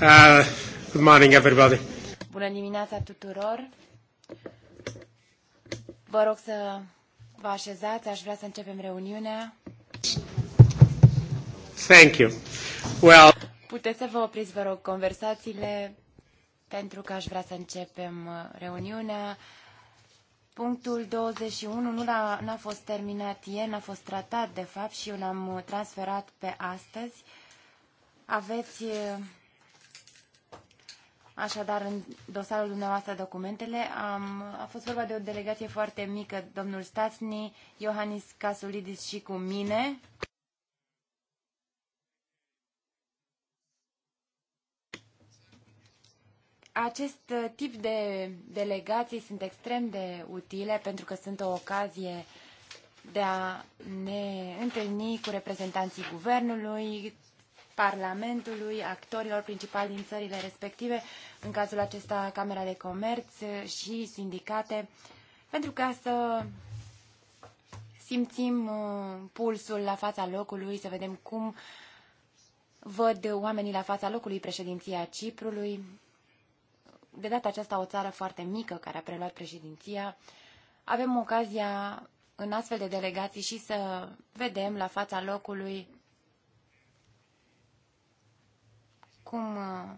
Uh, good morning, everybody. Bună dimineața tuturor. Vă rog să vă așezați, aș vrea să începem reuniunea. Thank you. Well... Puteți să vă opriți, vă rog, conversațiile, pentru că aș vrea să începem uh, reuniunea. Punctul 21 nu a n-a fost terminat ieri, n-a fost tratat, de fapt, și eu l-am uh, transferat pe astăzi. Aveți Așadar, în dosarul dumneavoastră documentele am, a fost vorba de o delegație foarte mică, domnul Stațni, Iohannis Casulidis și cu mine. Acest uh, tip de delegații sunt extrem de utile pentru că sunt o ocazie de a ne întâlni cu reprezentanții guvernului, Parlamentului, actorilor principali din țările respective, în cazul acesta Camera de Comerț și sindicate, pentru ca să simțim uh, pulsul la fața locului, să vedem cum văd oamenii la fața locului președinția Ciprului. De data aceasta o țară foarte mică care a preluat președinția. Avem ocazia în astfel de delegații și să vedem la fața locului cum uh,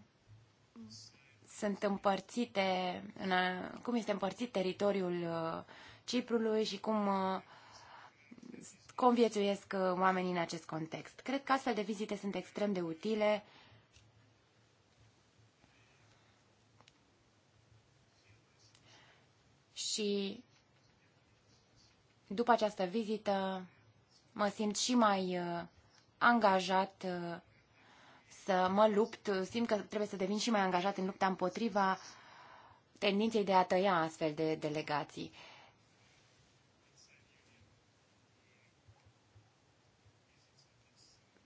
sunt împărțite, în, cum este împărțit teritoriul uh, Ciprului și cum uh, conviețuiesc oamenii în acest context. Cred că astfel de vizite sunt extrem de utile. Și după această vizită mă simt și mai angajat să mă lupt, simt că trebuie să devin și mai angajat în lupta împotriva tendinței de a tăia astfel de delegații.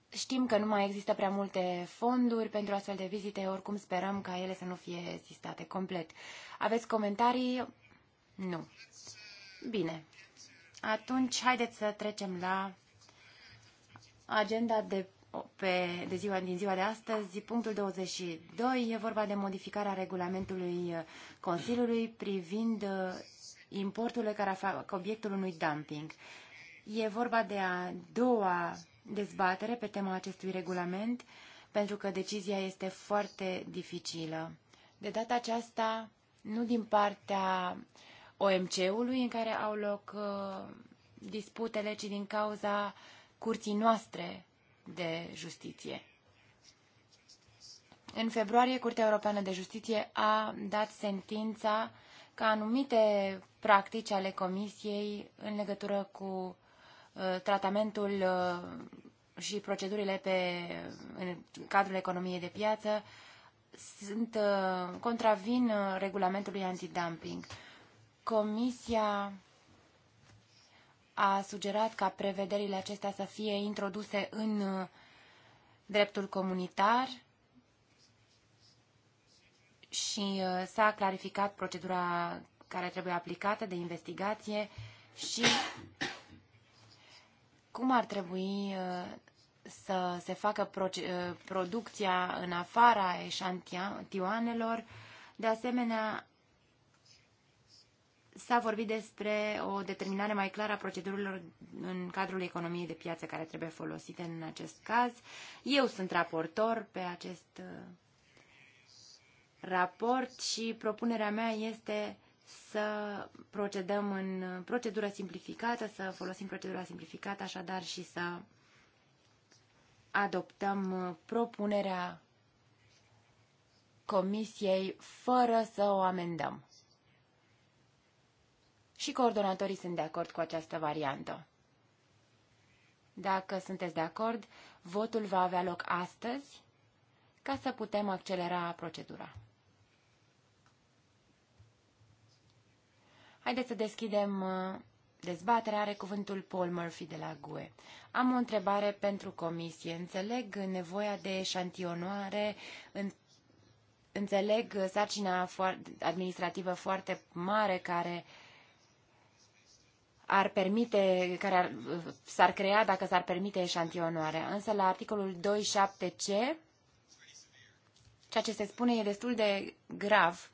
Știm că nu mai există prea multe fonduri pentru astfel de vizite, oricum sperăm ca ele să nu fie existate complet. Aveți comentarii? Nu. Bine. Atunci, haideți să trecem la agenda de pe, de ziua, din ziua de astăzi, punctul 22, e vorba de modificarea regulamentului uh, Consiliului privind uh, importurile care fac obiectul unui dumping. E vorba de a doua dezbatere pe tema acestui regulament, pentru că decizia este foarte dificilă. De data aceasta, nu din partea OMC-ului în care au loc uh, disputele, ci din cauza curții noastre de Justiție. În februarie, Curtea Europeană de Justiție a dat sentința ca anumite practici ale Comisiei în legătură cu uh, tratamentul uh, și procedurile pe, în cadrul economiei de piață sunt, uh, contravin regulamentului antidumping. Comisia a sugerat ca prevederile acestea să fie introduse în uh, dreptul comunitar și uh, s-a clarificat procedura care trebuie aplicată de investigație și cum ar trebui uh, să se facă producția în afara eșantioanelor. De asemenea, S-a vorbit despre o determinare mai clară a procedurilor în cadrul economiei de piață care trebuie folosite în acest caz. Eu sunt raportor pe acest uh, raport și propunerea mea este să procedăm în procedură simplificată, să folosim procedura simplificată, așadar și să adoptăm uh, propunerea Comisiei fără să o amendăm și coordonatorii sunt de acord cu această variantă. Dacă sunteți de acord, votul va avea loc astăzi ca să putem accelera procedura. Haideți să deschidem uh, dezbaterea. Are cuvântul Paul Murphy de la GUE. Am o întrebare pentru comisie. Înțeleg nevoia de eșantionoare, în Înțeleg sarcina administrativă foarte mare care uh, ar permite, care s-ar crea dacă s-ar permite eșantionarea. Însă la articolul 27c, ceea ce se spune e destul de grav,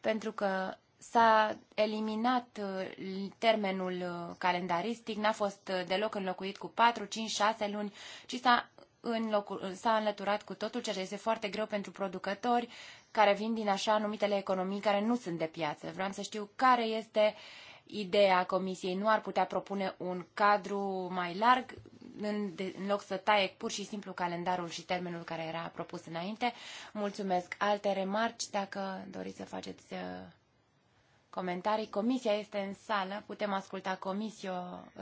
pentru că s-a eliminat uh, termenul uh, calendaristic, n-a fost uh, deloc înlocuit cu 4, 5, 6 luni, ci s-a, înlocu- s-a înlăturat cu totul, ceea ce este foarte greu pentru producători care vin din așa numitele economii care nu sunt de piață. Vreau să știu care este uh, idee a Comisiei nu ar putea propune un cadru mai larg în, de, în loc să taie pur și simplu calendarul și termenul care era propus înainte. Mulțumesc. Alte remarci, dacă doriți să faceți uh, comentarii. Comisia este în sală, putem asculta comisio,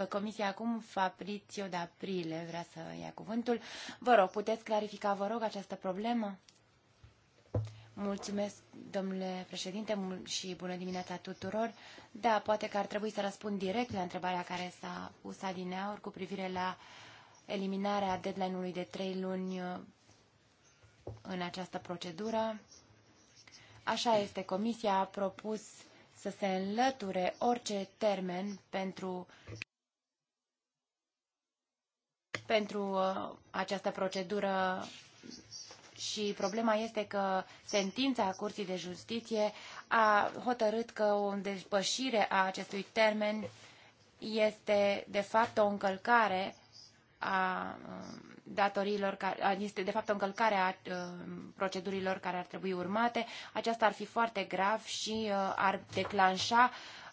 uh, comisia acum, Fabrizio de Aprile vrea să ia cuvântul. Vă rog, puteți clarifica, vă rog, această problemă? Mulțumesc, domnule președinte, și bună dimineața tuturor. Da, poate că ar trebui să răspund direct la întrebarea care s-a pus adineaur cu privire la eliminarea deadline-ului de trei luni uh, în această procedură. Așa este, Comisia a propus să se înlăture orice termen pentru pentru uh, această procedură și problema este că sentința Curții de Justiție a hotărât că o depășire a acestui termen este de fapt o încălcare a um, datoriilor, este de fapt o încălcare a um, procedurilor care ar trebui urmate. Aceasta ar fi foarte grav și uh, ar declanșa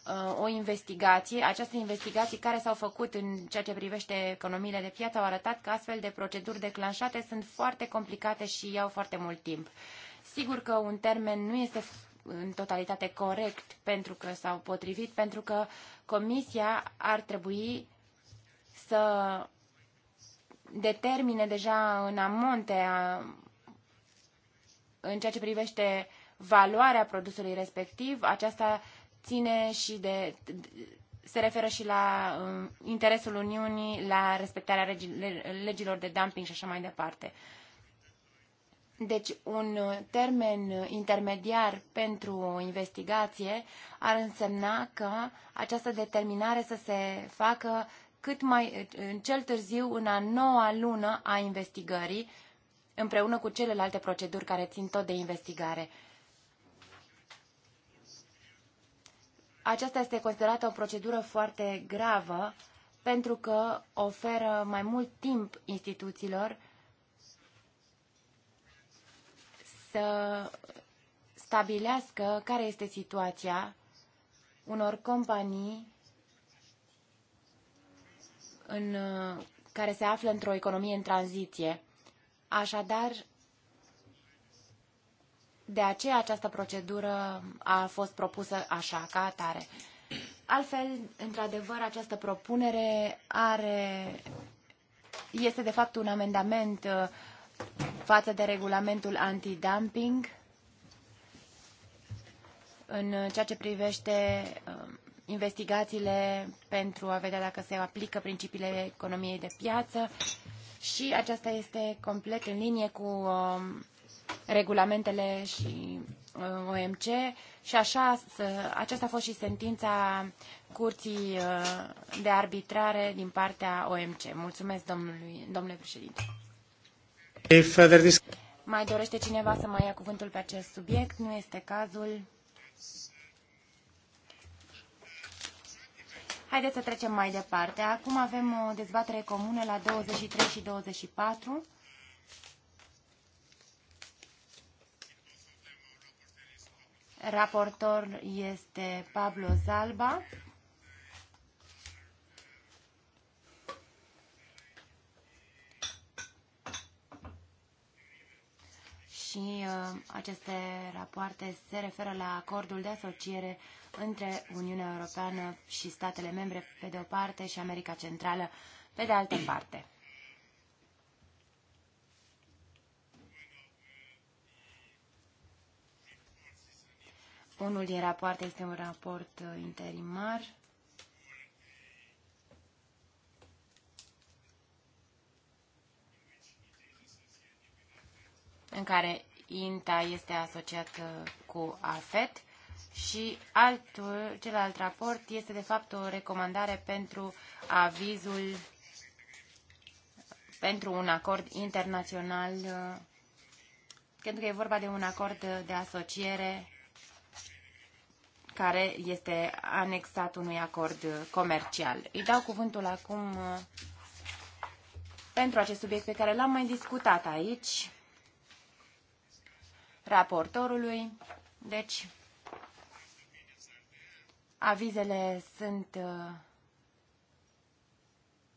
Uh, o investigație. Această investigații care s-au făcut în ceea ce privește economiile de piață au arătat că astfel de proceduri declanșate sunt foarte complicate și iau foarte mult timp. Sigur că un termen nu este în totalitate corect pentru că s-au potrivit, pentru că comisia ar trebui să determine deja în amonte a, în ceea ce privește valoarea produsului respectiv, aceasta ține și de se referă și la um, interesul Uniunii, la respectarea legilor de dumping și așa mai departe. Deci, un termen intermediar pentru o investigație ar însemna că această determinare să se facă cât mai în cel târziu în a noua lună a investigării, împreună cu celelalte proceduri care țin tot de investigare. Aceasta este considerată o procedură foarte gravă pentru că oferă mai mult timp instituțiilor să stabilească care este situația unor companii în, care se află într-o economie în tranziție. Așadar, de aceea această procedură a fost propusă așa, ca atare. Altfel, într-adevăr, această propunere are, este de fapt un amendament uh, față de regulamentul antidumping în ceea ce privește uh, investigațiile pentru a vedea dacă se aplică principiile economiei de piață și aceasta este complet în linie cu uh, regulamentele și uh, OMC și așa, aceasta a fost și sentința curții uh, de arbitrare din partea OMC. Mulțumesc, domnului, domnule președinte. Mai dorește cineva să mai ia cuvântul pe acest subiect? Nu este cazul. Haideți să trecem mai departe. Acum avem o dezbatere comună la 23 și 24 Raportor este Pablo Zalba. și uh, aceste rapoarte se referă la acordul de asociere între Uniunea Europeană și statele membre, pe de o parte, și America Centrală, pe de altă parte. Unul din rapoarte este un raport uh, interimar. în care INTA este asociat uh, cu AFET și altul, celălalt raport este de fapt o recomandare pentru avizul pentru un acord internațional uh, pentru că e vorba de un acord de asociere care este anexat unui acord comercial. Îi dau cuvântul acum uh, pentru acest subiect pe care l-am mai discutat aici, raportorului. Deci, avizele sunt uh,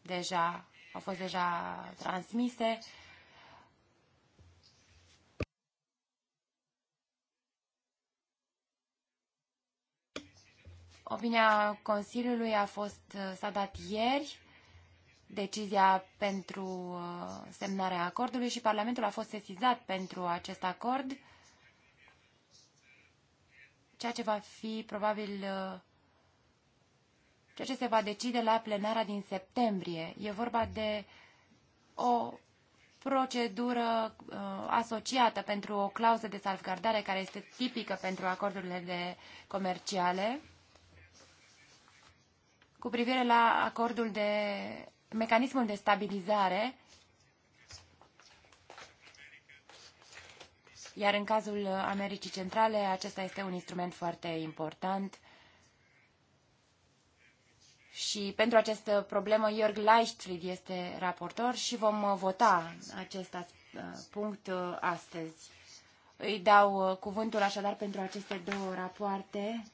deja, au fost deja transmise. Opinia Consiliului a fost, uh, s-a dat ieri, decizia pentru uh, semnarea acordului și Parlamentul a fost sesizat pentru acest acord, ceea ce va fi probabil uh, ceea ce se va decide la plenara din septembrie. E vorba de o procedură uh, asociată pentru o clauză de salvgardare care este tipică pentru acordurile de comerciale cu privire la acordul de mecanismul de stabilizare, iar în cazul Americii Centrale acesta este un instrument foarte important. Și pentru această problemă Jörg Leichtfried este raportor și vom uh, vota acest uh, punct uh, astăzi. Îi dau cuvântul așadar pentru aceste două rapoarte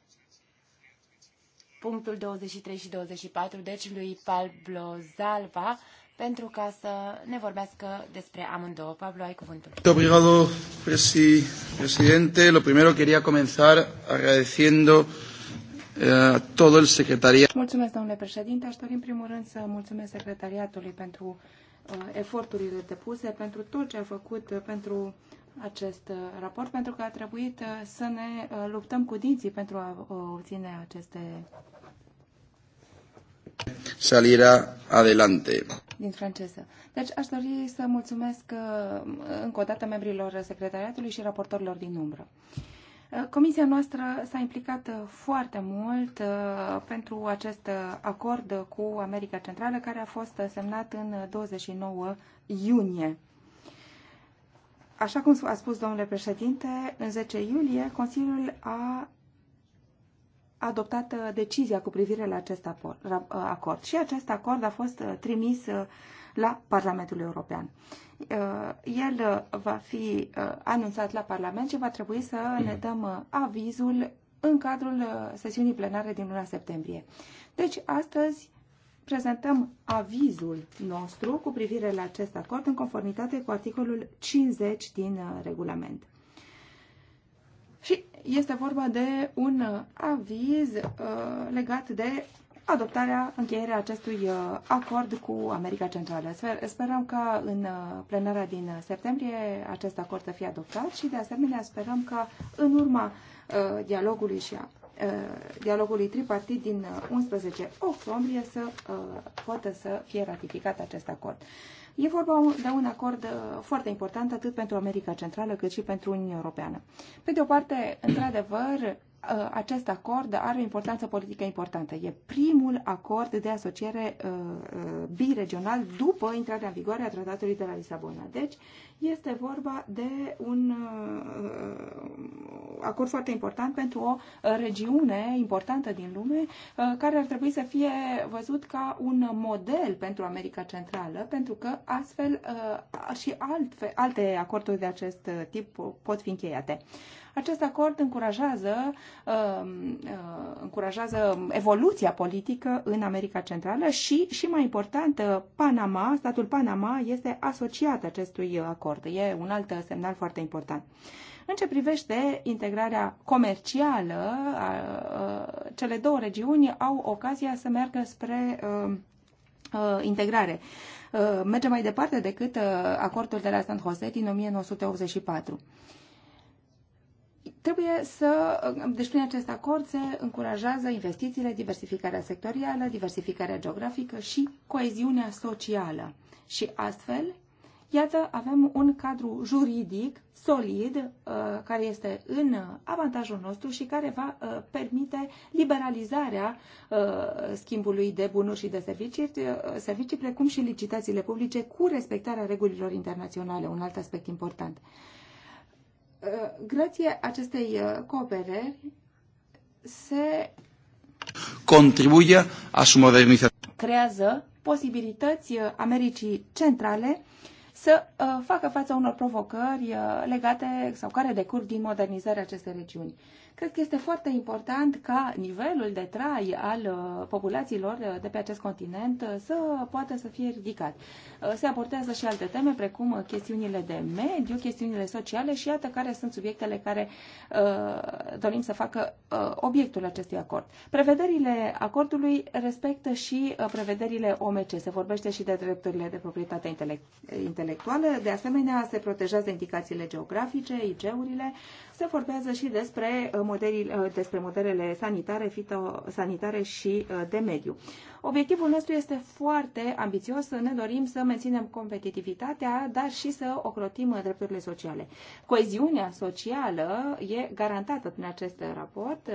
punctul 23 și 24, deci lui Pablo Zalva, pentru ca să ne vorbească despre amândouă. Pablo, ai cuvântul. Obrigado, presidente. Lo primero quería comenzar agradeciendo eh, todo el secretariat. Mulțumesc, domnule președinte. Aș dori în primul rând să mulțumesc secretariatului pentru eh, eforturile depuse, pentru tot ce a făcut eh, pentru acest uh, raport pentru că a trebuit uh, să ne uh, luptăm cu dinții pentru a obține aceste salirea adelante. Din franceză. Deci aș dori să mulțumesc încă o dată membrilor secretariatului și raportorilor din umbră. Comisia noastră s-a implicat foarte mult pentru acest acord cu America Centrală care a fost semnat în 29 iunie Așa cum a spus domnule președinte, în 10 iulie Consiliul a adoptat uh, decizia cu privire la acest uh, acord și acest acord a fost uh, trimis la Parlamentul European. El va fi anunțat la Parlament și va trebui să ne dăm avizul în cadrul sesiunii plenare din luna septembrie. Deci, astăzi prezentăm avizul nostru cu privire la acest acord în conformitate cu articolul 50 din uh, regulament. Și este vorba de un uh, aviz uh, legat de adoptarea, încheierea acestui acord cu America Centrală. Sper, sperăm ca în plenarea din septembrie acest acord să fie adoptat și de asemenea sperăm ca în urma dialogului și a Uh, dialogului tripartit din 11 uh, octombrie să uh, poată să fie ratificat acest acord. E vorba de un acord foarte important atât pentru America Centrală cât și pentru Uniunea Europeană. Pe de o parte, într-adevăr, Uh, acest acord are o importanță politică importantă. E primul acord de asociere uh, uh, biregional după intrarea în vigoare a Tratatului de la Lisabona. Deci este vorba de un acord foarte important pentru o regiune importantă din lume care ar trebui să fie văzut ca un model pentru America Centrală, pentru că astfel și alte acorduri de acest tip pot fi încheiate. Acest acord încurajează, uh, uh, încurajează evoluția politică în America Centrală și, și mai important, uh, Panama, statul Panama este asociat acestui acord. E un alt semnal foarte important. În ce privește integrarea comercială, cele două regiuni au ocazia să meargă spre um, uh, integrare. Uh, merge mai departe decât acordul de la San Jose din 1984. Trebuie să, deci prin acest acord se încurajează investițiile, diversificarea sectorială, diversificarea geografică și coeziunea socială. Și astfel, iată, avem un cadru juridic solid uh, care este în avantajul nostru și care va uh, permite liberalizarea uh, schimbului de bunuri și de servicii, servicii precum și licitațiile publice cu respectarea regulilor internaționale, un alt aspect important. Uh, grație acestei uh, coopere se contribuie a su modernizare. Creează posibilități uh, Americii Centrale să facă față unor provocări legate sau care decurg din modernizarea acestei regiuni. Cred că este foarte important ca nivelul de trai al uh, populațiilor uh, de pe acest continent uh, să poată să fie ridicat. Se abordează și alte teme, precum chestiunile de mediu, chestiunile sociale și iată care sunt subiectele care dorim să facă obiectul acestui acord. Prevederile acordului respectă și prevederile OMC. Se vorbește și de drepturile de proprietate intelectuală. De asemenea, se protejează indicațiile geografice, IG-urile, se vorbează și despre, uh, modelii, uh, despre modelele sanitare, fitosanitare și uh, de mediu. Obiectivul nostru este foarte ambițios. Ne dorim să menținem competitivitatea, dar și să ocrotim drepturile sociale. Coeziunea socială e garantată prin acest raport,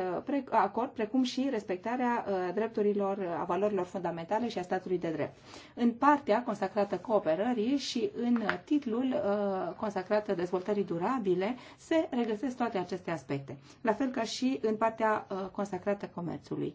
acord, precum și respectarea drepturilor, a valorilor fundamentale și a statului de drept. În partea consacrată cooperării și în titlul consacrat dezvoltării durabile, se regăsesc toate aceste aspecte, la fel ca și în partea uh, consacrată comerțului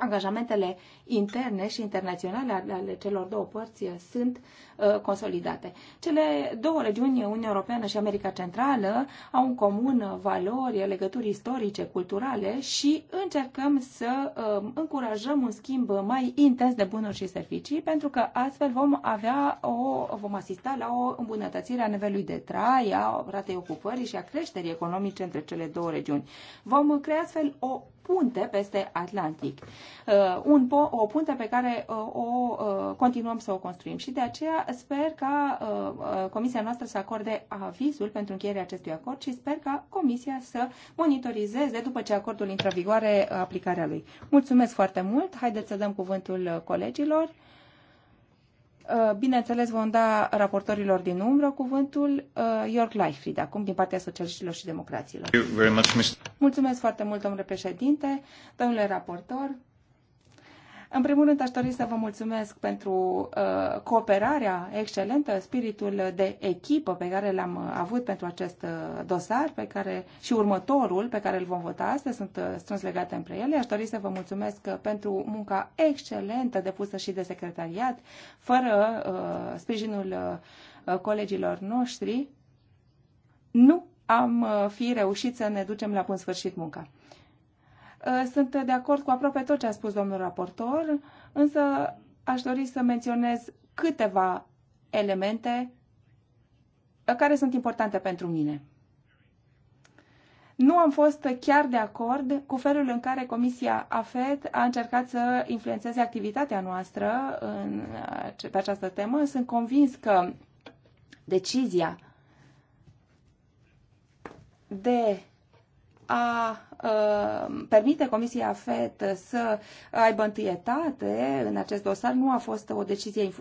angajamentele interne și internaționale ale celor două părți uh, sunt uh, consolidate. Cele două regiuni, Uniunea Europeană și America Centrală, au în comun uh, valori, legături istorice, culturale și încercăm să încurajăm un schimb mai intens de bunuri și servicii, pentru că astfel vom avea o, vom asista la o îmbunătățire a nivelului de trai, a ratei ocupării și a creșterii economice între cele două regiuni. Vom crea astfel o punte peste Atlantic. Uh, un, o punte pe care uh, o uh, continuăm să o construim și de aceea sper ca comisia noastră să acorde avizul pentru încheierea acestui acord și sper ca comisia să monitorizeze după ce acordul intră în vigoare aplicarea lui. Mulțumesc foarte mult. Haideți să dăm cuvântul colegilor. Uh, bineînțeles, vom da raportorilor din umbră cuvântul uh, York Lightfield, acum din partea socialiștilor și democraților. Mulțumesc foarte mult, domnule președinte, domnule raportor. În primul rând, aș dori să vă mulțumesc pentru uh, cooperarea excelentă, spiritul de echipă pe care l-am uh, avut pentru acest uh, dosar pe care, și următorul pe care îl vom vota astăzi. Sunt uh, strâns legate între ele. Aș dori să vă mulțumesc pentru munca excelentă depusă și de secretariat, fără uh, sprijinul uh, colegilor noștri. Nu am fi reușit să ne ducem la bun sfârșit munca. Uh, sunt de acord cu aproape tot ce a spus domnul raportor, însă aș dori să menționez câteva elemente uh, care sunt importante pentru mine. Nu am fost chiar de acord cu felul în care Comisia AFET a încercat să influențeze activitatea noastră în, uh, pe această temă. Sunt convins că decizia de a permite Comisiei AFET să aibă întâietate în acest dosar nu a fost o decizie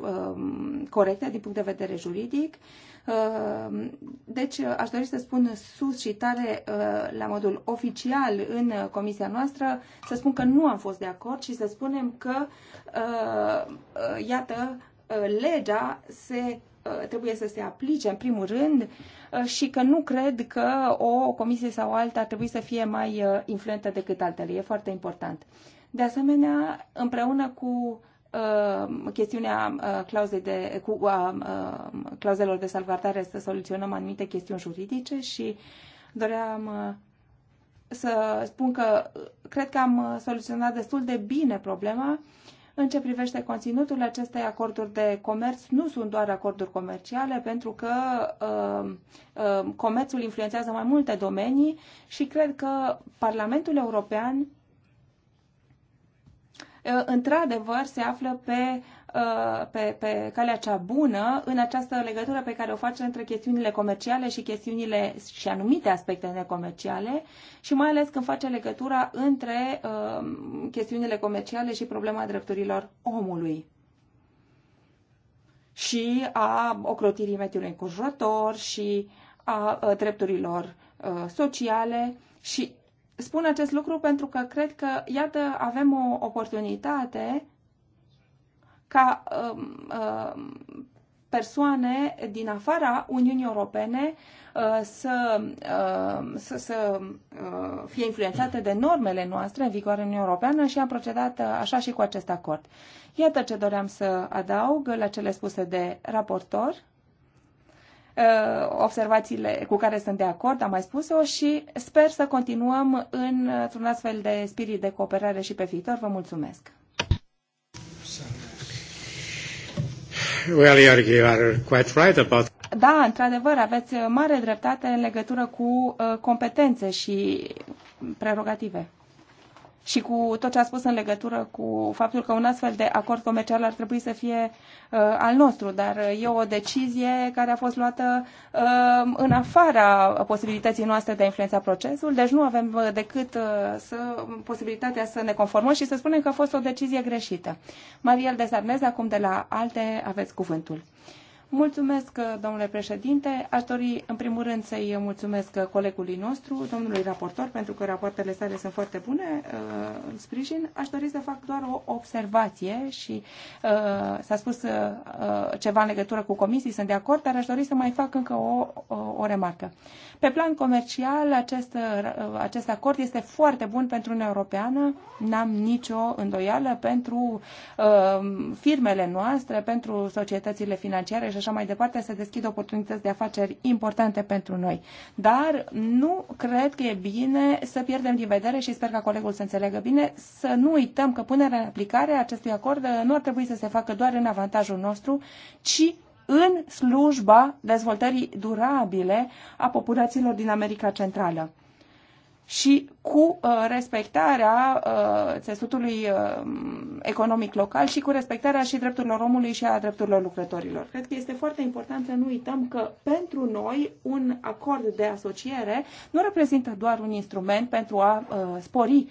corectă din punct de vedere juridic. Deci aș dori să spun sus și tare la modul oficial în comisia noastră să spun că nu am fost de acord și să spunem că iată legea se Uh, trebuie să se aplice în primul rând uh, și că nu cred că o comisie sau alta trebuie să fie mai uh, influentă decât altele. E foarte important. De asemenea, împreună cu uh, chestiunea uh, clauzei de, cu, uh, clauzelor de salvardare să soluționăm anumite chestiuni juridice și doream să spun că cred că am soluționat destul de bine problema în ce privește conținutul acestei acorduri de comerț, nu sunt doar acorduri comerciale, pentru că uh, uh, comerțul influențează mai multe domenii și cred că Parlamentul European uh, într-adevăr se află pe Uh, pe, pe calea cea bună în această legătură pe care o face între chestiunile comerciale și chestiunile și anumite aspecte necomerciale și mai ales când face legătura între uh, chestiunile comerciale și problema drepturilor omului și a ocrotirii mediului înconjurător și a a uh, drepturilor a, uh, sociale și spun acest lucru pentru că cred că, iată, avem o oportunitate ca um, um, persoane din afara Uniunii Europene uh, um, să, să, să uh, fie influențate de normele noastre în vigoare în Uniunea Europeană și am procedat uh, așa și cu acest acord. Iată ce doream să adaug la cele spuse de raportor, observațiile cu care sunt de acord, am mai spus-o și sper să continuăm într-un astfel de spirit de cooperare și pe viitor. Vă mulțumesc! well, you are quite right about... Da, într-adevăr, aveți mare dreptate în legătură cu uh, competențe și prerogative și cu tot ce a spus în legătură cu faptul că un astfel de acord comercial ar trebui să fie uh, al nostru, dar e o decizie care a fost luată uh, în afara posibilității noastre de a influența procesul, deci nu avem uh, decât uh, să, posibilitatea să ne conformăm și să spunem că a fost o decizie greșită. Mariel Desarnez, acum de la ALTE, aveți cuvântul. Uh, Mulțumesc, domnule președinte. Aș dori, în primul rând, să-i mulțumesc colegului nostru, domnului raportor, pentru că rapoartele sale sunt foarte bune uh, în sprijin. Aș dori să fac doar o observație și uh, s-a spus uh, ceva în legătură cu comisii, sunt de acord, dar aș dori să mai fac încă o, o remarcă. Pe plan comercial, acest, acest acord este foarte bun pentru Uniunea Europeană, n-am nicio îndoială pentru firmele noastre, pentru societățile financiare și așa mai departe, se deschid oportunități de afaceri importante pentru noi. Dar nu cred că e bine să pierdem din vedere și sper ca colegul să înțeleagă bine, să nu uităm că punerea în aplicare a acestui acord nu ar trebui să se facă doar în avantajul nostru, ci în slujba dezvoltării durabile a populațiilor din America Centrală și cu uh, respectarea uh, țesutului uh, economic local și cu respectarea și drepturilor omului și a drepturilor lucrătorilor. Cred că este foarte important să nu uităm că pentru noi un acord de asociere nu reprezintă doar un instrument pentru a spori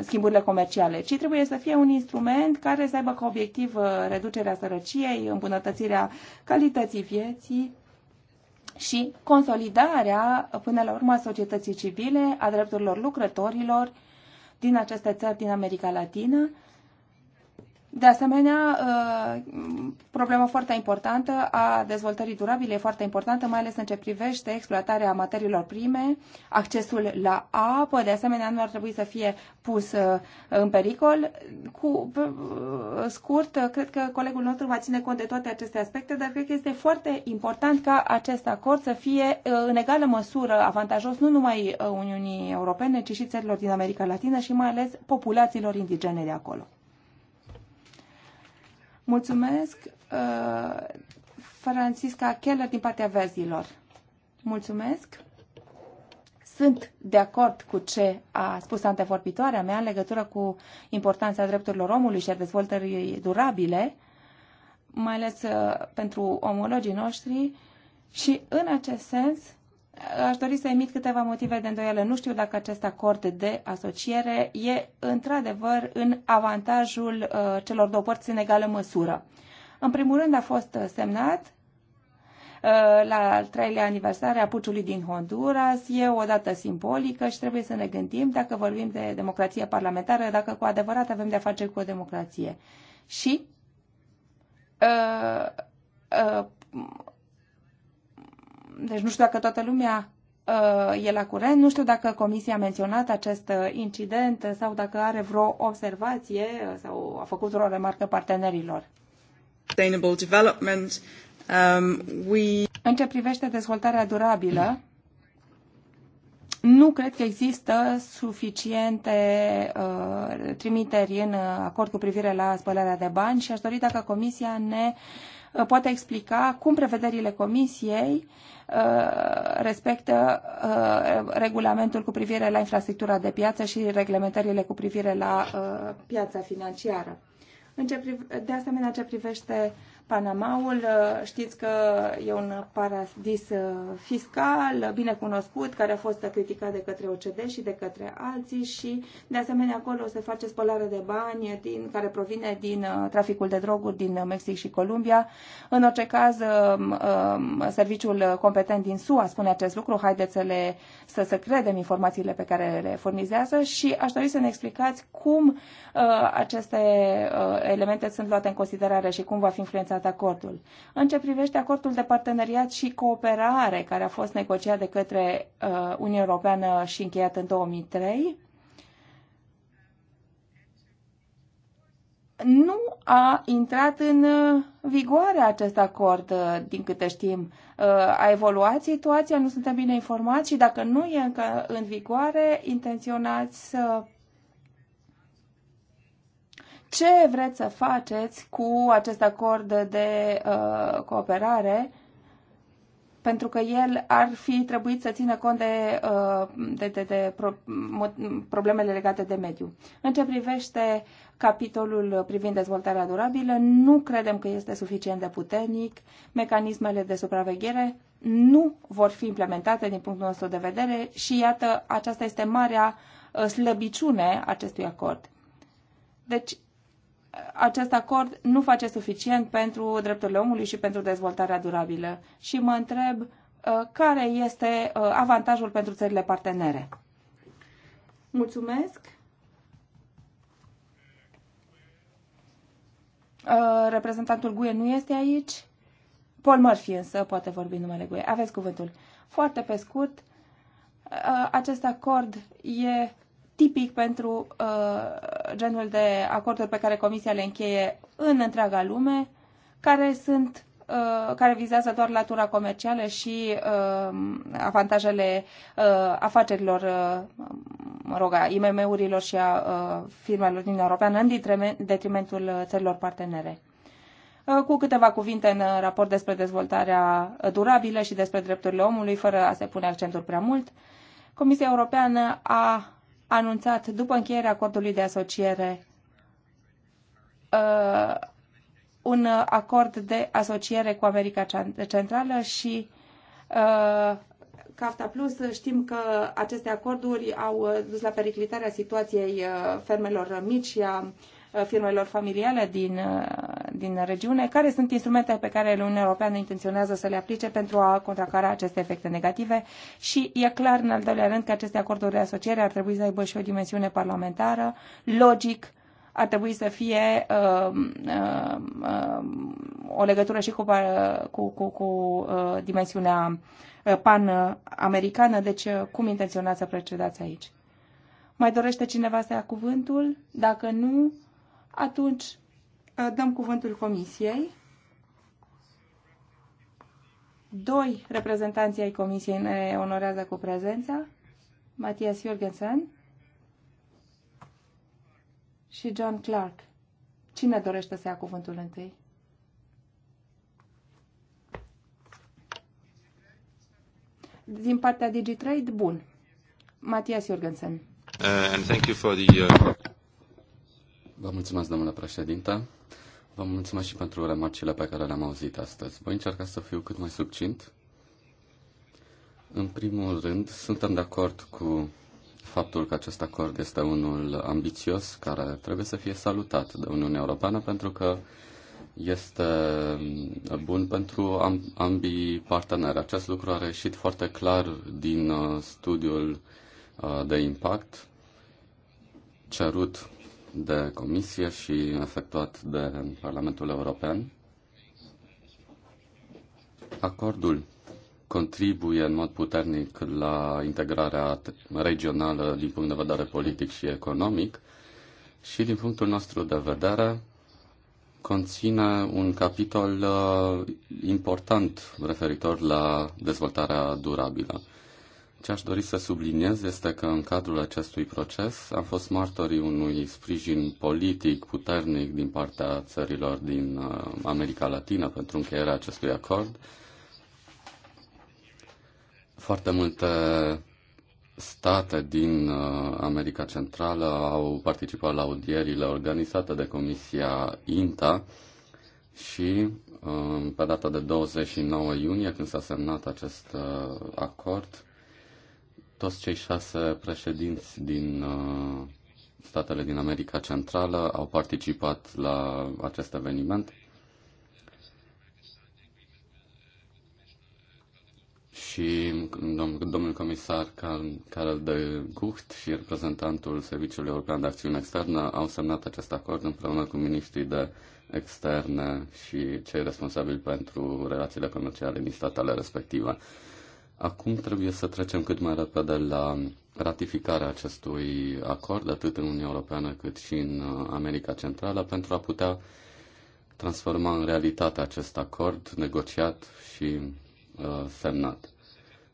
schimburile comerciale, ci trebuie să fie un instrument care să aibă ca obiectiv reducerea sărăciei, îmbunătățirea calității vieții, și consolidarea, până la urmă, a societății civile, a drepturilor lucrătorilor din aceste țări din America Latină, de asemenea, uh, problema foarte importantă a dezvoltării durabile e foarte importantă, mai ales în ce privește exploatarea materiilor prime, accesul la apă, de asemenea nu ar trebui să fie pus uh, în pericol. Cu uh, scurt, cred că colegul nostru va ține cont de toate aceste aspecte, dar cred că este foarte important ca acest acord să fie în egală măsură avantajos nu numai Uniunii Europene, ci și țărilor din America Latină și mai ales populațiilor indigene de acolo. Mulțumesc, uh, Francisca Keller, din partea verzilor. Mulțumesc. Sunt de acord cu ce a spus antevorbitoarea mea în legătură cu importanța drepturilor omului și a dezvoltării durabile, mai ales uh, pentru omologii noștri. Și în acest sens, aș dori să emit câteva motive de îndoială. Nu știu dacă acest acord de asociere e într-adevăr în avantajul uh, celor două părți în egală măsură. În primul rând a fost semnat uh, la al treilea aniversare a puciului din Honduras. E o dată simbolică și trebuie să ne gândim dacă vorbim de democrație parlamentară, dacă cu adevărat avem de-a face cu o democrație. Și uh, uh, deci nu știu dacă toată lumea uh, e la curent. Nu știu dacă comisia a menționat acest uh, incident sau dacă are vreo observație uh, sau a făcut vreo remarcă partenerilor. Sustainable development. Um, we... În ce privește dezvoltarea durabilă, nu cred că există suficiente uh, trimiteri în acord cu privire la spălarea de bani și aș dori dacă Comisia ne uh, Uh, poate explica cum prevederile Comisiei uh, respectă uh, regulamentul cu privire la infrastructura de piață și reglementările cu privire la piața financiară. De asemenea, ce privește Panamaul, uh, știți că e un paradis uh, fiscal uh, bine cunoscut, care a fost criticat de către OCD și de către alții și, de asemenea, acolo se face spălare de bani din, care provine din traficul de droguri din Mexic și Columbia. În orice caz, um, um, serviciul competent din SUA spune acest lucru, haideți să, le, să, să credem informațiile pe care le furnizează și aș dori să ne explicați cum aceste elemente sunt luate în considerare și cum va fi influențat semnat acordul. În ce privește acordul de parteneriat și cooperare care a fost negociat de către uh, Uniunea Europeană și încheiat în 2003, nu a intrat în uh, vigoare acest acord, uh, din câte știm. Uh, a evoluat situația, nu suntem bine informați și dacă nu e încă în vigoare, intenționați să ce vreți să faceți cu acest acord de uh, cooperare, pentru că el ar fi trebuit să țină cont de, uh, de, de, de pro, problemele legate de mediu. În ce privește capitolul privind dezvoltarea durabilă, nu credem că este suficient de puternic. Mecanismele de supraveghere nu vor fi implementate din punctul nostru de vedere și iată, aceasta este marea uh, slăbiciune acestui acord. Deci, acest acord nu face suficient pentru drepturile omului și pentru dezvoltarea durabilă. Și mă întreb uh, care este uh, avantajul pentru țările partenere. Mulțumesc. Uh, reprezentantul Guie nu este aici. Paul Murphy însă poate vorbi numele Guie. Aveți cuvântul. Foarte pe scurt, acest acord e tipic pentru uh, genul de acorduri pe care Comisia le încheie în întreaga lume, care sunt uh, care vizează doar latura comercială și uh, avantajele uh, afacerilor, uh, mă rog, a IMM-urilor și a uh, firmelor din Europeană în detrimentul uh, țărilor partenere uh, cu câteva cuvinte în uh, raport despre dezvoltarea durabilă și despre drepturile omului, fără a se pune accentul prea mult. Comisia Europeană a anunțat după încheierea acordului de asociere uh, un acord de asociere cu America Centrală și uh, CAFTA Plus. Știm că aceste acorduri au uh, dus la periclitarea situației fermelor mici și a Uh, firmelor familiale din, uh, din regiune, care sunt instrumentele pe care Uniunea Europeană intenționează să le aplice pentru a contracara aceste efecte negative și e clar, în al doilea rând, că aceste acorduri de asociere ar trebui să aibă și o dimensiune parlamentară, logic, ar trebui să fie uh, uh, uh, o legătură și cu, uh, cu, cu, cu dimensiunea pan-americană, deci cum intenționați să procedați aici? Mai dorește cineva să ia cuvântul? Dacă nu, atunci uh, dăm cuvântul Comisiei. Doi reprezentanții ai Comisiei ne onorează cu prezența, Matthias Jürgensen și John Clark. Cine dorește să ia cuvântul întâi? Din partea DigiTrade, bun. Matthias Jürgensen. Uh, and thank you for the, uh... Vă mulțumesc, domnule președinte. Vă mulțumesc și pentru remarcile pe care le-am auzit astăzi. Voi încerca să fiu cât mai succint. În primul rând, suntem de acord cu faptul că acest acord este unul ambițios, care trebuie să fie salutat de Uniunea Europeană, pentru că este bun pentru ambii parteneri. Acest lucru a reșit foarte clar din uh, studiul uh, de impact cerut de Comisie și efectuat de Parlamentul European. Acordul contribuie în mod puternic la integrarea regională din punct de vedere politic și economic și din punctul nostru de vedere conține un capitol uh, important referitor la dezvoltarea durabilă. Ce aș dori să subliniez este că în cadrul acestui proces am fost martorii unui sprijin politic puternic din partea țărilor din uh, America Latină pentru încheierea acestui acord. Foarte multe state din uh, America Centrală au participat la audierile organizate de Comisia INTA și uh, pe data de 29 iunie, când s-a semnat acest acord, toți cei șase președinți din uh, statele din America Centrală au participat la acest eveniment. și domnul comisar Karel de Gucht și reprezentantul Serviciului European de Acțiune Externă au semnat acest acord împreună cu ministrii de externe și cei responsabili pentru relațiile comerciale din statele respective. Acum trebuie să trecem cât mai repede la ratificarea acestui acord, atât în Uniunea Europeană cât și în uh, America Centrală, pentru a putea transforma în realitate acest acord negociat și uh, semnat.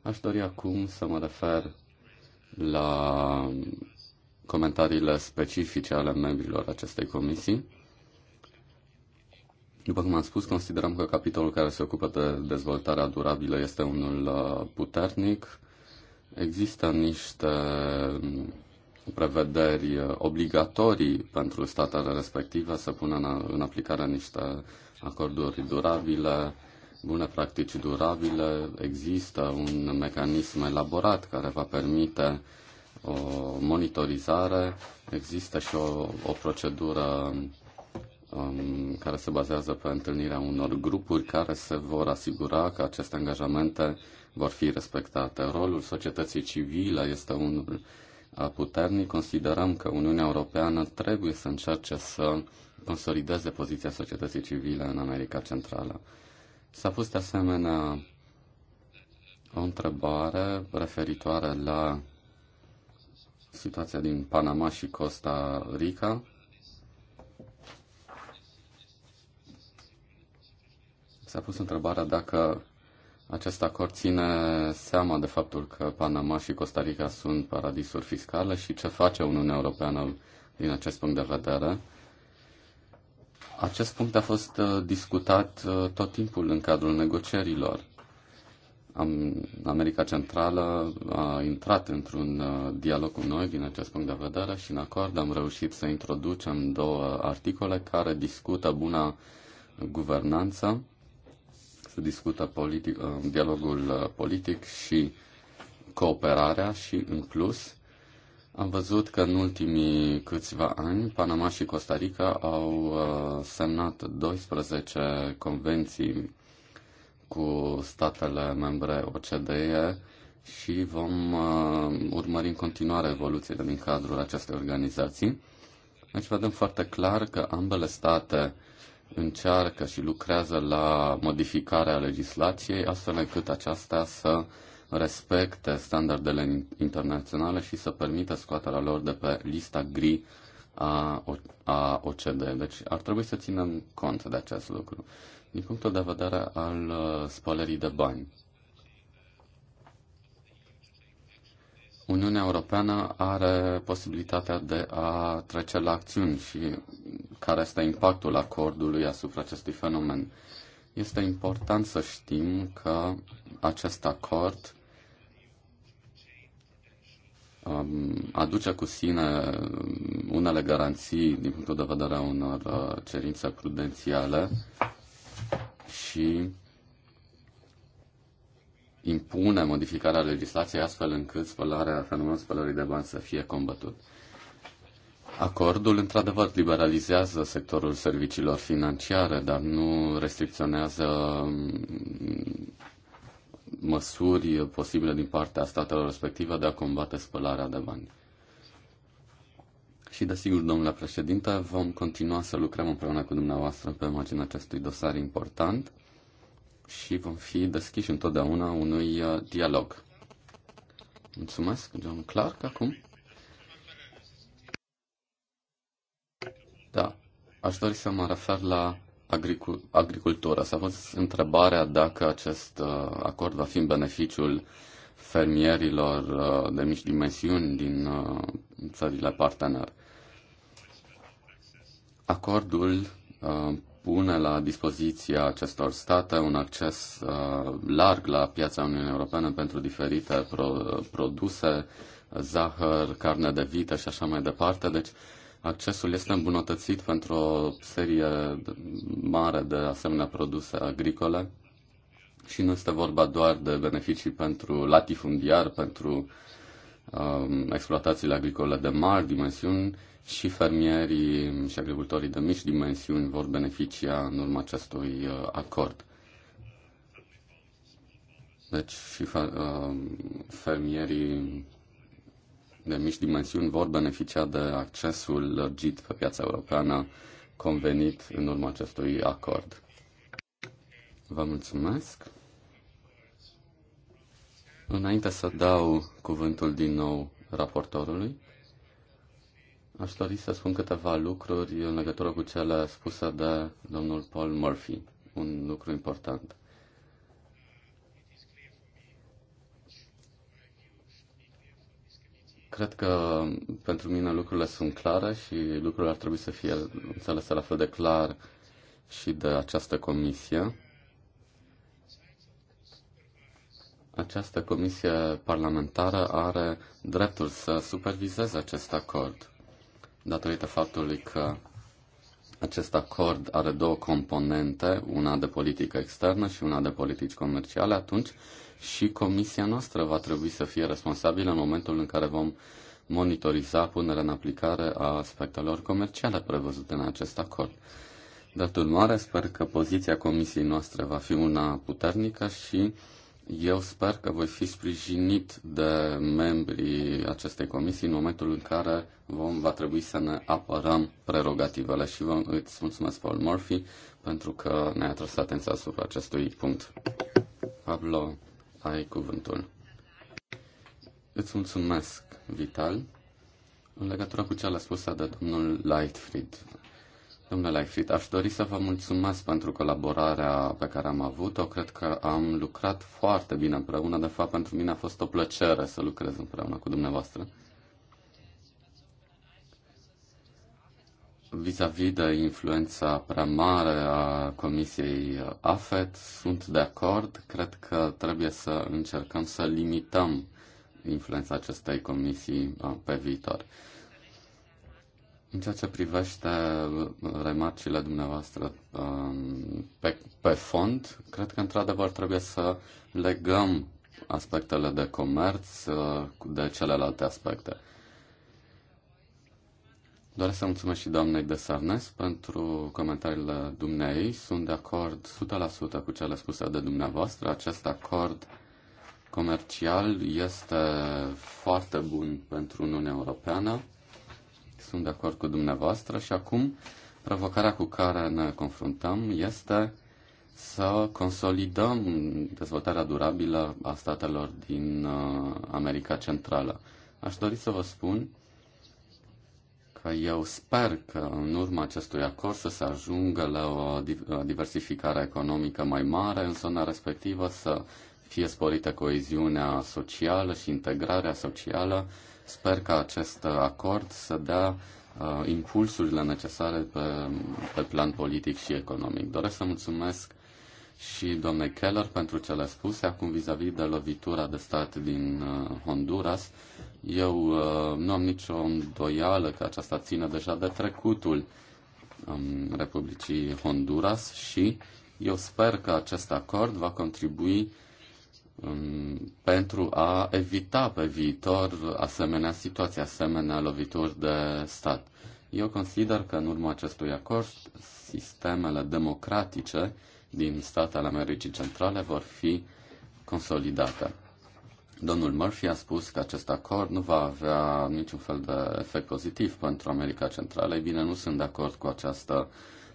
Aș dori acum să mă refer la comentariile specifice ale membrilor acestei comisii. După cum am spus, considerăm că capitolul care se ocupă de dezvoltarea durabilă este unul uh, puternic. Există niște prevederi uh, obligatorii pentru statele respective să pună în, aplicare niște acorduri durabile, bune practici durabile. Există un mecanism elaborat care va permite o monitorizare, există și o, o procedură Um, care se bazează pe întâlnirea unor grupuri care se vor asigura că aceste angajamente vor fi respectate. Rolul societății civile este unul puternic. Considerăm că Uniunea Europeană trebuie să încerce să consolideze poziția societății civile în America Centrală. S-a pus de asemenea o întrebare referitoare la situația din Panama și Costa Rica. S-a pus întrebarea dacă acest acord ține seama de faptul că Panama și Costa Rica sunt paradisuri fiscale și ce face Uniunea Europeană din acest punct de vedere. Acest punct a fost uh, discutat uh, tot timpul în cadrul negocierilor. America Centrală a intrat într-un uh, dialog cu noi din acest punct de vedere și în acord am reușit să introducem două articole care discută buna guvernanță se discută politic, uh, dialogul uh, politic și cooperarea și, în plus, am văzut că în ultimii câțiva ani Panama și Costa Rica au uh, semnat 12 convenții cu statele membre OCDE și vom urmări în continuare evoluțiile din cadrul acestei organizații. Deci vedem foarte clar că ambele state încearcă și lucrează la modificarea legislației, astfel încât aceasta să respecte standardele internaționale și să permită scoaterea lor de pe lista gri a, a OCDE. Deci ar trebui să ținem cont de acest lucru. Din punctul de vedere al uh, spălării de bani, Uniunea Europeană are posibilitatea de a trece la acțiuni și care este impactul acordului asupra acestui fenomen. Este important să știm că acest acord um, aduce cu sine um, unele garanții din punctul de vedere a unor uh, cerințe prudențiale și impune modificarea legislației astfel încât spălarea, fenomenul spălării de bani să fie combătut. Acordul, într-adevăr, liberalizează sectorul serviciilor financiare, dar nu restricționează mm, măsuri posibile din partea statelor respective de a combate spălarea de bani. Și, desigur, domnule președinte, vom continua să lucrăm împreună cu dumneavoastră pe marginea acestui dosar important și vom fi deschiși întotdeauna unui uh, dialog. Mulțumesc, John Clark, acum. Da, aș dori să mă refer la agricu- agricultură. S-a fost întrebarea dacă acest uh, acord va fi în beneficiul fermierilor uh, de mici dimensiuni din țările partener. Acordul pune la dispoziția acestor state un acces uh, larg la piața Uniunii Europene pentru diferite pro- produse, zahăr, carne de vită și așa mai departe. Deci accesul este îmbunătățit pentru o serie mare de asemenea produse agricole și nu este vorba doar de beneficii pentru latifundiar, pentru um, exploatațiile agricole de mari dimensiuni, și fermierii și agricultorii de mici dimensiuni vor beneficia în urma acestui uh, acord. Deci și uh, fermierii de mici dimensiuni vor beneficia de accesul lărgit pe piața europeană convenit în urma acestui acord. Vă mulțumesc. Înainte să dau cuvântul din nou raportorului, Aș dori să spun câteva lucruri în legătură cu cele spuse de domnul Paul Murphy, un lucru important. Cred că pentru mine lucrurile sunt clare și lucrurile ar trebui să fie înțelese la fel de clar și de această comisie. Această comisie parlamentară are dreptul să supervizeze acest acord datorită faptului că acest acord are două componente, una de politică externă și una de politici comerciale, atunci și comisia noastră va trebui să fie responsabilă în momentul în care vom monitoriza punerea în aplicare a aspectelor comerciale prevăzute în acest acord. Dar urmare, sper că poziția comisiei noastre va fi una puternică și eu sper că voi fi sprijinit de membrii acestei comisii în momentul în care vom, va trebui să ne apărăm prerogativele și vă îți mulțumesc, Paul Murphy, pentru că ne-ai atras atenția asupra acestui punct. Pablo, ai cuvântul. Îți mulțumesc, Vital. În legătură cu ce a spus de domnul Lightfried, Domnule Eichfried, aș dori să vă mulțumesc pentru colaborarea pe care am avut-o. Cred că am lucrat foarte bine împreună. De fapt, pentru mine a fost o plăcere să lucrez împreună cu dumneavoastră. Vis-a-vis -vis de influența prea mare a Comisiei AFET, sunt de acord. Cred că trebuie să încercăm să limităm influența acestei comisii uh, pe viitor. În ceea ce privește uh, remarcile dumneavoastră um, pe, pe fond, cred că într-adevăr trebuie să legăm aspectele de comerț uh, de celelalte aspecte. Doresc să mulțumesc și doamnei de Sarnes pentru comentariile dumnei. Sunt de acord 100% cu cele spuse de dumneavoastră. Acest acord comercial este foarte bun pentru Uniunea Europeană sunt de acord cu dumneavoastră și acum provocarea cu care ne confruntăm este să consolidăm dezvoltarea durabilă a statelor din uh, America Centrală. Aș dori să vă spun că eu sper că în urma acestui acord să se ajungă la o uh, diversificare economică mai mare în zona respectivă, să fie sporită coeziunea socială și integrarea socială Sper că acest acord să dea uh, impulsurile necesare pe, pe plan politic și economic. Doresc să mulțumesc și domnei Keller pentru cele spuse acum vis-a-vis -vis de lovitura de stat din uh, Honduras. Eu uh, nu am nicio îndoială că aceasta ține deja de trecutul um, Republicii Honduras și eu sper că acest acord va contribui Um, pentru a evita pe viitor asemenea situații, asemenea lovituri de stat. Eu consider că în urma acestui acord, sistemele democratice din statele Americii Centrale vor fi consolidate. Domnul Murphy a spus că acest acord nu va avea niciun fel de efect pozitiv pentru America Centrală. Ei bine, nu sunt de acord cu această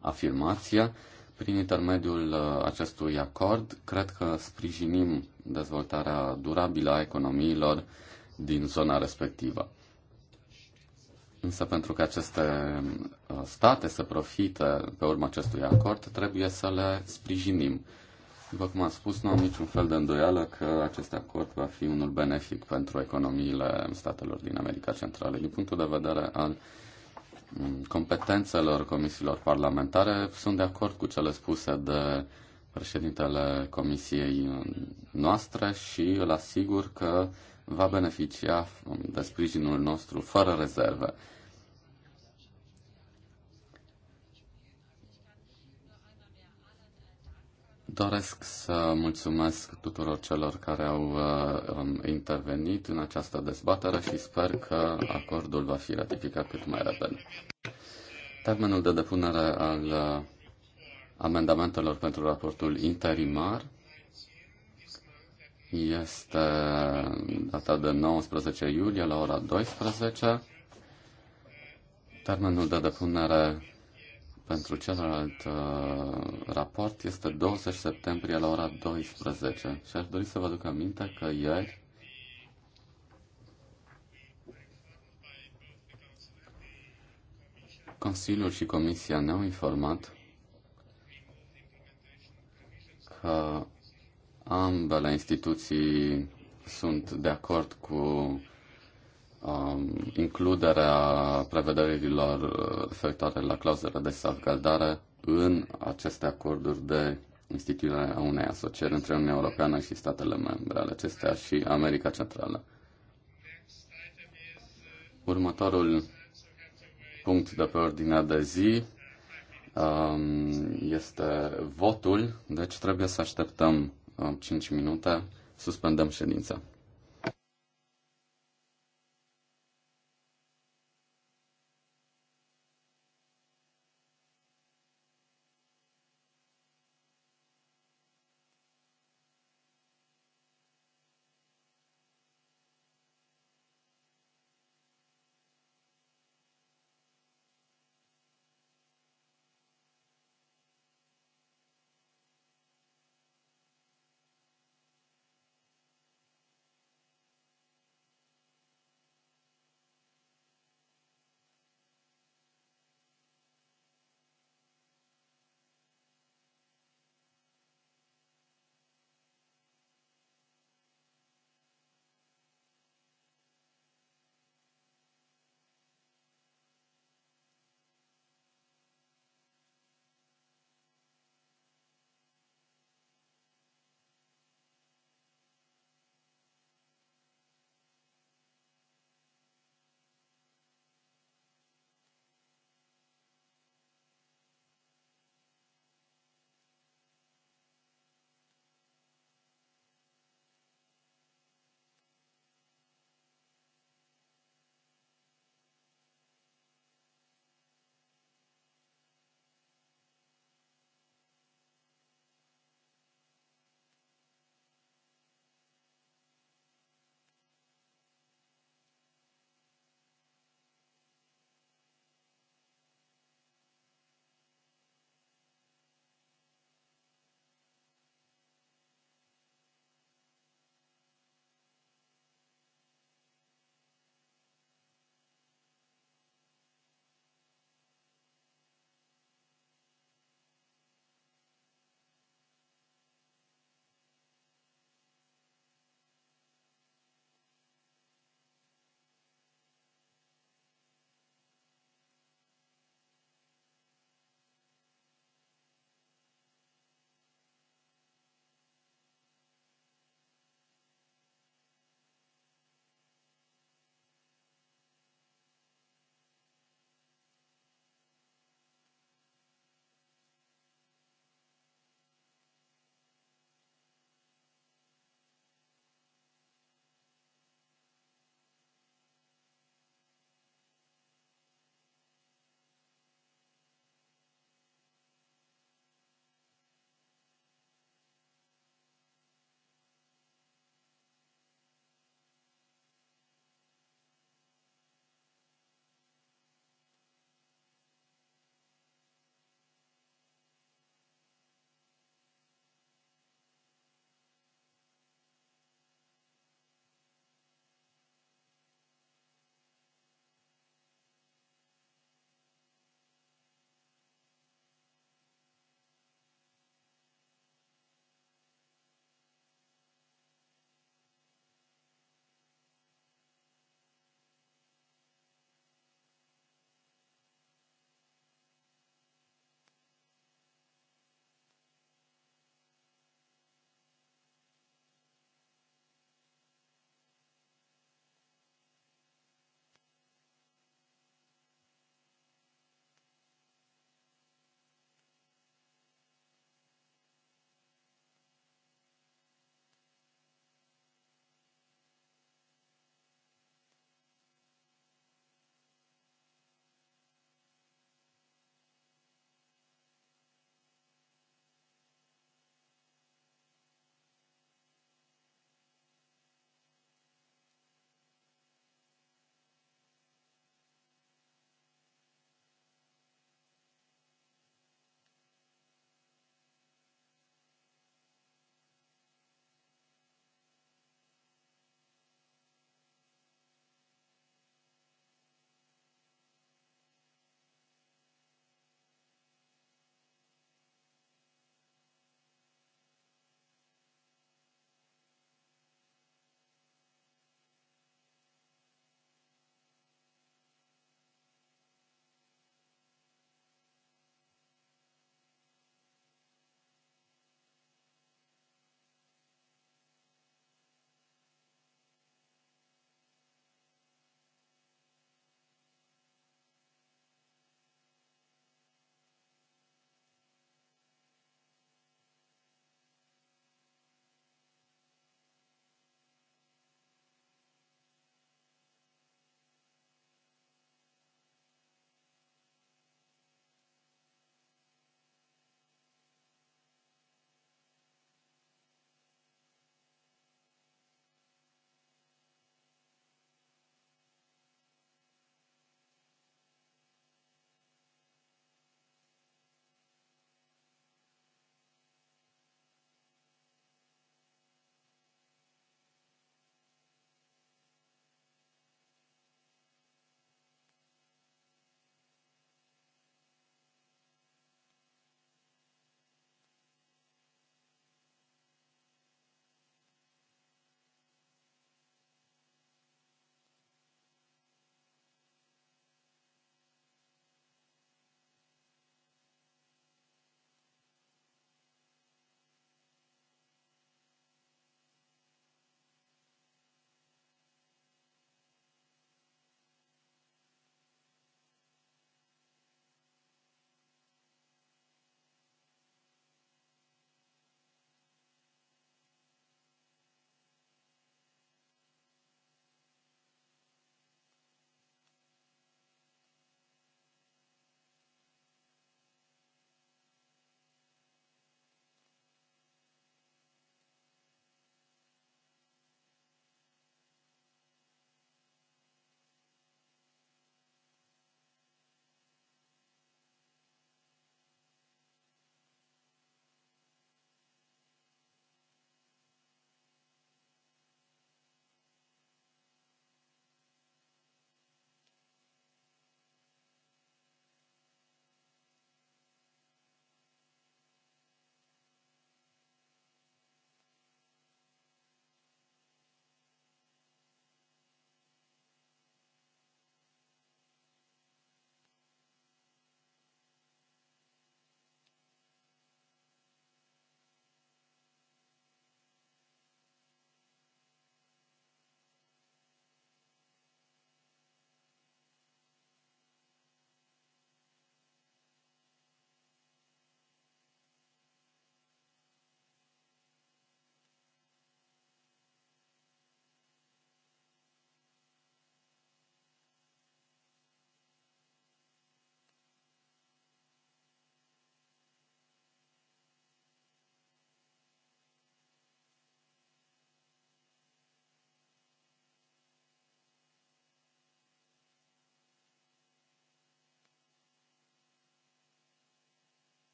afirmație. Prin intermediul uh, acestui acord, cred că sprijinim dezvoltarea durabilă a economiilor din zona respectivă. Însă pentru că aceste uh, state să profite pe urma acestui acord, trebuie să le sprijinim. După cum am spus, nu am niciun fel de îndoială că acest acord va fi unul benefic pentru economiile statelor din America Centrală. Din punctul de vedere al mm, competențelor comisiilor parlamentare, sunt de acord cu cele spuse de președintele comisiei noastre și îl asigur că va beneficia de sprijinul nostru fără rezerve. Doresc să mulțumesc tuturor celor care au uh, intervenit în această dezbatere și sper că acordul va fi ratificat cât mai repede. Termenul de depunere al amendamentelor pentru raportul interimar este data de 19 iulie la ora 12. Termenul de depunere pentru celălalt uh, raport este 20 septembrie la ora 12. Și aș dori să vă aduc aminte că ieri Consiliul și Comisia ne-au informat că ambele instituții sunt de acord cu um, includerea prevederilor referitoare la clauzele de salvgardare în aceste acorduri de instituire a unei asocieri între Uniunea Europeană și statele membre ale acestea și America Centrală. Următorul punct de pe ordinea de zi Um, este votul, deci trebuie să așteptăm 5 um, minute, suspendăm ședința.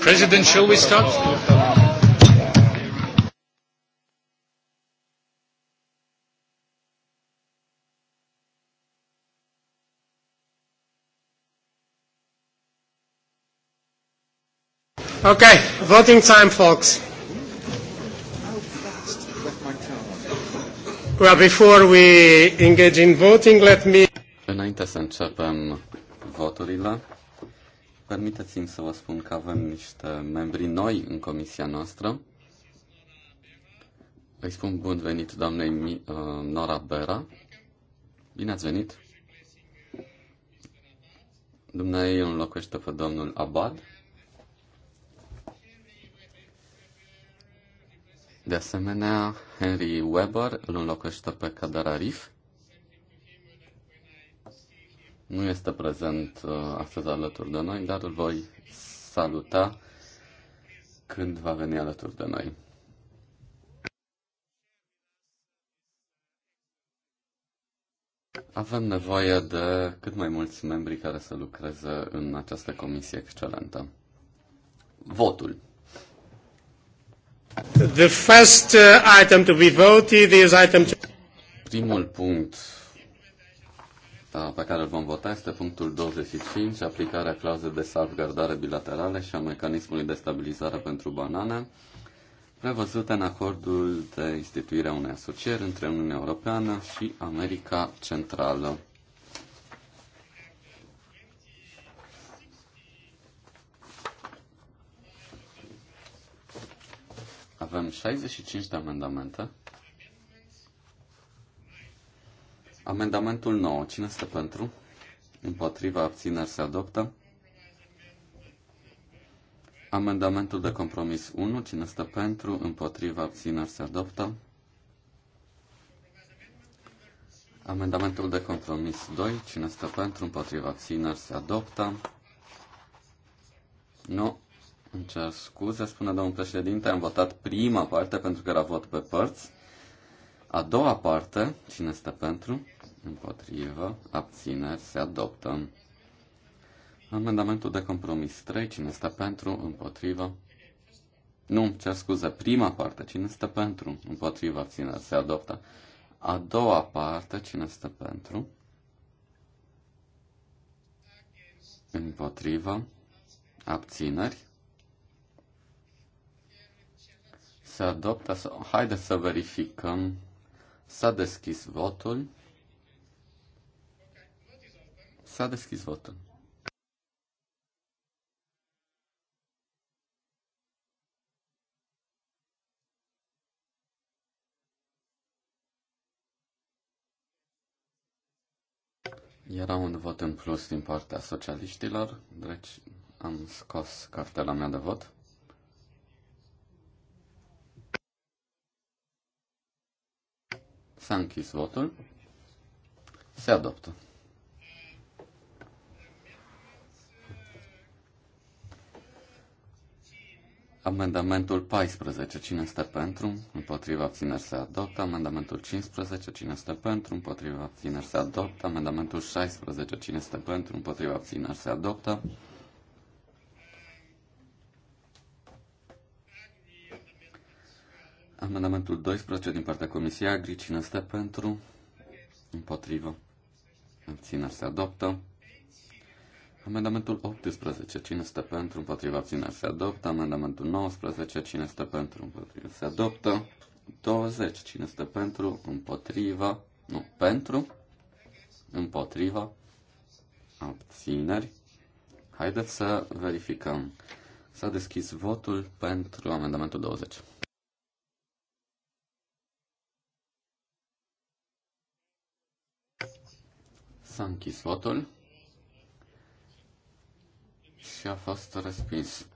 President, shall we start? Okay, voting time, folks. Well, before we engage in voting, let me... Înainte să începem voturile. Permiteți-mi să vă spun că avem niște membri noi în comisia noastră. Îi spun bun venit doamnei uh, Nora Bera. Bine ați venit! Dumnezeu înlocuiește pe domnul Abad. De asemenea, Henry Weber îl înlocuiește pe Kadar Arif nu este prezent uh, astăzi alături de noi, dar îl voi saluta când va veni alături de noi. Avem nevoie de cât mai mulți membri care să lucreze în această comisie excelentă. Votul. The first uh, item to be voted is item to... Primul punct Uh, pe care îl vom vota este punctul 25, aplicarea clauzei de salvgardare bilaterale și a mecanismului de stabilizare pentru banane, prevăzută în acordul de instituire a unei asocieri între Uniunea Europeană și America Centrală. Avem 65 de amendamente Amendamentul 9. Cine este pentru? Împotriva abțineri se adoptă. Amendamentul de compromis 1. Cine este pentru? Împotriva abțineri se adoptă. Amendamentul de compromis 2. Cine este pentru? Împotriva abțineri se adoptă. Nu. Îmi cer scuze, spune domnul președinte. Am votat prima parte pentru că era vot pe părți. A doua parte, cine este pentru? împotrivă, abțineri, se adoptă. Amendamentul de compromis 3, cine este pentru, împotrivă, nu, cer scuze, prima parte, cine este pentru, împotrivă, abțineri, se adoptă. A doua parte, cine este pentru, împotrivă, abțineri, se adoptă. Haideți să verificăm. S-a deschis votul. S-a deschis votul. Era un vot în plus din partea socialiștilor, deci am scos cartela mea de vot. S-a închis votul. Se adoptă. Amendamentul 14, cine este pentru, împotriva abțineri se adoptă. Amendamentul 15, cine este pentru, împotriva abțineri se adoptă. Amendamentul 16, cine este pentru, împotriva abțineri se adoptă. Amendamentul 12 din partea Comisiei Agri, cine este pentru, împotriva abțineri se adoptă. Amendamentul 18, cine este pentru, împotriva ține, se adoptă. Amendamentul 19, cine este pentru, împotriva se adoptă. 20, cine este pentru, împotriva, nu, pentru, împotriva, abțineri. Haideți să verificăm. S-a deschis votul pentru amendamentul 20. S-a închis votul și a fost respins.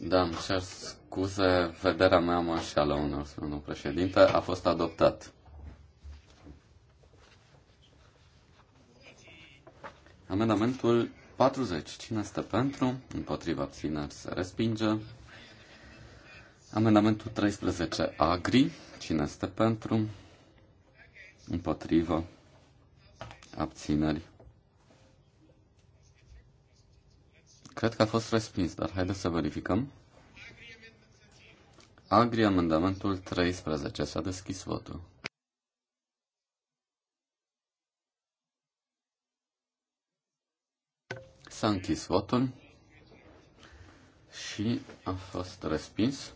Da, îmi cer scuze, vederea mea mă înșeală unor, domnul președinte, a fost adoptat. Amendamentul 40. Cine este pentru? Împotriva abțineri se respinge. Amendamentul 13. Agri. Cine este pentru? împotrivă, abțineri. Cred că a fost respins, dar haideți să verificăm. Agri amendamentul 13. S-a deschis votul. S-a închis votul și a fost respins.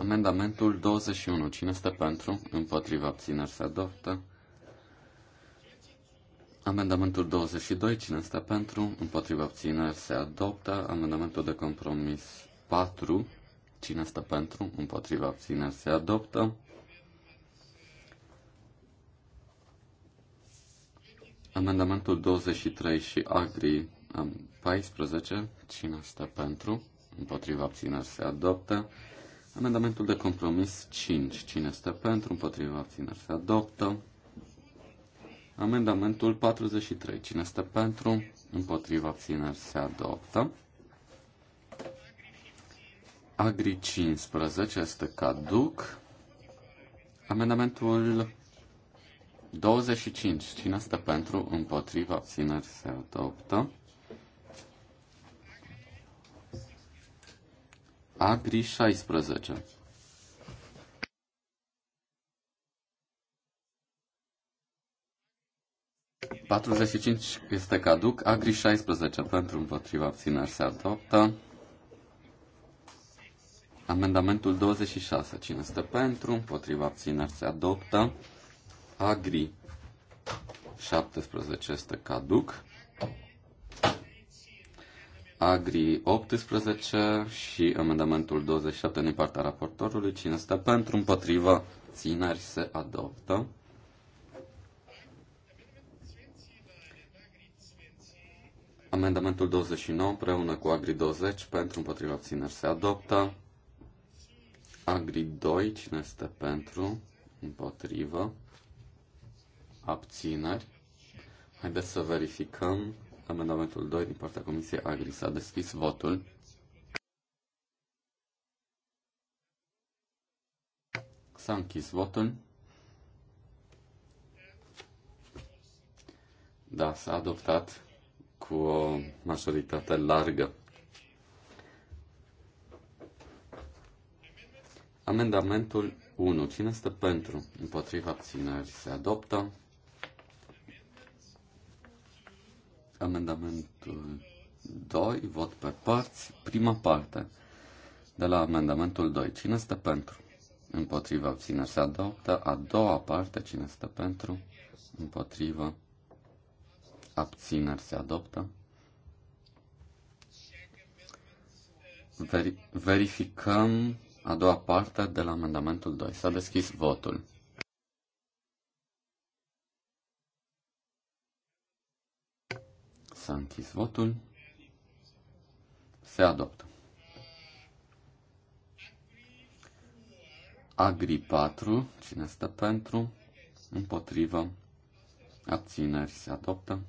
Amendamentul 21. Cine este pentru? Împotriva abțineri se adoptă. Amendamentul 22. Cine este pentru? Împotriva abțineri se adoptă. Amendamentul de compromis 4. Cine este pentru? Împotriva abțineri se adoptă. Amendamentul 23 și Agri 14. Cine este pentru? Împotriva abțineri se adoptă. Amendamentul de compromis 5. Cine este pentru? Împotriva abțineri se adoptă. Amendamentul 43. Cine este pentru? Împotriva abțineri se adoptă. Agri 15 este caduc. Amendamentul 25. Cine este pentru? Împotriva abțineri se adoptă. Agri 16. ...45 este caduc, Agri 16 pentru împotriva abținerii se adoptă. Amendamentul 26, cine este pentru, împotriva abținerii se adoptă. Agri 17 este caduc. Agri 18 și amendamentul 27 din partea raportorului. Cine stă pentru, împotriva, țineri se adoptă. Amendamentul 29 împreună cu Agri 20 pentru împotriva țineri se adoptă. Agri 2, cine este pentru, împotrivă, abțineri. Haideți să verificăm Amendamentul 2 din partea Comisiei Agri s-a deschis votul. S-a închis votul. Da, s-a adoptat cu o majoritate largă. Amendamentul 1. Cine este pentru? Împotriva abțineri se adoptă. Amendamentul 2, vot pe părți, prima parte de la amendamentul 2. Cine este pentru? Împotriva abțineri se adoptă. A doua parte, cine este pentru? Împotriva abțineri se adoptă. Veri- verificăm a doua parte de la amendamentul 2. S-a deschis votul. S-a închis votul. Se adoptă. Agri 4, cine stă pentru, împotrivă, abțineri se adoptă.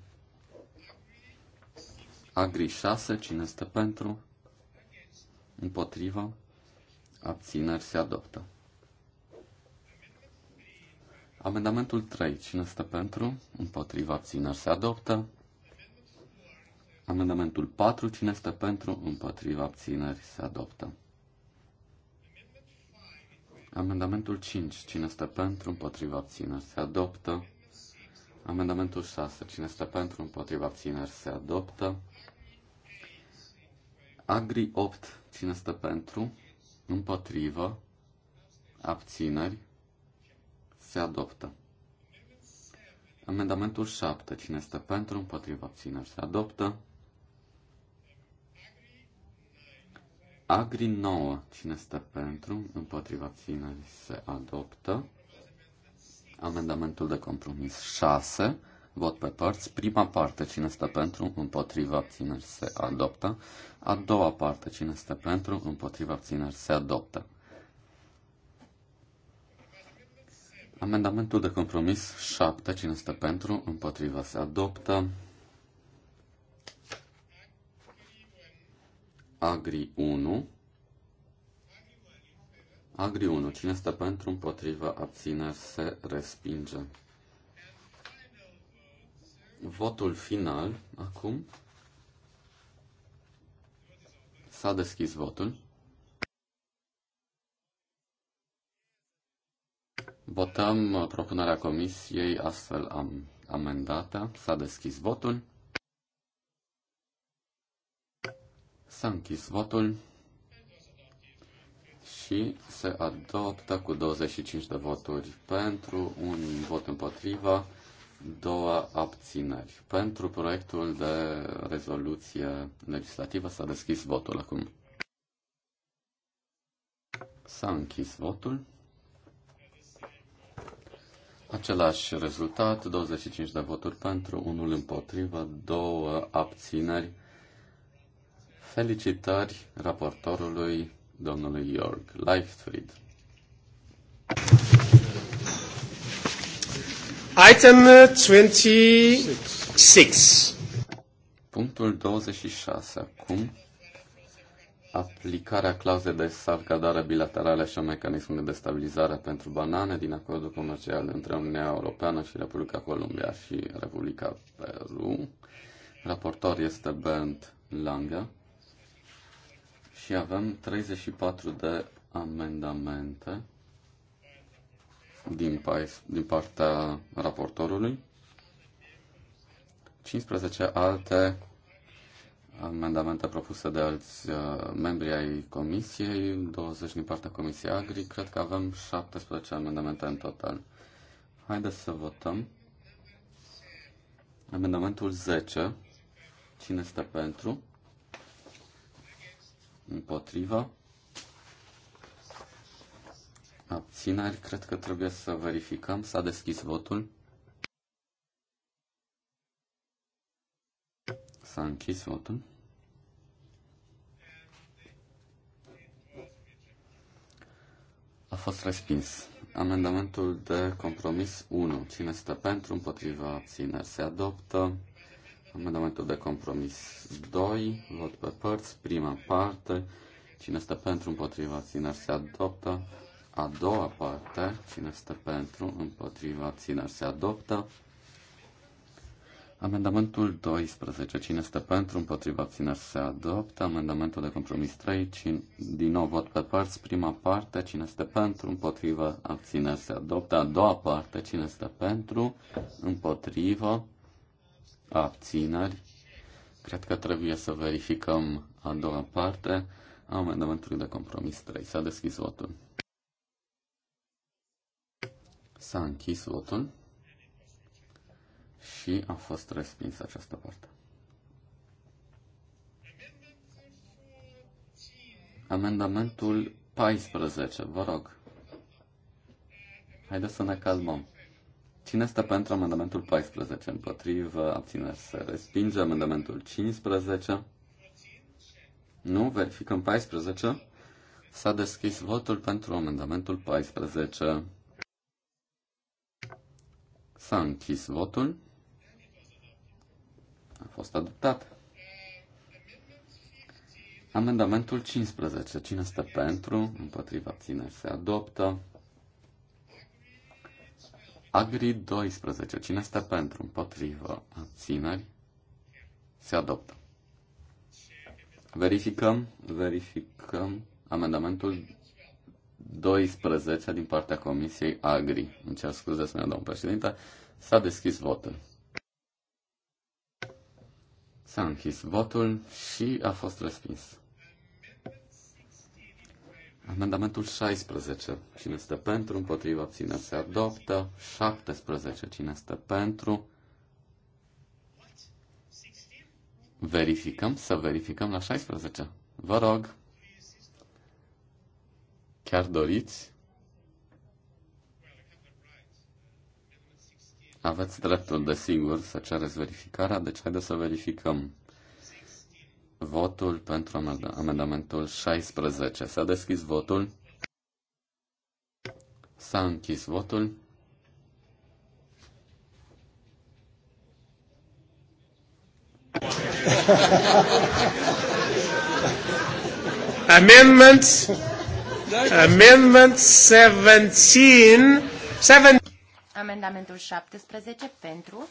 Agri 6, cine stă pentru, împotrivă, abțineri se adoptă. Amendamentul 3, cine stă pentru, împotrivă, abțineri se adoptă. Amendamentul 4. Cine este pentru? Împotriva abțineri se adoptă. Amendamentul 5. Cine este pentru? Împotriva abțineri se adoptă. Amendamentul 6. Cine este pentru? Împotriva abțineri se adoptă. Agri 8. Cine este pentru? Împotriva abțineri se adoptă. Amendamentul 7. Cine este pentru? Împotriva abțineri se adoptă. Agri 9. Cine este pentru? Împotriva ținerii se adoptă. Amendamentul de compromis 6. Vot pe părți. Prima parte, cine este pentru, împotriva ținerii se adoptă. A doua parte, cine este pentru, împotriva ținerii se adoptă. Amendamentul de compromis 7, cine este pentru, împotriva se adoptă. Agri 1. Agri 1. Cine este pentru, împotriva, abțineri, se respinge. Votul final, acum. S-a deschis votul. Votăm uh, propunerea comisiei astfel am amendată. S-a deschis votul. S-a închis votul și se adoptă cu 25 de voturi pentru, un vot împotriva, două abțineri. Pentru proiectul de rezoluție legislativă s-a deschis votul acum. S-a închis votul. Același rezultat, 25 de voturi pentru, unul împotrivă, două abțineri. Felicitări raportorului domnului Jorg Leifried. Item 26. Punctul 26. Acum, aplicarea clauzei de salvgardare bilaterale și a mecanismului de stabilizare pentru banane din acordul comercial între Uniunea Europeană și Republica Columbia și Republica Peru. Raportor este Bernd Lange și avem 34 de amendamente din, din partea raportorului, 15 alte amendamente propuse de alți uh, membri ai comisiei, 20 din partea Comisiei Agri, cred că avem 17 amendamente în total. Haideți să votăm. Amendamentul 10. Cine este pentru? împotrivă, abțineri, cred că trebuie să verificăm, s-a deschis votul, s-a închis votul. A fost respins. Amendamentul de compromis 1. Cine stă pentru, împotriva, abțineri, se adoptă. Amendamentul de compromis 2, vot pe părți, prima parte, cine este pentru, împotriva, țineri se adoptă. A doua parte, cine este pentru, împotriva, țineri se adoptă. Amendamentul 12. Cine este pentru, împotriva abțineri se adoptă. Amendamentul de compromis 3. Cine, din nou vot pe părți. Prima parte. Cine este pentru, împotriva abțineri se adoptă. A doua parte. Cine este pentru, împotriva abțineri. Cred că trebuie să verificăm a doua parte a amendamentului de compromis 3. S-a deschis votul. S-a închis votul și a fost respins această parte. Amendamentul 14, vă rog. Haideți să ne calmăm. Cine este pentru amendamentul 14? Împotrivă, abțineri să respinge. Amendamentul 15? Nu, verificăm 14. S-a deschis votul pentru amendamentul 14. S-a închis votul. A fost adoptat. Amendamentul 15. Cine este pentru? Împotriva abțineri se adoptă. Agri 12. Cine este pentru? Împotrivă. Abțineri. Se adoptă. Verificăm, verificăm amendamentul 12 din partea Comisiei Agri. Îmi cer scuze, spune domnul președinte. S-a deschis votul. S-a închis votul și a fost respins. Amendamentul 16. Cine este pentru, împotriva, abține, se adoptă. 17. Cine este pentru? Verificăm, să verificăm la 16. Vă rog. Chiar doriți? Aveți dreptul, desigur, să cereți verificarea, deci haideți să verificăm votul pentru amendamentul 16. S-a deschis votul. S-a închis votul. Amendment Amendment 17 7 Amendamentul 17 pentru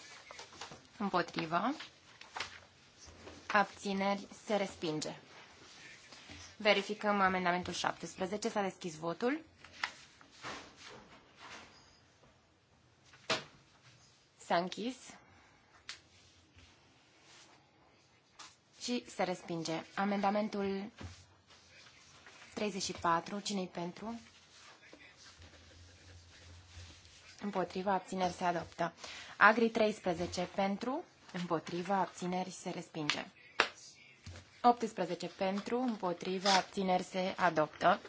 Împotriva abțineri, se respinge. Verificăm amendamentul 17. S-a deschis votul. S-a închis. Și se respinge. Amendamentul 34. Cine-i pentru? Împotriva abțineri se adoptă. Agri 13. Pentru? Împotriva abțineri se respinge. 18 pentru, împotriva, abțineri se adoptă.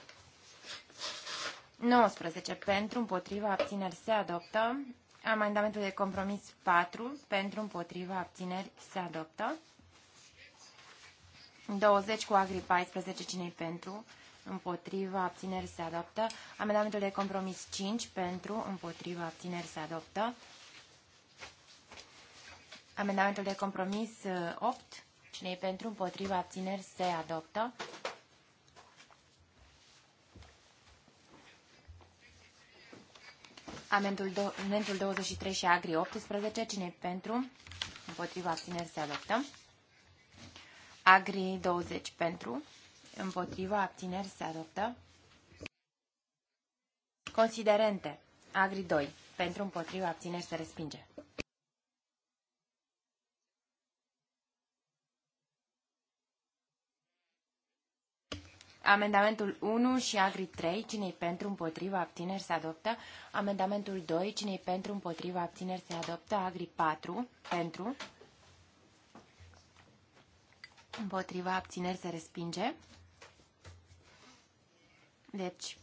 19 pentru, împotriva, abțineri se adoptă. Amendamentul de compromis 4 pentru, împotriva, abțineri se adoptă. 20 cu agri 14, cine pentru? Împotriva, abțineri se adoptă. Amendamentul de compromis 5 pentru, împotriva, abțineri se adoptă. Amendamentul de compromis 8 uh, Cine e pentru, împotriva, abțineri, se adoptă. Amendul 23 și Agri 18. Cine e pentru, împotriva, abțineri, se adoptă. Agri 20 pentru, împotriva, abțineri, se adoptă. Considerente. Agri 2. Pentru împotriva abțineri se respinge. Amendamentul 1 și Agri 3, cine pentru, împotriva, abțineri, se adoptă. Amendamentul 2, cine pentru, împotriva, abțineri, se adoptă. Agri 4, pentru, împotriva, abțineri, se respinge. Deci,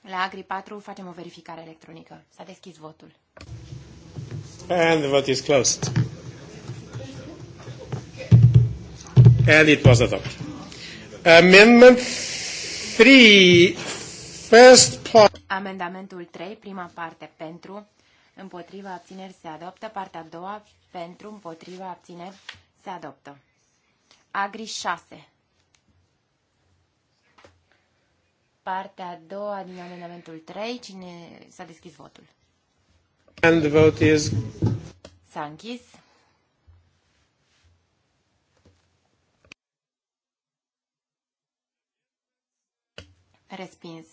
la Agri 4 facem o verificare electronică. S-a deschis votul. And the vote is closed. And it was adopted. Amendment 3, first part. Amendamentul 3, prima parte pentru, împotriva abțineri se adoptă, partea a doua pentru, împotriva abțineri se adoptă. Agri 6. Partea a doua din amendamentul 3, cine s-a deschis votul? And the vote is... S-a închis. Respins.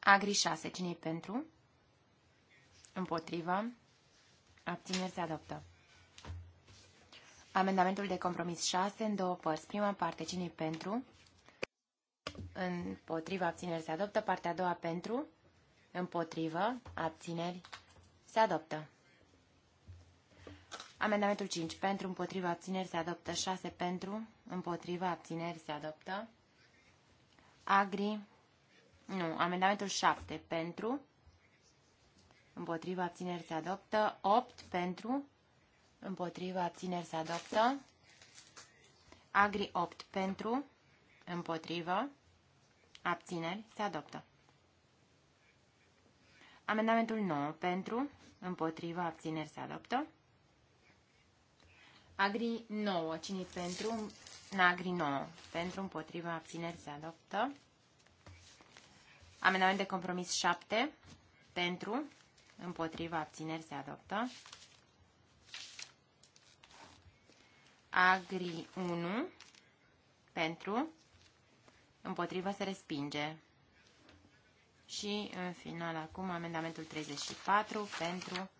Agri 6. Cine-i pentru? Împotrivă. Abțineri se adoptă. Amendamentul de compromis 6 în două părți. Prima parte, cine pentru? Împotrivă, abțineri se adoptă. Partea a doua, pentru? Împotrivă, abțineri se adoptă. Amendamentul 5. Pentru, împotrivă, abțineri se adoptă. 6. Pentru, împotrivă, abțineri se adoptă. Agri nu, amendamentul 7 pentru, împotriva abțineri se adoptă, 8 pentru, împotriva abțineri se adoptă, agri 8 pentru, Împotriva abțineri se adoptă. Amendamentul 9 pentru, împotriva abțineri se adoptă. Agri 9, cine pentru? Agri 9, pentru împotriva abțineri se adoptă. Amendament de compromis 7 pentru, împotriva, abțineri se adoptă. Agri 1 pentru, împotriva se respinge. Și în final acum amendamentul 34 pentru,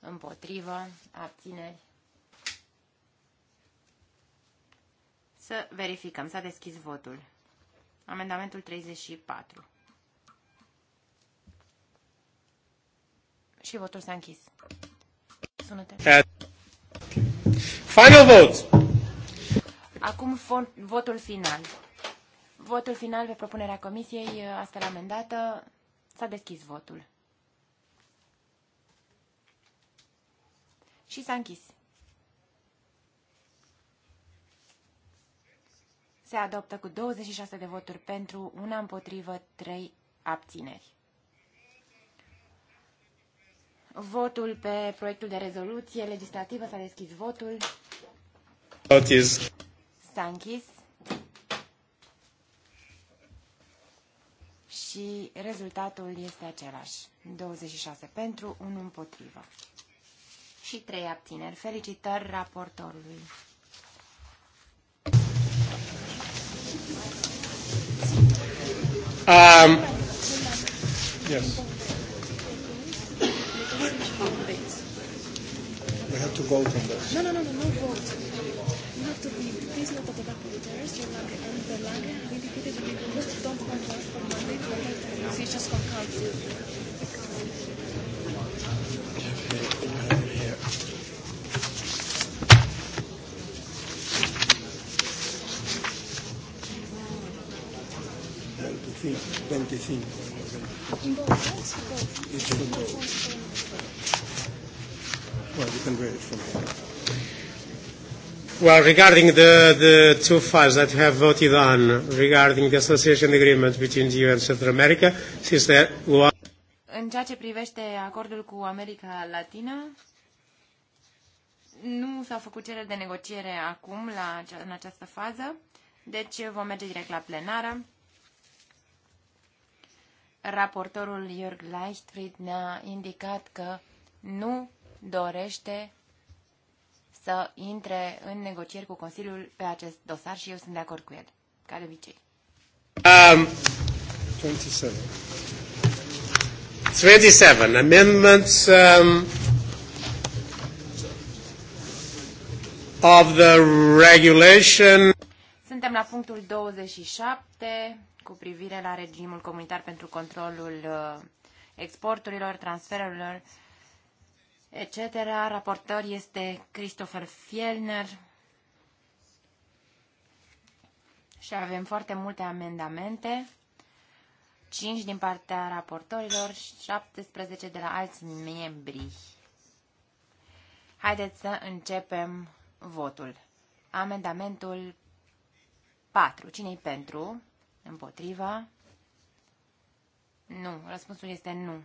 împotriva, abțineri. Să verificăm, s-a deschis votul. Amendamentul 34. Și votul s-a închis. Sună-te. Final vote! Acum votul final. Votul final pe propunerea comisiei, la amendată, s-a deschis votul. Și s-a închis. Se adoptă cu 26 de voturi pentru, una împotrivă, 3 abțineri votul pe proiectul de rezoluție legislativă. S-a deschis votul. S-a închis. Și rezultatul este același. 26 pentru, 1 împotrivă. Și 3 abțineri. Felicitări raportorului. Um, yes updates. We have to vote on this. No, no, no, no, no vote. You have to be, please not that the rapporteurs the Lange, and the Lange have indicated that they don't want to ask for mandate for that decisions from council. Twenty-five. Both, yes, both. It's both. Well, you can read it from here. Well, regarding the, the two files that have voted on regarding the association agreement between the EU and Central America, since there was... În ceea ce privește acordul cu America Latina, nu s-au făcut cereri de negociere acum, la, în această fază, deci vom merge direct la plenară. Raportorul Jörg Leichtfried ne-a indicat că nu dorește să intre în negocieri cu Consiliul pe acest dosar și eu sunt de acord cu el, ca de obicei. Um, 27. 27. Amendments um, of the regulation. Suntem la punctul 27 cu privire la regimul comunitar pentru controlul uh, exporturilor, transferurilor, uh, etc. Raportor este Christopher Fielner și avem foarte multe amendamente. 5 din partea raportorilor, 17 de la alți membri. Haideți să începem votul. Amendamentul 4. Cine-i pentru? Împotriva? Nu. Răspunsul este nu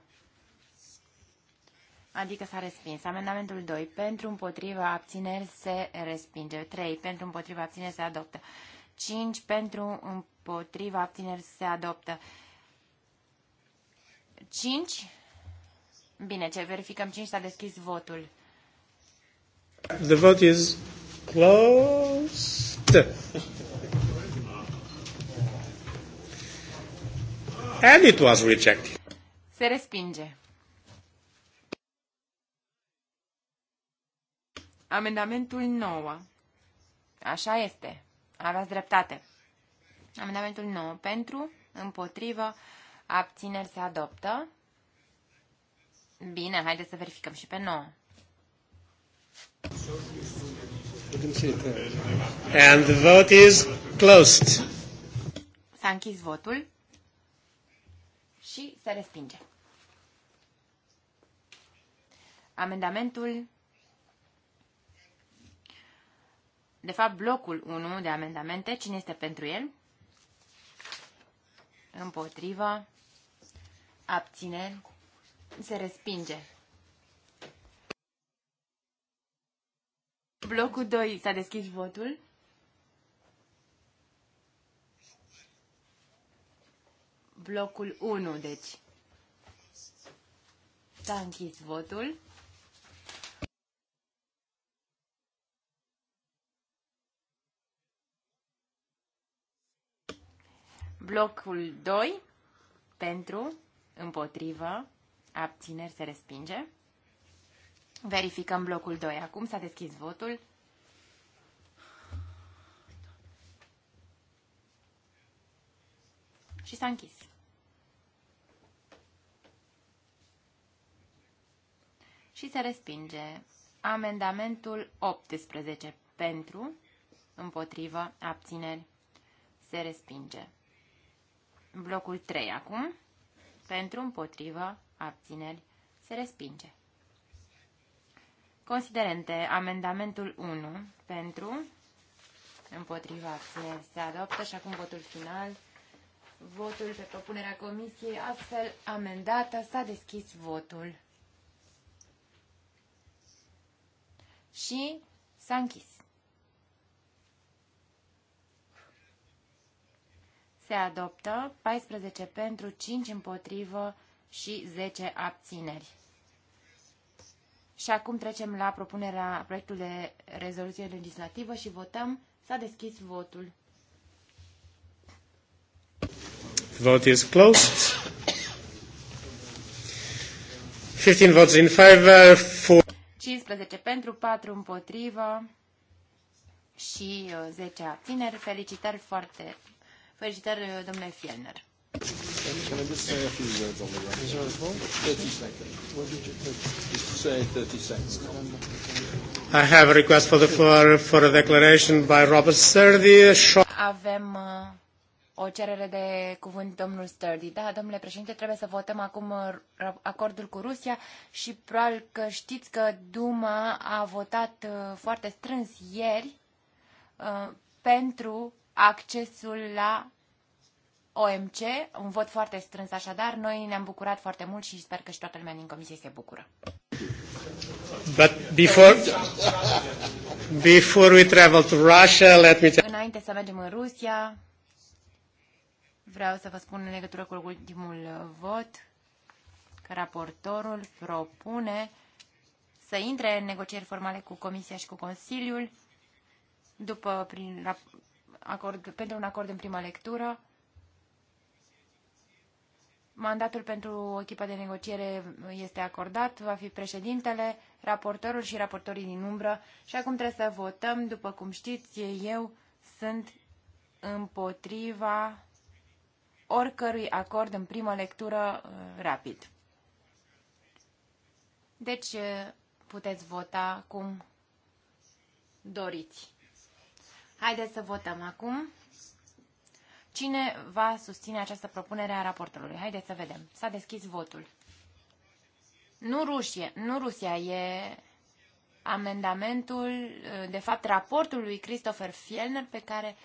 adică s-a respins. Amendamentul 2, pentru împotriva abțineri se respinge. 3, pentru împotriva abțineri se adoptă. 5, pentru împotriva abțineri se adoptă. 5, bine, ce verificăm 5, s-a deschis votul. The vote is closed. And it was rejected. Se respinge. Amendamentul 9. Așa este. Aveați dreptate. Amendamentul 9. Pentru, împotrivă, abțineri se adoptă. Bine, haideți să verificăm și pe 9. And the vote is closed. S-a închis votul și se respinge. Amendamentul de fapt, blocul 1 de amendamente, cine este pentru el? Împotrivă. Abțineri. Se respinge. Blocul 2 s-a deschis votul. Blocul 1, deci. S-a închis votul. Blocul 2 pentru, împotrivă, abțineri se respinge. Verificăm blocul 2. Acum s-a deschis votul. Și s-a închis. Și se respinge amendamentul 18 pentru, împotrivă, abțineri, se respinge. Blocul 3 acum. Pentru, împotrivă, abțineri, se respinge. Considerente, amendamentul 1 pentru, împotriva abțineri se adoptă și acum votul final, votul pe propunerea comisiei, astfel amendată, s-a deschis votul și s-a închis. Se adoptă 14 pentru, 5 împotrivă și 10 abțineri. Și acum trecem la propunerea proiectului de rezoluție legislativă și votăm. S-a deschis votul. Vote is closed. 15 votes in favor, 4... 15 pentru, 4 împotrivă și 10 uh, abțineri. Felicitări foarte Felicitări, domnule Fielner. I I have a request for the floor for a declaration by Robert Sturdy. Avem uh, o cerere de cuvânt domnul Sturdy. Da, domnule președinte, trebuie să votăm acum uh, acordul cu Rusia și probabil că știți că Duma a votat uh, foarte strâns ieri pentru accesul la OMC, un vot foarte strâns așadar. Noi ne-am bucurat foarte mult și sper că și toată lumea din comisie se bucură. But before, before we travel to Russia, let me Înainte să mergem în Rusia, vreau să vă spun în legătură cu ultimul uh, vot că raportorul propune să intre în negocieri formale cu Comisia și cu Consiliul după prin acord, pentru un acord în prima lectură. Mandatul pentru echipa de negociere este acordat, va fi președintele, raportorul și raportorii din umbră și acum trebuie să votăm. După cum știți, eu sunt împotriva oricărui acord în primă lectură uh, rapid. Deci uh, puteți vota cum doriți. Haideți să votăm acum. Cine va susține această propunere a raportului? Haideți să vedem. S-a deschis votul. Nu Rusie, nu Rusia, e amendamentul, de fapt raportul lui Christopher Fielner pe care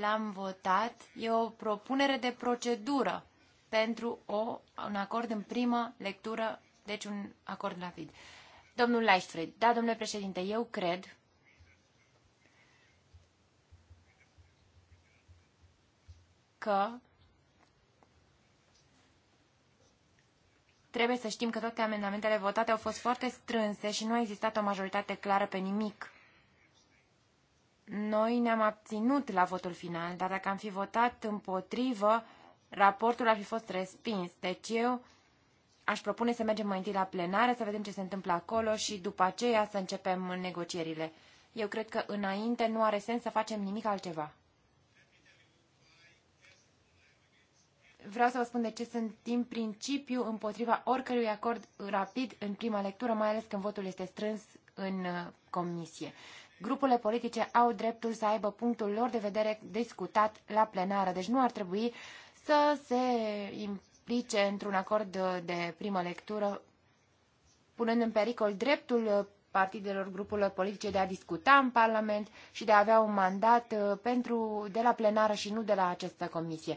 l-am votat. E o propunere de procedură pentru o, un acord în primă lectură, deci un acord rapid. Domnul Leichtfried, da, domnule președinte, eu cred că trebuie să știm că toate amendamentele votate au fost foarte strânse și nu a existat o majoritate clară pe nimic. Noi ne-am abținut la votul final, dar dacă am fi votat împotrivă, raportul ar fi fost respins. Deci eu aș propune să mergem mai întâi la plenară, să vedem ce se întâmplă acolo și după aceea să începem negocierile. Eu cred că înainte nu are sens să facem nimic altceva. vreau să vă spun de ce sunt din principiu împotriva oricărui acord rapid în prima lectură, mai ales când votul este strâns în uh, comisie. Grupurile politice au dreptul să aibă punctul lor de vedere discutat la plenară, deci nu ar trebui să se implice într-un acord de primă lectură, punând în pericol dreptul partidelor, grupurilor politice de a discuta în Parlament și de a avea un mandat uh, pentru, de la plenară și nu de la această comisie.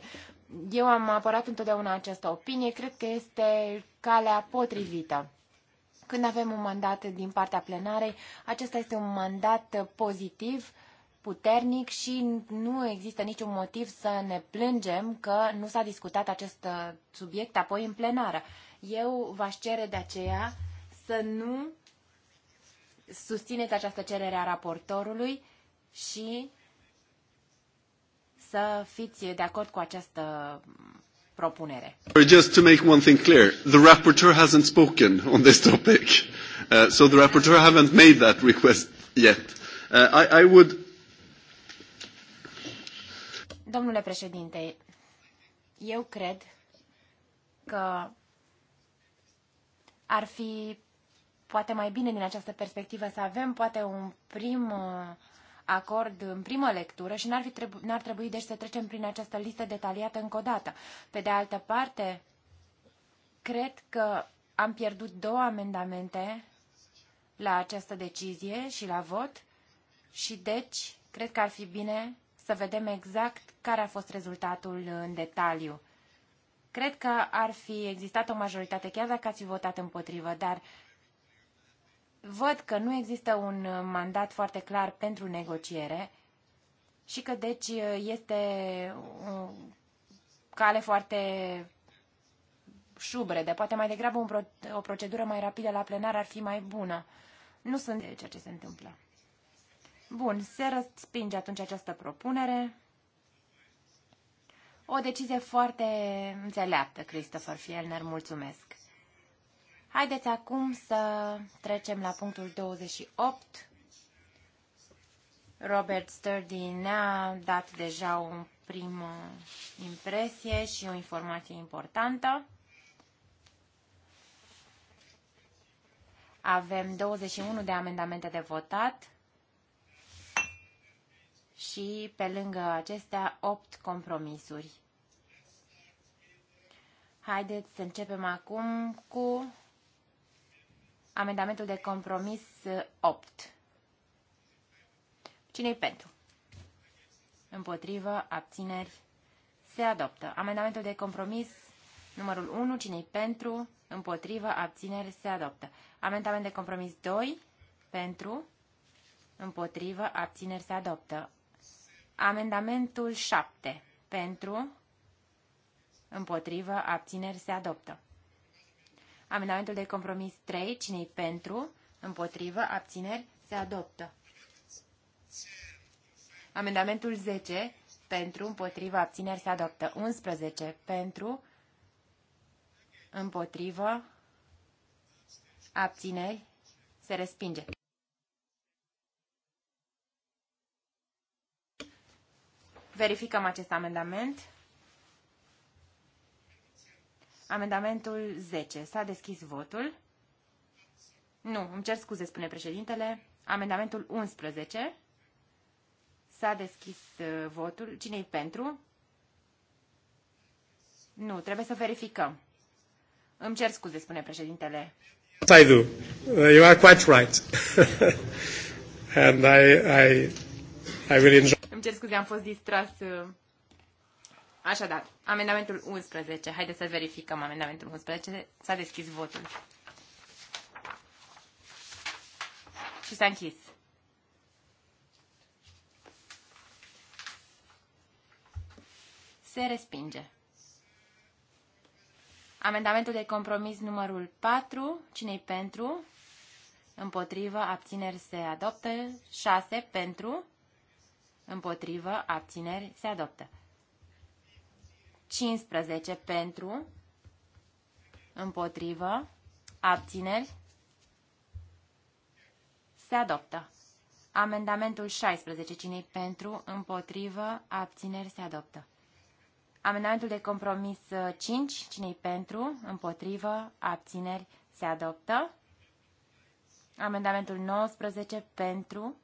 Eu am apărat întotdeauna această opinie, cred că este calea potrivită. Când avem un mandat din partea plenarei, acesta este un mandat pozitiv, puternic și nu există niciun motiv să ne plângem că nu s-a discutat acest uh, subiect apoi în plenară. Eu v-aș cere de aceea să nu susțineți această cerere a raportorului și să fiți de acord cu această propunere. Just to make one thing clear, the rapporteur hasn't spoken on this topic, uh, so the rapporteur haven't made that request yet. Uh, I, I would. Domnule președinte, eu cred că ar fi poate mai bine din această perspectivă să avem poate un prim uh, acord în primă lectură și n-ar, fi trebu- n-ar trebui deci să trecem prin această listă detaliată încă o dată. Pe de altă parte, cred că am pierdut două amendamente la această decizie și la vot și deci cred că ar fi bine să vedem exact care a fost rezultatul în detaliu. Cred că ar fi existat o majoritate, chiar dacă ați votat împotrivă, dar văd că nu există un uh, mandat foarte clar pentru negociere și că deci uh, este o cale foarte De Poate mai degrabă un pro o procedură mai rapidă la plenar ar fi mai bună. Nu sunt de ceea ce se întâmplă. Bun, se respinge atunci această propunere. O decizie foarte înțeleaptă, Christopher Fielner, mulțumesc. Haideți acum să trecem la punctul 28. Robert Sturdy ne-a dat deja o primă impresie și o informație importantă. Avem 21 de amendamente de votat și, pe lângă acestea, 8 compromisuri. Haideți să începem acum cu Amendamentul de compromis 8. Uh, Cine-i pentru? Împotrivă, abțineri, se adoptă. Amendamentul de compromis numărul 1. Cine-i pentru? Împotrivă, abțineri, se adoptă. Amendament de compromis 2. Pentru, împotrivă, abțineri, se adoptă. Amendamentul 7. Pentru, împotrivă, abțineri, se adoptă. Amendamentul de compromis 3, cine pentru, împotrivă, abțineri, se adoptă. Amendamentul 10, pentru, împotrivă, abțineri, se adoptă. 11, pentru, împotrivă, abțineri, se respinge. Verificăm acest amendament. Amendamentul 10. S-a deschis votul. Nu, îmi cer scuze, spune președintele. Amendamentul 11. S-a deschis uh, votul. Cine-i pentru? Nu, trebuie să verificăm. Îmi cer scuze, spune președintele. I do. Uh, you are quite right. And I, I, I will enjoy... Îmi cer scuze, am fost distras uh, Așadar, amendamentul 11. Haideți să verificăm amendamentul 11. S-a deschis votul. Și s-a închis. Se respinge. Amendamentul de compromis numărul 4. Cine-i pentru? Împotrivă, abțineri se adoptă. 6. Pentru. Împotrivă, abțineri se adoptă. 15 pentru, împotrivă, abțineri, se adoptă. Amendamentul 16, cine pentru, împotrivă, abțineri, se adoptă. Amendamentul de compromis 5, uh, cine pentru, împotrivă, abțineri, se adoptă. Amendamentul 19, pentru,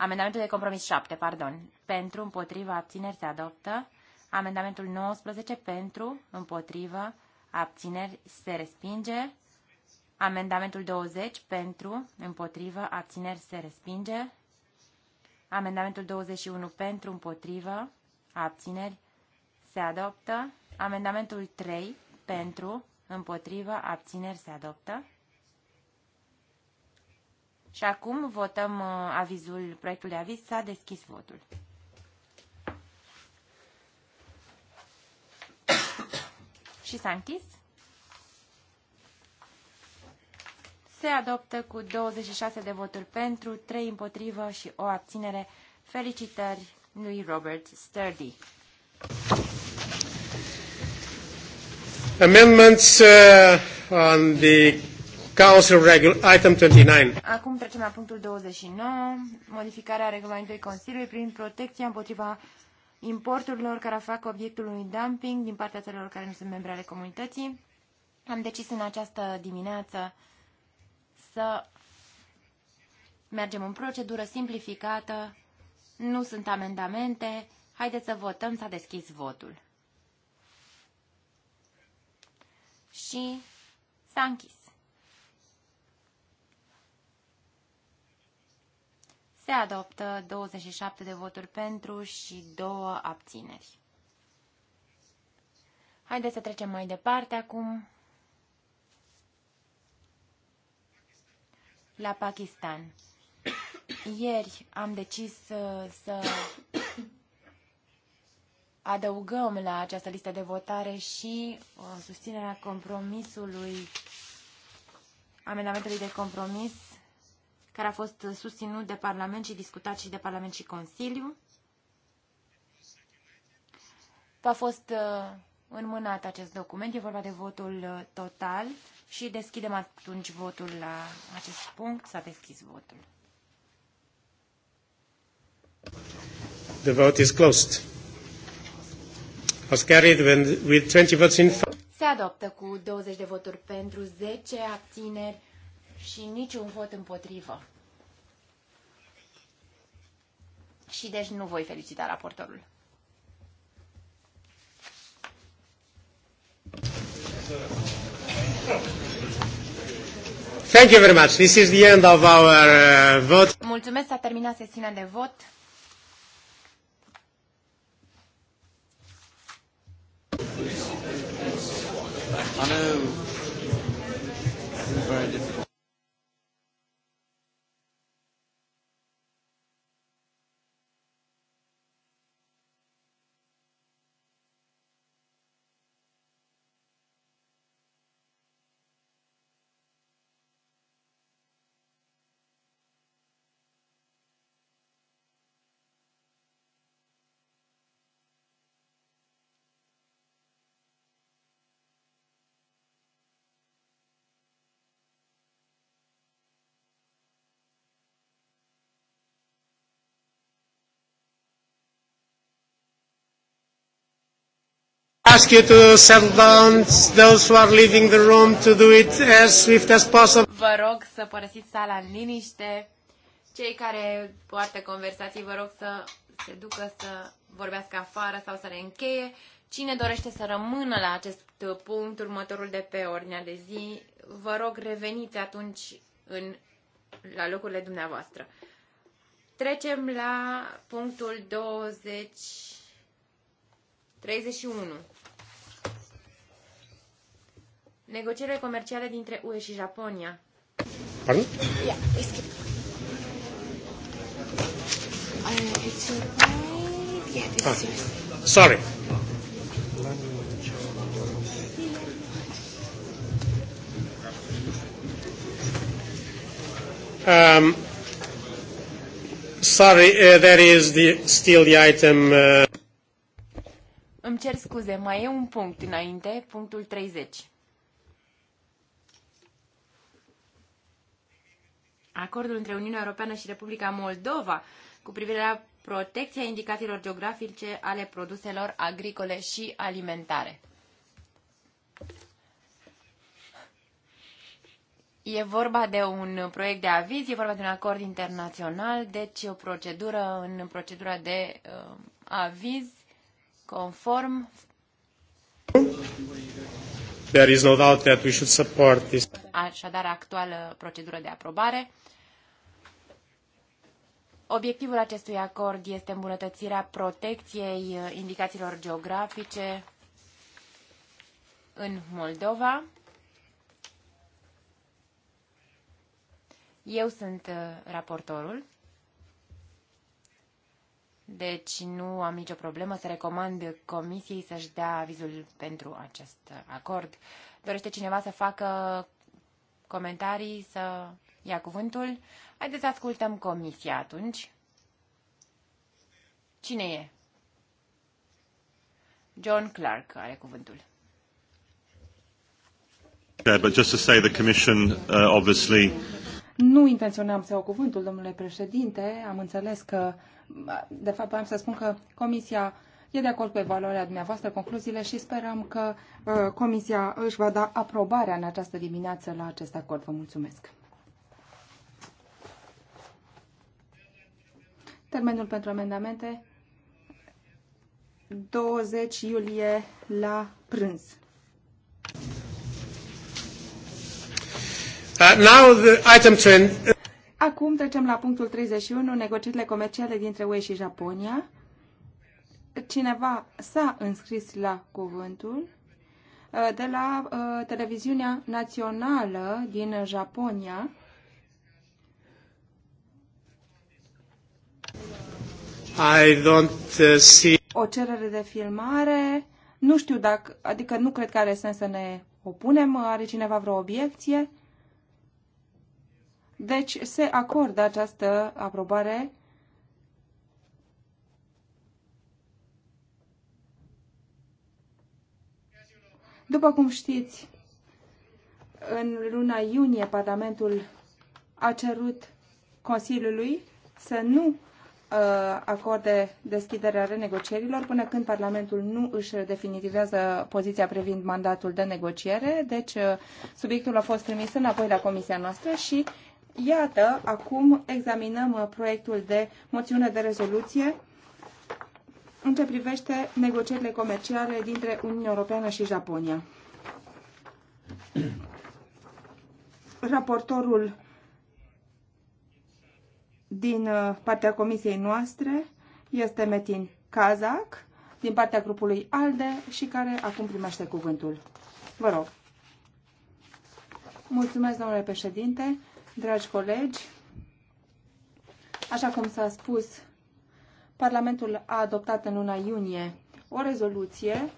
Amendamentul de compromis 7, pardon. Pentru, împotriva, abțineri se adoptă. Amendamentul 19 pentru, împotrivă, abțineri se respinge. Amendamentul 20 pentru, împotrivă, abțineri se respinge. Amendamentul 21 pentru, împotrivă, abțineri se adoptă. Amendamentul 3 pentru, împotrivă, abțineri se adoptă. Și acum votăm uh, avizul, proiectul de aviz. S-a deschis votul. și s-a închis. Se adoptă cu 26 de voturi pentru, 3 împotrivă și o abținere. Felicitări lui Robert Sturdy. Amendments uh, on the Council Regul, item 29. Acum trecem la punctul 29, modificarea regulamentului Consiliului prin protecția împotriva importurilor care fac obiectul unui dumping din partea țărilor care nu sunt membre ale comunității. Am decis în această dimineață să mergem în procedură simplificată, nu sunt amendamente, haideți să votăm, s-a deschis votul. Și s-a închis. Se adoptă 27 de voturi pentru și 2 abțineri. Haideți să trecem mai departe acum la Pakistan. Ieri am decis să, uh, să adăugăm la această listă de votare și uh, susținerea compromisului, amendamentului de compromis care a fost susținut de Parlament și discutat și de Parlament și Consiliu. A fost uh, înmânat acest document, e vorba de votul uh, total și deschidem atunci votul la acest punct. S-a deschis votul. The vote is closed. Was carried with 20 votes in Se adoptă cu 20 de voturi pentru 10 abțineri și niciun vot împotrivă. Și deci nu voi felicita raportorul. Thank you very much. This is the end of our uh, vote. Mulțumesc, s-a terminat sesiunea de vot. I know. Very difficult. ask you uh, to settle down those who are leaving the room to do it as swift as possible. Vă rog să părăsiți sala în liniște. Cei care poartă conversații, vă rog să se ducă să vorbească afară sau să le încheie. Cine dorește să rămână la acest punct, următorul de pe ordinea de zi, vă rog reveniți atunci în, la locurile dumneavoastră. Trecem la punctul 20, 31. Negocierile comerciale dintre UE și Japonia. Pardon? Ia, Yeah, uh, ah. Sorry. Um, sorry, uh, there is the, still the item. Uh... Îmi cer scuze, mai e un punct înainte, punctul 30. Acordul între Uniunea Europeană și Republica Moldova cu privire la protecția indicațiilor geografice ale produselor agricole și alimentare. E vorba de un proiect de aviz, e vorba de un acord internațional, deci o procedură în procedura de uh, aviz conform. There is no doubt that we should support this. Așadar, actuală procedură de aprobare. Obiectivul acestui acord este îmbunătățirea protecției uh, indicațiilor geografice în Moldova. Eu sunt uh, raportorul. Deci nu am nicio problemă să recomand comisiei să-și dea avizul pentru acest acord. Dorește cineva să facă comentarii, să ia cuvântul? Haideți să ascultăm comisia atunci. Cine e? John Clark are cuvântul. Yeah, but just to say the commission uh, obviously nu intenționam să iau cuvântul, domnule președinte. Am înțeles că uh, de fapt, am să spun că Comisia e de acord cu evaluarea dumneavoastră, concluziile și sperăm că uh, Comisia își va da aprobarea în această dimineață la acest acord. Vă mulțumesc! Termenul pentru amendamente 20 iulie la prânz. Uh, now the item 10. Acum trecem la punctul 31, negocierile comerciale dintre UE și Japonia. Cineva s-a înscris la cuvântul uh, de la uh, televiziunea națională din Japonia. I don't uh, see... O cerere de filmare. Nu știu dacă, adică nu cred că are sens să ne opunem. Are cineva vreo obiecție? Deci se acordă această aprobare După cum știți, în luna iunie Parlamentul a cerut Consiliului să nu uh, acorde deschiderea renegocierilor până când Parlamentul nu își definitivează poziția privind mandatul de negociere. Deci, uh, subiectul a fost trimis înapoi la comisia noastră și Iată, acum examinăm uh, proiectul de moțiune de rezoluție în ce privește negocierile comerciale dintre Uniunea Europeană și Japonia. Raportorul din uh, partea comisiei noastre este Metin Kazak, din partea grupului ALDE și care acum primește cuvântul. Vă rog. Mulțumesc, domnule președinte dragi colegi, așa cum s-a spus, Parlamentul a adoptat în luna iunie o rezoluție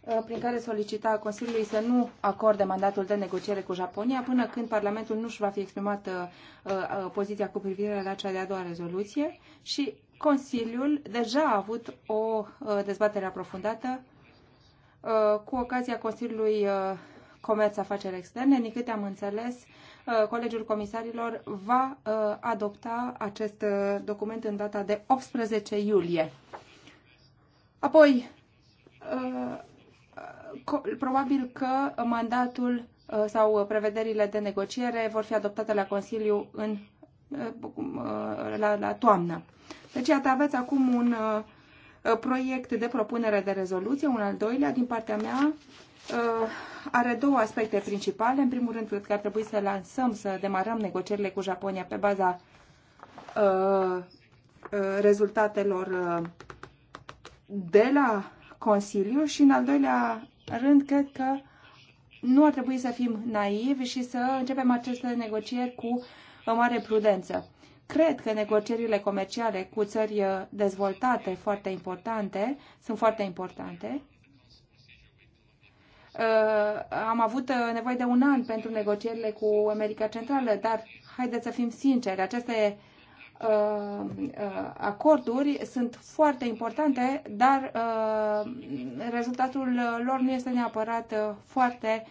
uh, prin care solicita Consiliului să nu acorde mandatul de negociere cu Japonia până când Parlamentul nu și va fi exprimat uh, uh, poziția cu privire la cea de-a doua rezoluție și Consiliul deja a avut o dezbatere aprofundată cu ocazia Consiliului Comerț Afaceri Externe. Din câte am înțeles, Uh, Colegiul Comisarilor va uh, adopta acest uh, document în data de 18 iulie. Apoi, probabil că mandatul sau prevederile de negociere vor fi adoptate la Consiliu în, la, la toamnă. Deci, iată, aveți acum un proiect de propunere de rezoluție, un al doilea din partea mea, Uh, are două aspecte principale. În primul rând, cred că ar trebui să lansăm, să demarăm negocierile cu Japonia pe baza uh, uh, rezultatelor de la Consiliu și, în al doilea rând, cred că nu ar trebui să fim naivi și să începem aceste negocieri cu o mare prudență. Cred că negocierile comerciale cu țări dezvoltate foarte importante sunt foarte importante Uh, am avut uh, nevoie de un an pentru negocierile cu America Centrală, dar haideți să fim sinceri, aceste uh, acorduri sunt foarte importante, dar rezultatul lor nu este neapărat foarte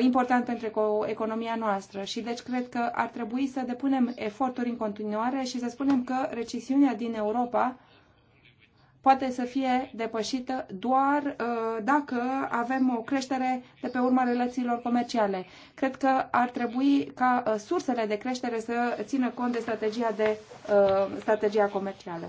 important pentru economia noastră și deci cred că ar trebui să depunem eforturi în continuare și să spunem că recesiunea din Europa poate să fie depășită doar uh, dacă avem o creștere de pe urma relațiilor comerciale. Cred că ar trebui ca uh, sursele de creștere să țină cont de strategia, de, uh, strategia comercială.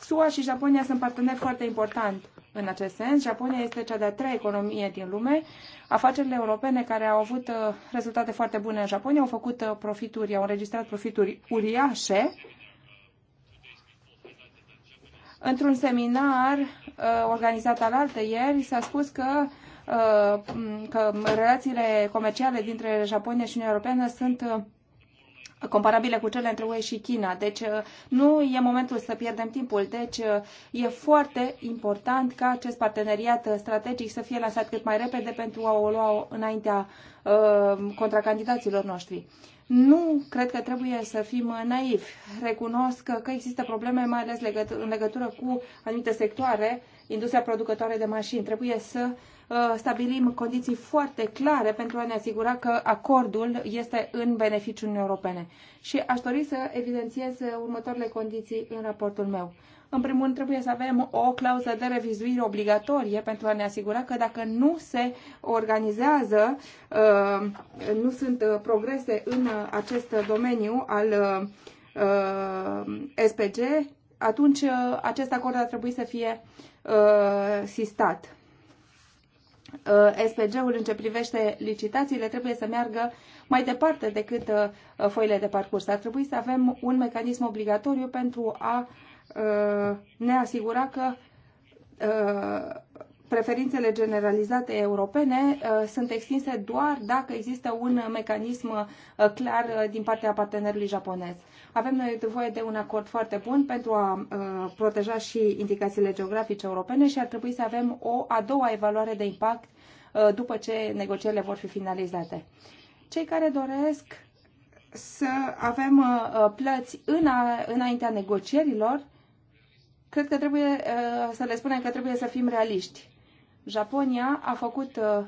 SUA și Japonia sunt parteneri foarte important în acest sens. Japonia este cea de-a treia economie din lume. Afacerile europene care au avut rezultate foarte bune în Japonia au făcut profituri, au înregistrat profituri uriașe Într-un seminar uh, organizat altă ieri s-a spus că uh, că relațiile comerciale dintre Japonia și Uniunea Europeană sunt uh, comparabile cu cele între UE și China. Deci nu e momentul să pierdem timpul. Deci e foarte important ca acest parteneriat strategic să fie lansat cât mai repede pentru a o lua înaintea contracandidaților noștri. Nu cred că trebuie să fim naivi. Recunosc că există probleme, mai ales legăt- în legătură cu anumite sectoare, industria producătoare de mașini. Trebuie să uh, stabilim condiții foarte clare pentru a ne asigura că acordul este în beneficiul Uniunii Europene. Și aș dori să evidențiez următoarele condiții în raportul meu în primul rând, trebuie să avem o clauză de revizuire obligatorie pentru a ne asigura că dacă nu se organizează, uh, nu sunt uh, progrese în uh, acest domeniu al SPG, atunci acest acord ar trebui să fie sistat. SPG-ul în ce privește licitațiile trebuie să meargă mai departe decât foile de parcurs. Ar trebui să avem un mecanism obligatoriu pentru a uh, ne asigura că uh, preferințele generalizate europene uh, sunt extinse doar dacă există un mecanism uh, clar din partea partenerului japonez. Avem nevoie de un acord foarte bun pentru a proteja și indicațiile geografice europene și ar trebui să avem o a doua evaluare de impact după ce negocierile vor fi finalizate. Cei care doresc să avem plăți înaintea negocierilor cred că trebuie uh, să le spunem că trebuie să fim realiști. Japonia a făcut uh,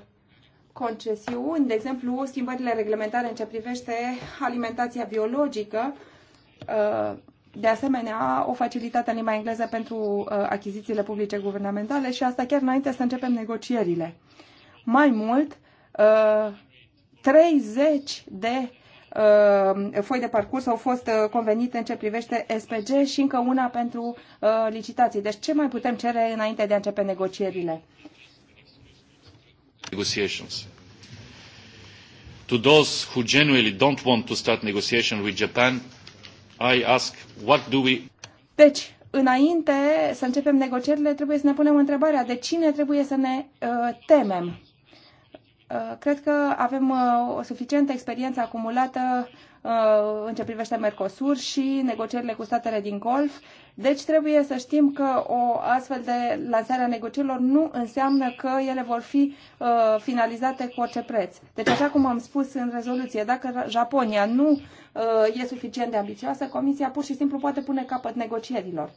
concesiuni, de exemplu, schimbările reglementare în ce privește alimentația biologică, uh, de asemenea, o facilitate în limba engleză pentru achizițiile publice guvernamentale și asta chiar înainte să începem negocierile. Mai mult, 30 de Uh, foi de parcurs au fost uh, convenite în ce privește SPG și încă una pentru uh, licitații. Deci ce mai putem cere înainte de a începe negocierile? Negotiations. To those who genuinely don't want to start negotiation with Japan, I ask, what do we... Deci, înainte să începem negocierile, trebuie să ne punem întrebarea de cine trebuie să ne uh, temem Uh, cred că avem uh, o suficientă experiență acumulată uh, în ce privește Mercosur și negocierile cu statele din Golf. Deci trebuie să știm că o astfel de lansare a negocierilor nu înseamnă că ele vor fi uh, finalizate cu orice preț. Deci, așa cum am spus în rezoluție, dacă Japonia nu uh, e suficient de ambițioasă, Comisia pur și simplu poate pune capăt negocierilor.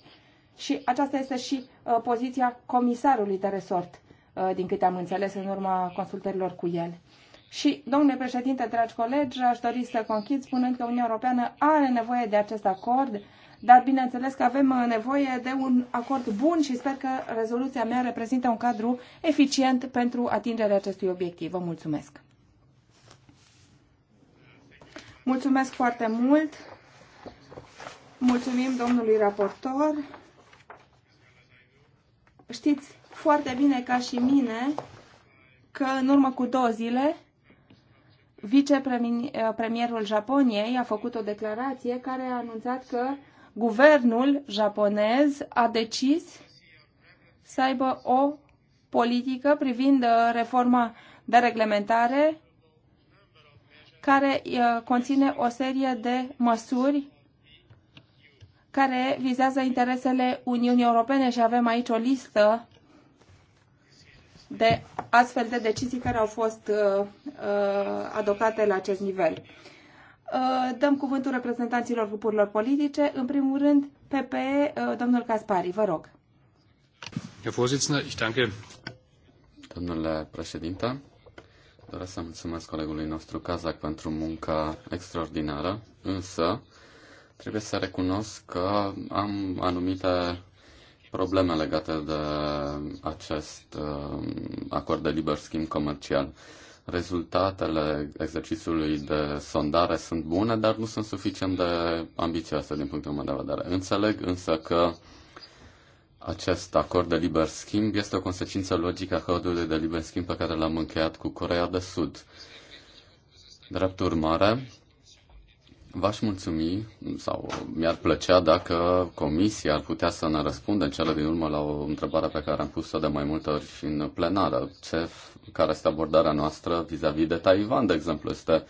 Și aceasta este și uh, poziția comisarului de resort Uh, din câte am înțeles în urma consultărilor cu el. Și, domnule președinte, dragi colegi, aș dori să conchid spunând că Uniunea Europeană are nevoie de acest acord, dar bineînțeles că avem uh, nevoie de un acord bun și sper că rezoluția mea reprezintă un cadru eficient pentru atingerea acestui obiectiv. Vă mulțumesc! Mulțumesc foarte mult! Mulțumim domnului raportor! Știți, foarte bine ca și mine că în urmă cu două zile vicepremierul eh, Japoniei a făcut o declarație care a anunțat că guvernul japonez a decis să aibă o politică privind eh, reforma de reglementare care eh, conține o serie de măsuri care vizează interesele Uniunii Europene și avem aici o listă de astfel de decizii care au fost uh, uh, adoptate la acest nivel. Uh, dăm cuvântul reprezentanților grupurilor politice. În primul rând, PPE, uh, domnul Caspari, vă rog. Domnule președinte, doresc să mulțumesc colegului nostru Kazak pentru munca extraordinară, însă trebuie să recunosc că am anumite probleme legate de acest um, acord de liber schimb comercial. Rezultatele exercițiului de sondare sunt bune, dar nu sunt suficient de ambițioase din punctul meu de vedere. Înțeleg însă că acest acord de liber schimb este o consecință logică a acordului de liber schimb pe care l-am încheiat cu Corea de Sud. Drept urmare, V-aș mulțumi sau mi-ar plăcea dacă comisia ar putea să ne răspundă în cele din urmă la o întrebare pe care am pus-o de mai multe ori și în plenară. Ce, care este abordarea noastră vis-a-vis -vis de Taiwan, de exemplu? Este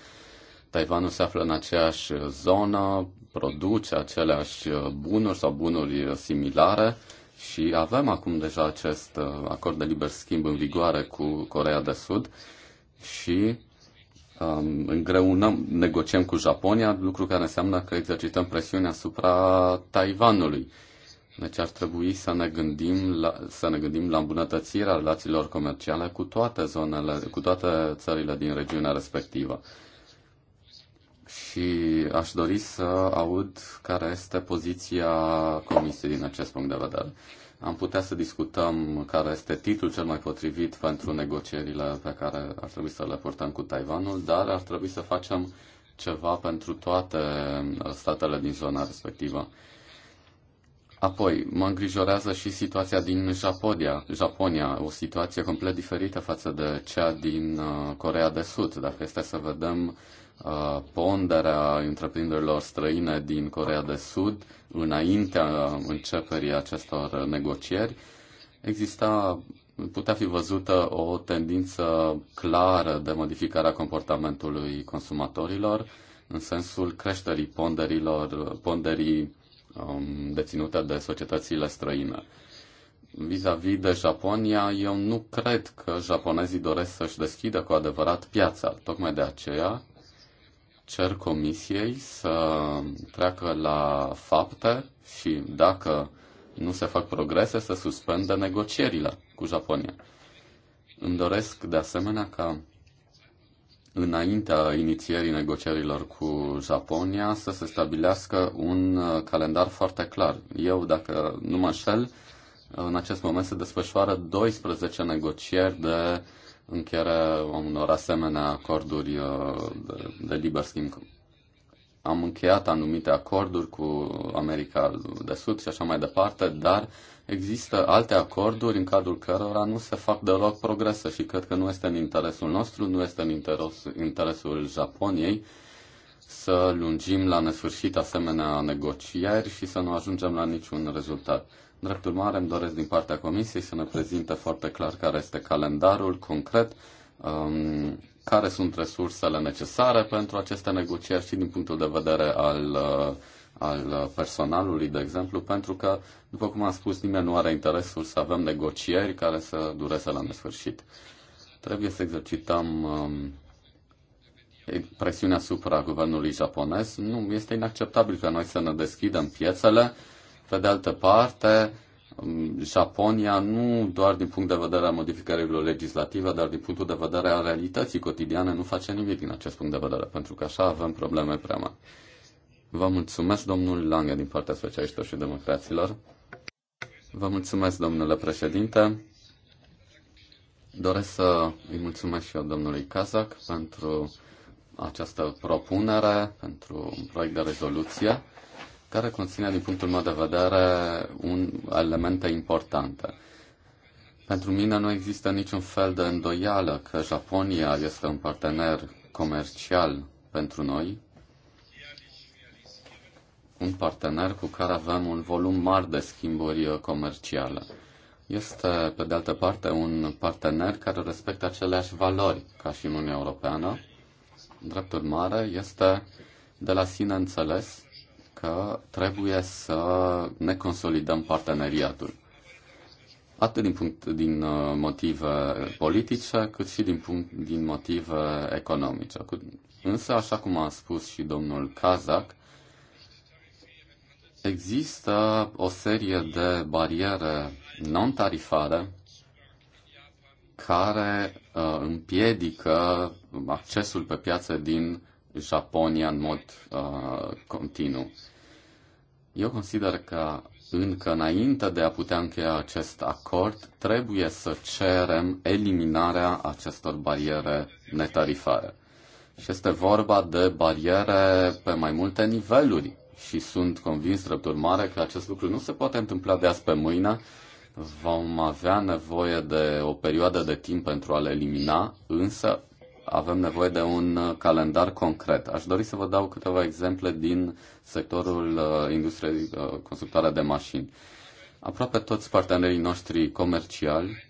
Taiwanul se află în aceeași zonă, produce aceleași bunuri sau bunuri similare și avem acum deja acest acord de liber schimb în vigoare cu Corea de Sud și Um, îngreunăm, negociem cu Japonia, lucru care înseamnă că exercităm presiunea asupra Taiwanului. Deci ar trebui să ne gândim la, să ne gândim la îmbunătățirea relațiilor comerciale cu toate zonele, cu toate țările din regiunea respectivă. Și aș dori să aud care este poziția Comisiei din acest punct de vedere am putea să discutăm care este titlul cel mai potrivit pentru negocierile pe care ar trebui să le purtăm cu Taiwanul, dar ar trebui să facem ceva pentru toate uh, statele din zona respectivă. Apoi, mă îngrijorează și situația din Japonia, Japonia, o situație complet diferită față de cea din uh, Corea de Sud. Dacă este să vedem uh, Uh, ponderea întreprinderilor străine din Corea de Sud înaintea începerii acestor negocieri, exista, putea fi văzută o tendință clară de modificare a comportamentului consumatorilor în sensul creșterii ponderilor, ponderii um, deținute de societățile străine. Vis-a-vis -vis de Japonia, eu nu cred că japonezii doresc să-și deschidă cu adevărat piața. Tocmai de aceea cer comisiei să treacă la fapte și dacă nu se fac progrese, să suspende negocierile cu Japonia. Îmi doresc de asemenea ca înaintea inițierii negocierilor cu Japonia să se stabilească un calendar foarte clar. Eu, dacă nu mă înșel, în acest moment se desfășoară 12 negocieri de încheierea unor asemenea acorduri uh, de, de liber schimb. Am încheiat anumite acorduri cu America de Sud și așa mai departe, dar există alte acorduri în cadrul cărora nu se fac deloc progrese și cred că nu este în interesul nostru, nu este în interesul Japoniei să lungim la nesfârșit asemenea negocieri și să nu ajungem la niciun rezultat. Drept urmare, îmi doresc din partea Comisiei să ne prezinte foarte clar care este calendarul concret, um, care sunt resursele necesare pentru aceste negocieri și din punctul de vedere al, uh, al personalului, de exemplu, pentru că, după cum am spus, nimeni nu are interesul să avem negocieri care să dureze la nesfârșit. Trebuie să exercităm um, presiunea asupra guvernului japonez. Nu, este inacceptabil ca noi să ne deschidem piețele pe de altă parte, um, Japonia nu doar din punct de vedere al modificărilor legislative, dar din punctul de vedere al realității cotidiane nu face nimic din acest punct de vedere, pentru că așa avem probleme prea mari. Vă mulțumesc, domnul Lange, din partea Socialiștilor și Democraților. Vă mulțumesc, domnule președinte. Doresc să îi mulțumesc și eu domnului Kazak pentru această propunere, pentru un proiect de rezoluție care conține, din punctul meu de vedere, un element important. Pentru mine nu există niciun fel de îndoială că Japonia este un partener comercial pentru noi, un partener cu care avem un volum mare de schimburi comerciale. Este, pe de altă parte, un partener care respectă aceleași valori ca și Uniunea Europeană. Drept urmare, este de la sine înțeles că trebuie să ne consolidăm parteneriatul atât din, punct, din uh, motive politice, cât și din, punct, din motive economice. Însă, așa cum a spus și domnul Kazak, există o serie de bariere non-tarifare care uh, împiedică accesul pe piață din Japonia în mod uh, continuu. Eu consider că încă înainte de a putea încheia acest acord, trebuie să cerem eliminarea acestor bariere netarifare. Și este vorba de bariere pe mai multe niveluri și sunt convins, drept urmare, că acest lucru nu se poate întâmpla de azi pe mâine. Vom avea nevoie de o perioadă de timp pentru a le elimina, însă avem nevoie de un uh, calendar concret. Aș dori să vă dau câteva exemple din sectorul uh, industriei uh, constructoare de mașini. Aproape toți partenerii noștri comerciali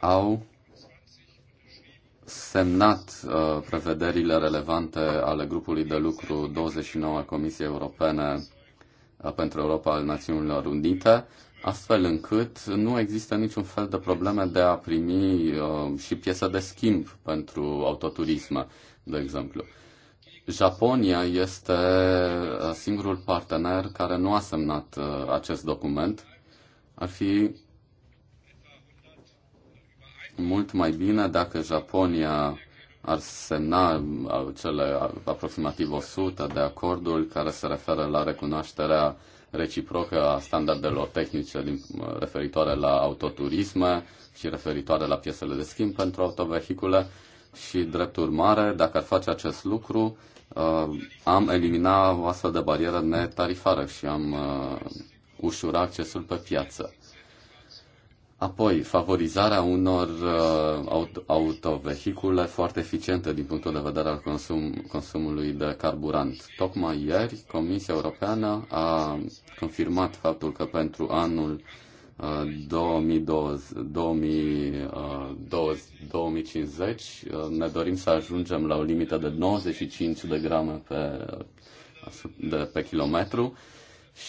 au semnat uh, prevederile relevante ale grupului de lucru 29 al Comisiei Europene pentru Europa al Națiunilor Unite astfel încât nu există niciun fel de probleme de a primi uh, și piese de schimb pentru autoturisme, de exemplu. Japonia este uh, singurul partener care nu a semnat uh, acest document. Ar fi mult mai bine dacă Japonia ar semna uh, cele aproximativ 100 de acorduri care se referă la recunoașterea uh, reciprocă a standardelor tehnice din, referitoare la autoturisme și referitoare la piesele de schimb pentru autovehicule și, drept urmare, dacă ar face acest lucru, uh, am eliminat o astfel de barieră netarifară și am uh, ușura accesul pe piață. Apoi, favorizarea unor uh, autovehicule foarte eficiente din punctul de vedere al consum, consumului de carburant. Tocmai ieri, Comisia Europeană a confirmat faptul că pentru anul uh, 2020, 2020, 2050 uh, ne dorim să ajungem la o limită de 95 de grame pe, uh, de, pe kilometru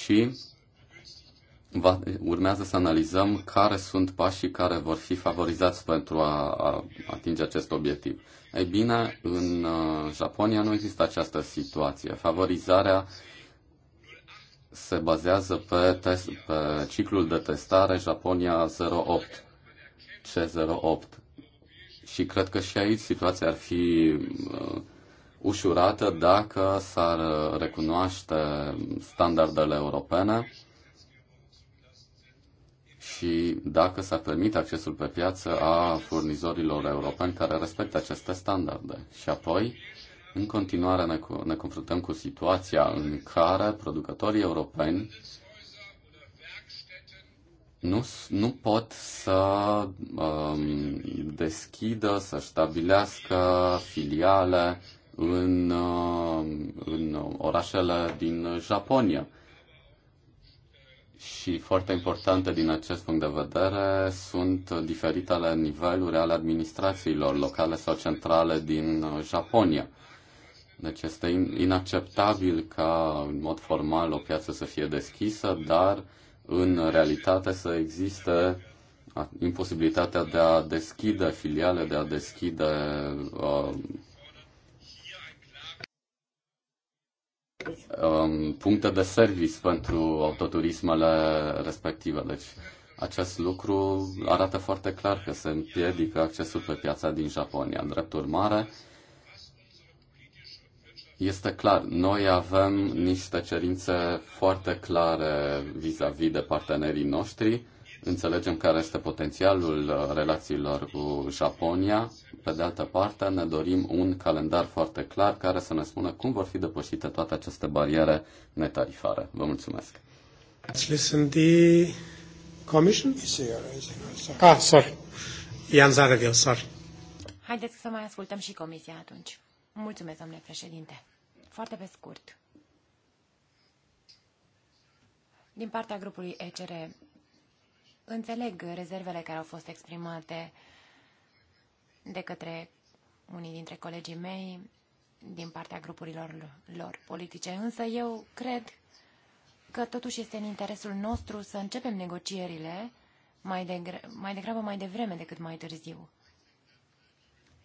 și va, urmează să analizăm care sunt pașii care vor fi favorizați pentru a, a atinge acest obiectiv. Ei bine, în uh, Japonia nu există această situație. Favorizarea se bazează pe, test, pe ciclul de testare Japonia 08, C08. Și cred că și aici situația ar fi uh, ușurată dacă s-ar recunoaște standardele europene și dacă s-ar permite accesul pe piață a furnizorilor europeni care respectă aceste standarde. Și apoi, în continuare, ne, ne confruntăm cu situația în care producătorii europeni nu, nu pot să um, deschidă, să stabilească filiale în, um, în orașele din Japonia și foarte importante din acest punct de vedere sunt diferitele niveluri ale administrațiilor locale sau centrale din uh, Japonia. Deci este inacceptabil ca în mod formal o piață să fie deschisă, dar în realitate să existe imposibilitatea de a deschide filiale, de a deschide uh, um, puncte de service pentru autoturismele respective. Deci acest lucru arată foarte clar că se împiedică accesul pe piața din Japonia. În drept urmare, este clar, noi avem niște cerințe foarte clare vis-a-vis -vis de partenerii noștri înțelegem care este potențialul uh, relațiilor cu Japonia. Pe de altă parte, ne dorim un calendar foarte clar care să ne spună cum vor fi depășite toate aceste bariere netarifare. Vă mulțumesc. Let's listen the commission. Ah, sorry. Ian Zaraghe, sorry. Haideți să mai ascultăm și comisia atunci. Mulțumesc, domnule președinte. Foarte pe scurt. Din partea grupului ECR Înțeleg rezervele care au fost exprimate de către unii dintre colegii mei din partea grupurilor lor politice, însă eu cred că totuși este în interesul nostru să începem negocierile mai, degre- mai degrabă mai devreme decât mai târziu.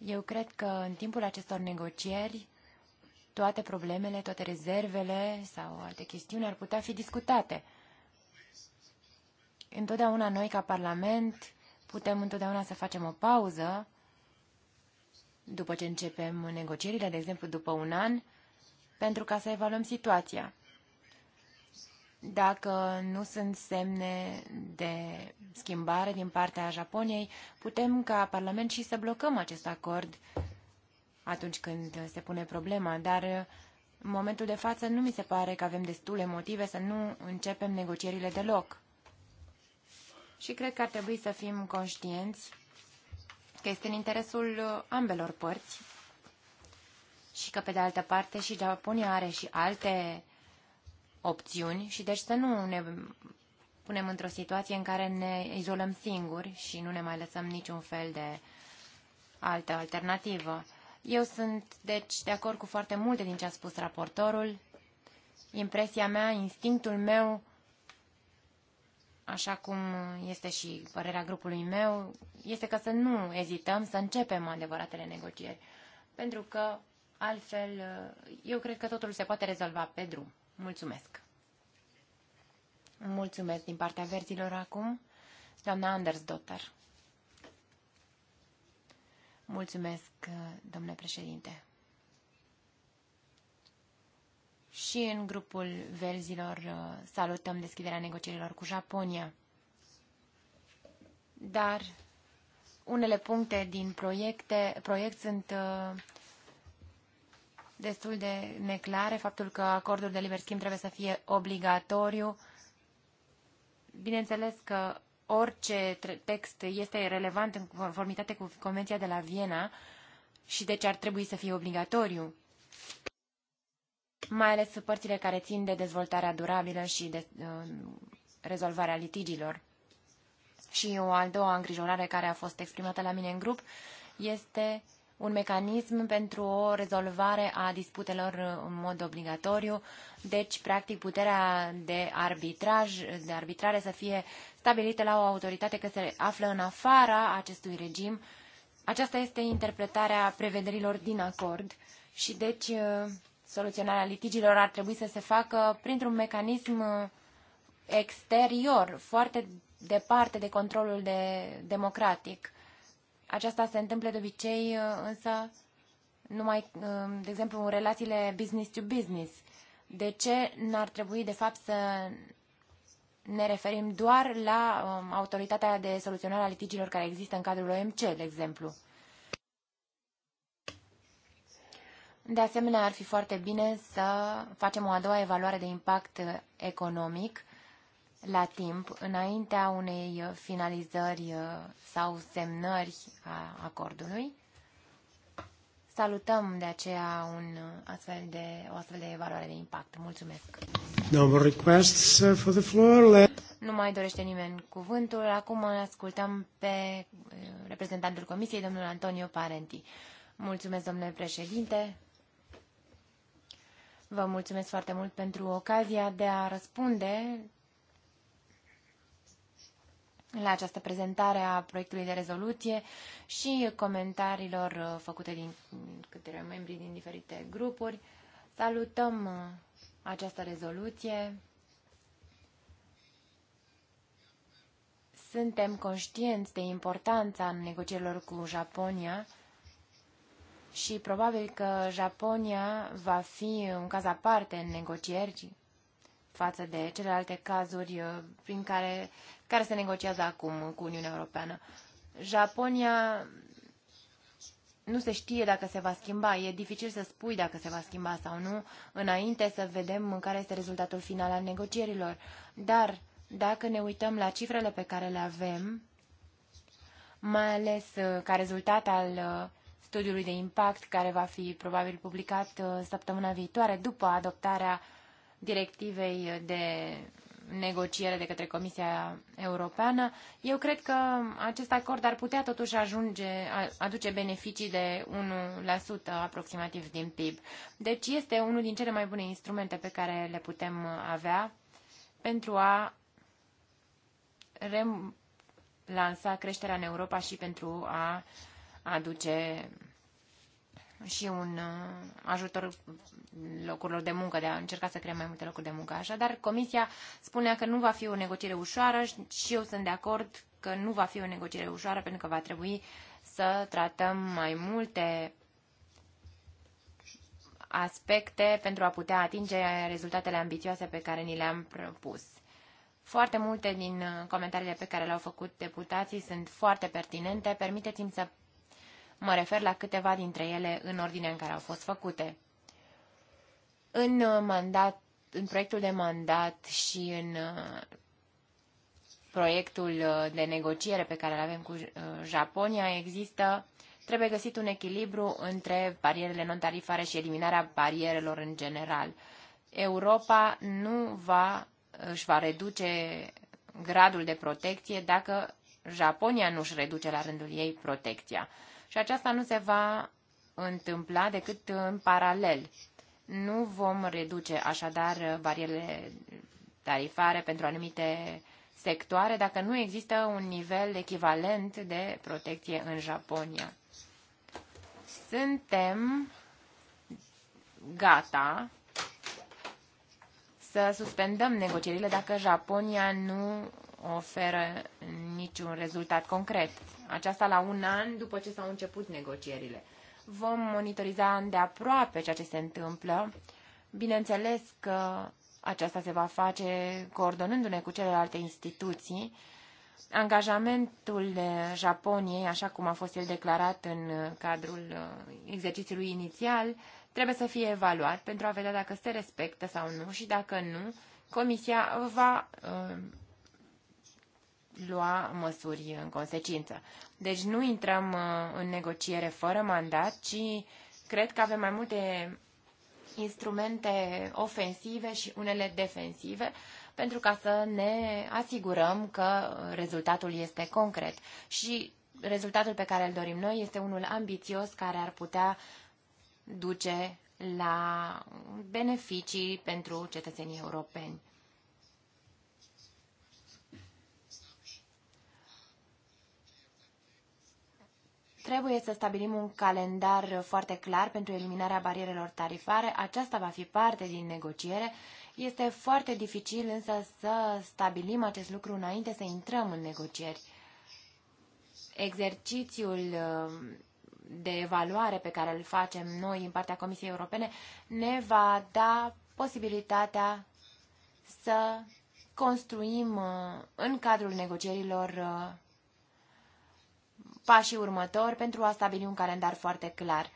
Eu cred că în timpul acestor negocieri toate problemele, toate rezervele sau alte chestiuni ar putea fi discutate întotdeauna noi, ca Parlament, putem întotdeauna să facem o pauză după ce începem negocierile, de exemplu după un an, pentru ca să evaluăm situația. Dacă nu sunt semne de schimbare din partea Japoniei, putem ca Parlament și să blocăm acest acord atunci când se pune problema, dar în momentul de față nu mi se pare că avem destule motive să nu începem negocierile deloc și cred că ar trebui să fim conștienți că este în interesul uh, ambelor părți și că, pe de altă parte, și Japonia are și alte opțiuni și deci să nu ne punem într-o situație în care ne izolăm singuri și nu ne mai lăsăm niciun fel de altă alternativă. Eu sunt, deci, de acord cu foarte multe din ce a spus raportorul. Impresia mea, instinctul meu așa cum este și părerea grupului meu, este că să nu ezităm să începem adevăratele negocieri. Pentru că, altfel, eu cred că totul se poate rezolva pe drum. Mulțumesc! Mulțumesc din partea verzilor acum, doamna Anders Dotter. Mulțumesc, domnule președinte și în grupul verzilor uh, salutăm deschiderea negocierilor cu Japonia. Dar unele puncte din proiecte, proiect sunt uh, destul de neclare. Faptul că acordul de liber schimb trebuie să fie obligatoriu. Bineînțeles că orice text este relevant în conformitate cu Convenția de la Viena și deci ar trebui să fie obligatoriu mai ales părțile care țin de dezvoltarea durabilă și de um, rezolvarea litigiilor Și o al doua îngrijorare care a fost exprimată la mine în grup este un mecanism pentru o rezolvare a disputelor în mod obligatoriu, deci, practic, puterea de arbitraj, de arbitrare să fie stabilită la o autoritate care se află în afara acestui regim. Aceasta este interpretarea prevederilor din acord și, deci, soluționarea litigiilor ar trebui să se facă printr-un mecanism uh, exterior, foarte departe de controlul de democratic. Aceasta se întâmplă de obicei uh, însă numai, uh, de exemplu, în relațiile business to business. De ce n-ar trebui, de fapt, să ne referim doar la um, autoritatea de soluționare a litigiilor care există în cadrul OMC, de exemplu? De asemenea, ar fi foarte bine să facem o a doua evaluare de impact economic la timp, înaintea unei finalizări sau semnări a acordului. Salutăm de aceea un astfel de, o astfel de evaluare de impact. Mulțumesc. No more requests for the floor. Nu mai dorește nimeni cuvântul. Acum ascultăm pe eh, reprezentantul Comisiei, domnul Antonio Parenti. Mulțumesc, domnule președinte. Vă mulțumesc foarte mult pentru ocazia de a răspunde la această prezentare a proiectului de rezoluție și comentariilor uh, făcute din câteva membri din diferite grupuri. Salutăm uh, această rezoluție. Suntem conștienți de importanța negocierilor cu Japonia și probabil că Japonia va fi un caz aparte în negocieri față de celelalte cazuri uh, prin care, care se negociază acum cu Uniunea Europeană. Japonia nu se știe dacă se va schimba. E dificil să spui dacă se va schimba sau nu, înainte să vedem care este rezultatul final al negocierilor. Dar dacă ne uităm la cifrele pe care le avem, mai ales uh, ca rezultat al uh, studiului de impact care va fi probabil publicat uh, săptămâna viitoare după adoptarea directivei de negociere de către Comisia Europeană. Eu cred că acest acord ar putea totuși ajunge, aduce beneficii de 1% aproximativ din PIB. Deci este unul din cele mai bune instrumente pe care le putem avea pentru a relansa creșterea în Europa și pentru a aduce și un uh, ajutor locurilor de muncă, de a încerca să creăm mai multe locuri de muncă. așa. Dar Comisia spunea că nu va fi o negociere ușoară și eu sunt de acord că nu va fi o negociere ușoară pentru că va trebui să tratăm mai multe aspecte pentru a putea atinge rezultatele ambițioase pe care ni le-am propus. Foarte multe din uh, comentariile pe care le-au făcut deputații sunt foarte pertinente. Permiteți-mi să Mă refer la câteva dintre ele în ordinea în care au fost făcute. În uh, mandat, în proiectul de mandat și în uh, proiectul uh, de negociere pe care îl avem cu Japonia există trebuie găsit un echilibru între barierele non-tarifare și eliminarea barierelor în general. Europa nu va, își va reduce gradul de protecție dacă Japonia nu își reduce la rândul ei protecția. Și aceasta nu se va întâmpla decât în paralel. Nu vom reduce așadar barierele tarifare pentru anumite sectoare dacă nu există un nivel echivalent de protecție în Japonia. Suntem gata să suspendăm negocierile dacă Japonia nu oferă niciun rezultat concret. Aceasta la un an după ce s-au început negocierile. Vom monitoriza de aproape ceea ce se întâmplă. Bineînțeles că aceasta se va face coordonându-ne cu celelalte instituții. Angajamentul Japoniei, așa cum a fost el declarat în cadrul uh, exercițiului inițial, trebuie să fie evaluat pentru a vedea dacă se respectă sau nu și dacă nu, Comisia va uh, lua măsuri în consecință. Deci nu intrăm uh, în negociere fără mandat, ci cred că avem mai multe instrumente ofensive și unele defensive pentru ca să ne asigurăm că rezultatul este concret. Și rezultatul pe care îl dorim noi este unul ambițios care ar putea duce la beneficii pentru cetățenii europeni. Trebuie să stabilim un calendar foarte clar pentru eliminarea barierelor tarifare. Aceasta va fi parte din negociere. Este foarte dificil însă să stabilim acest lucru înainte să intrăm în negocieri. Exercițiul um, de evaluare pe care îl facem noi în partea Comisiei Europene ne va da posibilitatea să construim uh, în cadrul negocierilor uh, pașii următori pentru a stabili un calendar foarte clar.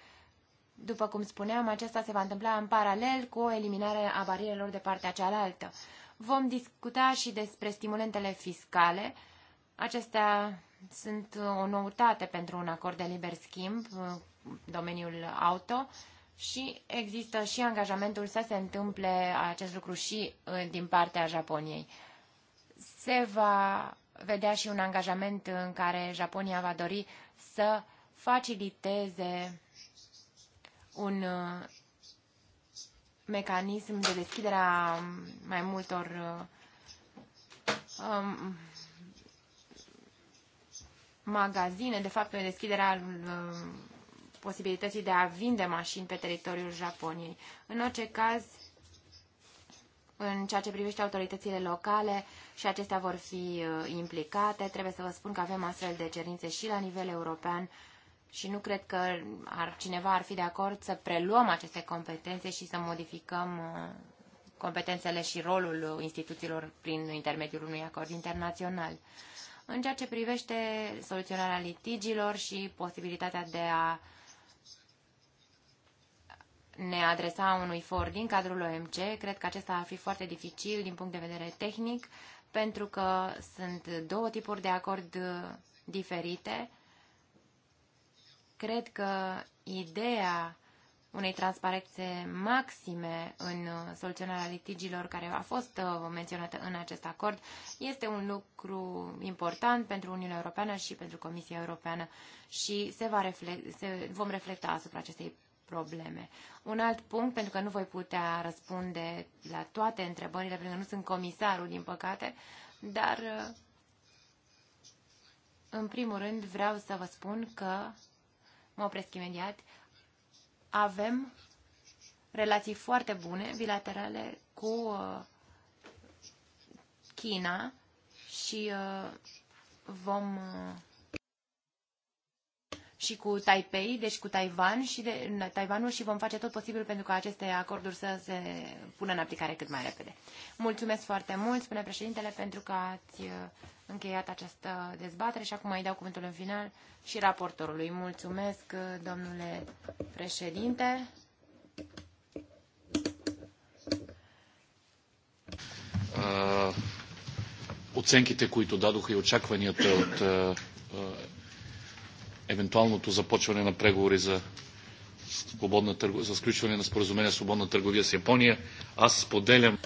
După cum spuneam, acesta se va întâmpla în paralel cu eliminarea a barierelor de partea cealaltă. Vom discuta și despre stimulentele fiscale. Acestea sunt o noutate pentru un acord de liber schimb, domeniul auto, și există și angajamentul să se întâmple acest lucru și uh, din partea Japoniei. Se va vedea și un angajament în care Japonia va dori să faciliteze un uh, mecanism de deschidere a mai multor uh, um, magazine, de fapt, deschiderea um, posibilității de a vinde mașini pe teritoriul Japoniei. În orice caz, în ceea ce privește autoritățile locale și acestea vor fi uh, implicate. Trebuie să vă spun că avem astfel de cerințe și la nivel european și nu cred că ar, cineva ar fi de acord să preluăm aceste competențe și să modificăm uh, competențele și rolul instituțiilor prin intermediul unui acord internațional. În ceea ce privește soluționarea litigilor și posibilitatea de a ne adresa unui for din cadrul OMC. Cred că acesta ar fi foarte dificil din punct de vedere tehnic, pentru că sunt două tipuri de acord uh, diferite. Cred că ideea unei transparențe maxime în uh, soluționarea litigilor care a fost uh, menționată în acest acord este un lucru important pentru Uniunea Europeană și pentru Comisia Europeană și se va reflect, se, vom reflecta asupra acestei probleme. Un alt punct, pentru că nu voi putea răspunde la toate întrebările, pentru că nu sunt comisarul, din păcate, dar uh, în primul rând vreau să vă spun că, mă opresc imediat, avem relații foarte bune, bilaterale, cu uh, China și uh, vom și cu Taipei, deci cu Taiwan și de, Taiwanul și vom face tot posibilul pentru ca aceste acorduri să se pună în aplicare cât mai repede. Mulțumesc foarte mult, spune președintele, pentru că ați uh, încheiat această dezbatere și acum îi dau cuvântul în final și raportorului. Mulțumesc, uh, domnule președinte. Uh, оценките, които дадоха и очакванията от евентуалното започване на преговори за свободна търгов... за сключване на споразумение за свободна търговия с Япония. Аз споделям.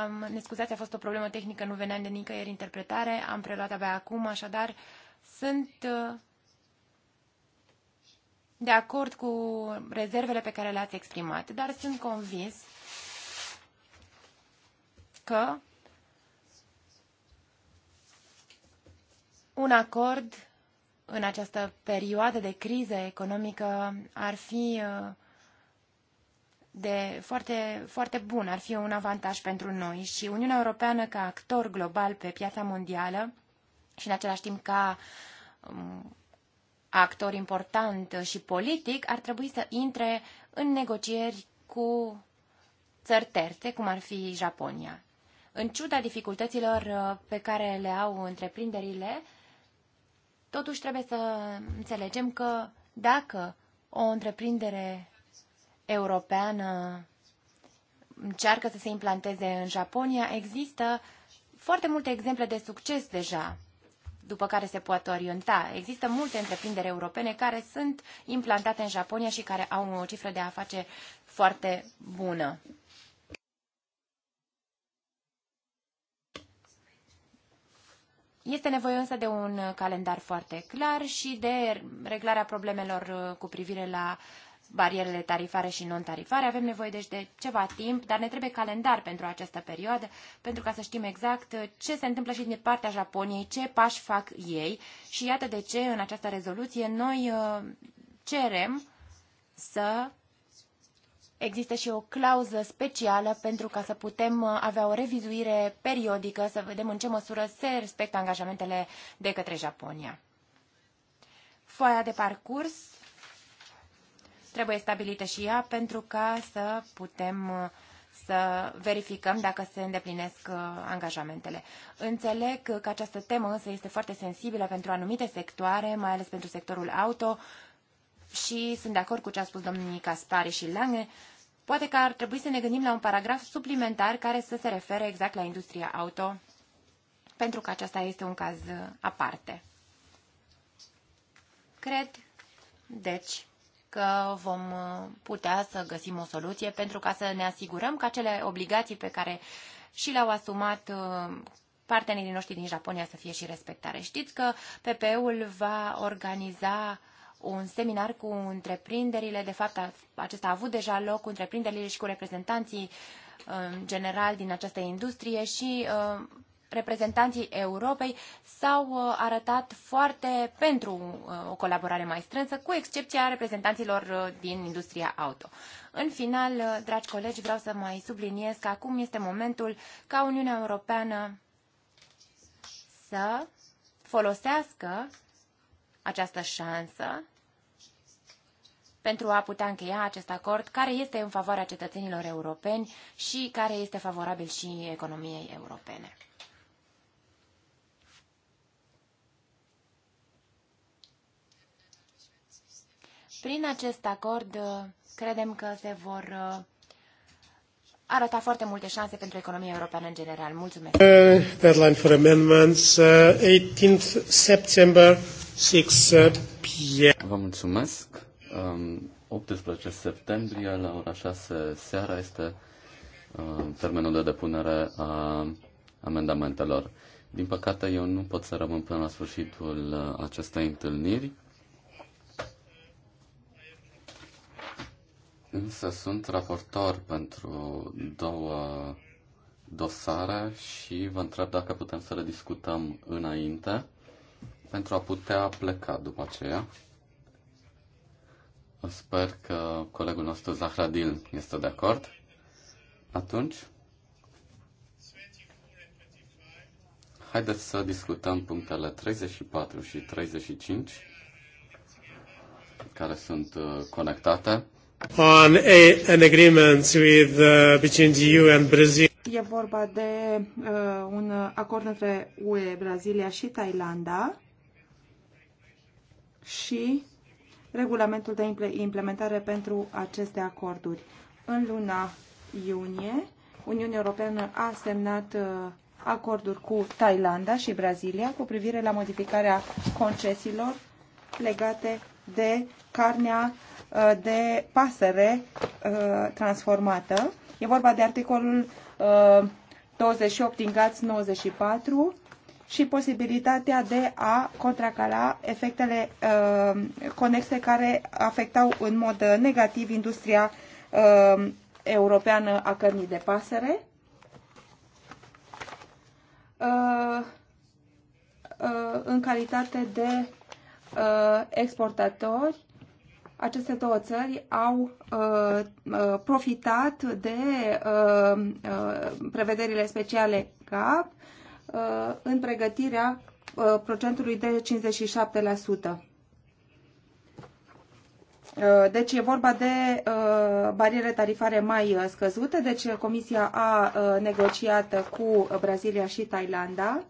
Um, ne scuzați, a fost o problemă tehnică, nu veneam de nicăieri interpretare, am preluat abia acum, așadar sunt de acord cu rezervele pe care le-ați exprimat, dar sunt convins că un acord în această perioadă de criză economică ar fi uh, de foarte, foarte bun, ar fi un avantaj pentru noi și Uniunea Europeană ca actor global pe piața mondială și în același timp ca um, actor important și politic ar trebui să intre în negocieri cu țări terțe, cum ar fi Japonia. În ciuda dificultăților uh, pe care le au întreprinderile, Totuși trebuie să înțelegem că dacă o întreprindere europeană încearcă să se implanteze în Japonia, există foarte multe exemple de succes deja după care se poate orienta. Există multe întreprinderi europene care sunt implantate în Japonia și care au o cifră de afaceri foarte bună. Este nevoie însă de un uh, calendar foarte clar și de reglarea problemelor uh, cu privire la barierele tarifare și non-tarifare. Avem nevoie deci de ceva timp, dar ne trebuie calendar pentru această perioadă, pentru ca să știm exact uh, ce se întâmplă și din partea Japoniei, ce pași fac ei. Și iată de ce în această rezoluție noi cerem să există și o clauză specială pentru ca să putem uh, avea o revizuire periodică, să vedem în ce măsură se respectă angajamentele de către Japonia. Foaia de parcurs trebuie stabilită și ea pentru ca să putem uh, să verificăm dacă se îndeplinesc uh, angajamentele. Înțeleg că această temă însă este foarte sensibilă pentru anumite sectoare, mai ales pentru sectorul auto, și sunt de acord cu ce a spus domnul Caspari și Lange, poate că ar trebui să ne gândim la un paragraf suplimentar care să se refere exact la industria auto, pentru că aceasta este un caz aparte. Cred, deci, că vom putea să găsim o soluție pentru ca să ne asigurăm că acele obligații pe care și le-au asumat uh, partenerii noștri din Japonia să fie și respectare. Știți că PPE-ul va organiza un seminar cu întreprinderile, de fapt acesta a avut deja loc cu întreprinderile și cu reprezentanții în um, general din această industrie și um, reprezentanții Europei s-au uh, arătat foarte pentru uh, o colaborare mai strânsă, cu excepția reprezentanților uh, din industria auto. În final, dragi colegi, vreau să mai subliniez că acum este momentul ca Uniunea Europeană să folosească această șansă pentru a putea încheia acest acord care este în favoarea cetățenilor europeni și care este favorabil și economiei europene. Prin acest acord credem că se vor uh, arăta foarte multe șanse pentru economia europeană în general. Mulțumesc. Uh, deadline for amendments uh, 18 September 6 uh, p.m. Vă mulțumesc. 18 septembrie la ora 6 seara este uh, termenul de depunere a amendamentelor. Din păcate, eu nu pot să rămân până la sfârșitul uh, acestei întâlniri, însă sunt raportor pentru două dosare și vă întreb dacă putem să le discutăm înainte pentru a putea pleca după aceea. Sper că colegul nostru Zahradil este de acord. Atunci, haideți să discutăm punctele 34 și 35 care sunt uh, conectate. On a, an agreement with, uh, between the EU and Brazil. E vorba de uh, un acord între UE, Brazilia și Thailanda și regulamentul de implementare pentru aceste acorduri. În luna iunie, Uniunea Europeană a semnat uh, acorduri cu Thailanda și Brazilia cu privire la modificarea concesiilor legate de carnea uh, de pasăre uh, transformată. E vorba de articolul 28 din GATS 94 și posibilitatea de a contracala efectele uh, conexe care afectau în mod negativ industria uh, europeană a cărnii de pasăre. Uh, uh, în calitate de uh, exportatori, aceste două țări au profitat de prevederile speciale GAP Uh, în pregătirea uh, procentului de 57%. Uh, deci e vorba de bariere tarifare mai scăzute, deci Comisia a negociat cu Brazilia și Thailanda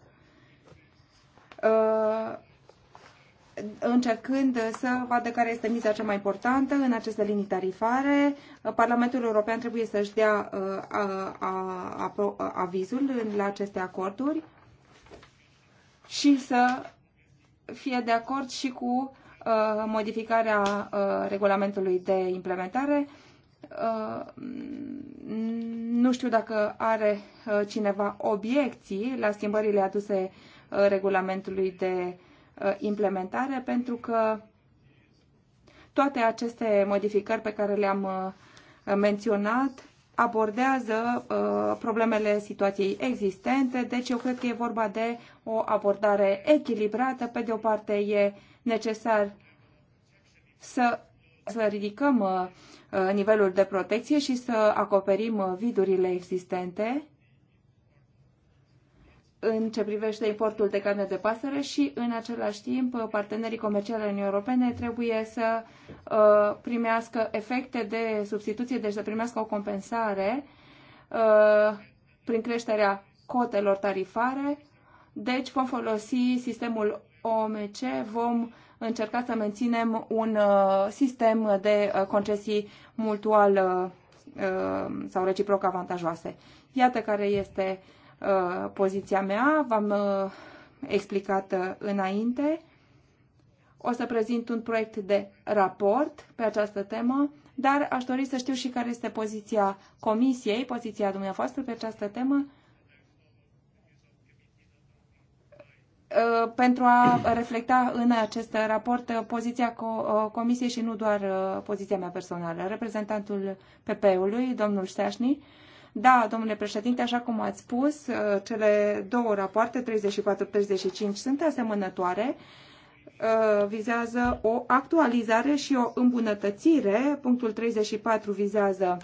încercând să vadă care este miza cea mai importantă în aceste linii tarifare. Parlamentul European trebuie să-și dea uh, uh, avizul la aceste acorduri și să fie de acord și cu uh, modificarea regulamentului de implementare. Nu știu dacă are cineva obiecții la schimbările aduse regulamentului de Uh, implementare, pentru că toate aceste modificări pe care le-am uh, menționat abordează uh, problemele situației existente, deci eu cred că e vorba de o abordare echilibrată. Pe de o parte e necesar să, să ridicăm nivelul de protecție și să acoperim vidurile existente în ce privește importul de carne de pasăre și, în același timp, partenerii comerciali ai Uniunii Europene trebuie să uh, primească efecte de substituție, deci să primească o compensare uh, prin creșterea cotelor tarifare. Deci vom folosi sistemul OMC, vom încerca să menținem un uh, sistem de uh, concesii mutual uh, uh, sau reciproc avantajoase. Iată care este uh, Uh, poziția mea, v-am uh, explicat uh, înainte. O să prezint un proiect de raport pe această temă, dar aș dori să știu și care este poziția comisiei, poziția dumneavoastră pe această temă, pentru a reflecta în acest raport poziția comisiei și nu doar poziția mea personală. Reprezentantul PP-ului, domnul Steașni, da, domnule președinte, așa cum ați spus, uh, cele două rapoarte, 34-35, sunt asemănătoare uh, vizează o actualizare și o îmbunătățire. Punctul 34 vizează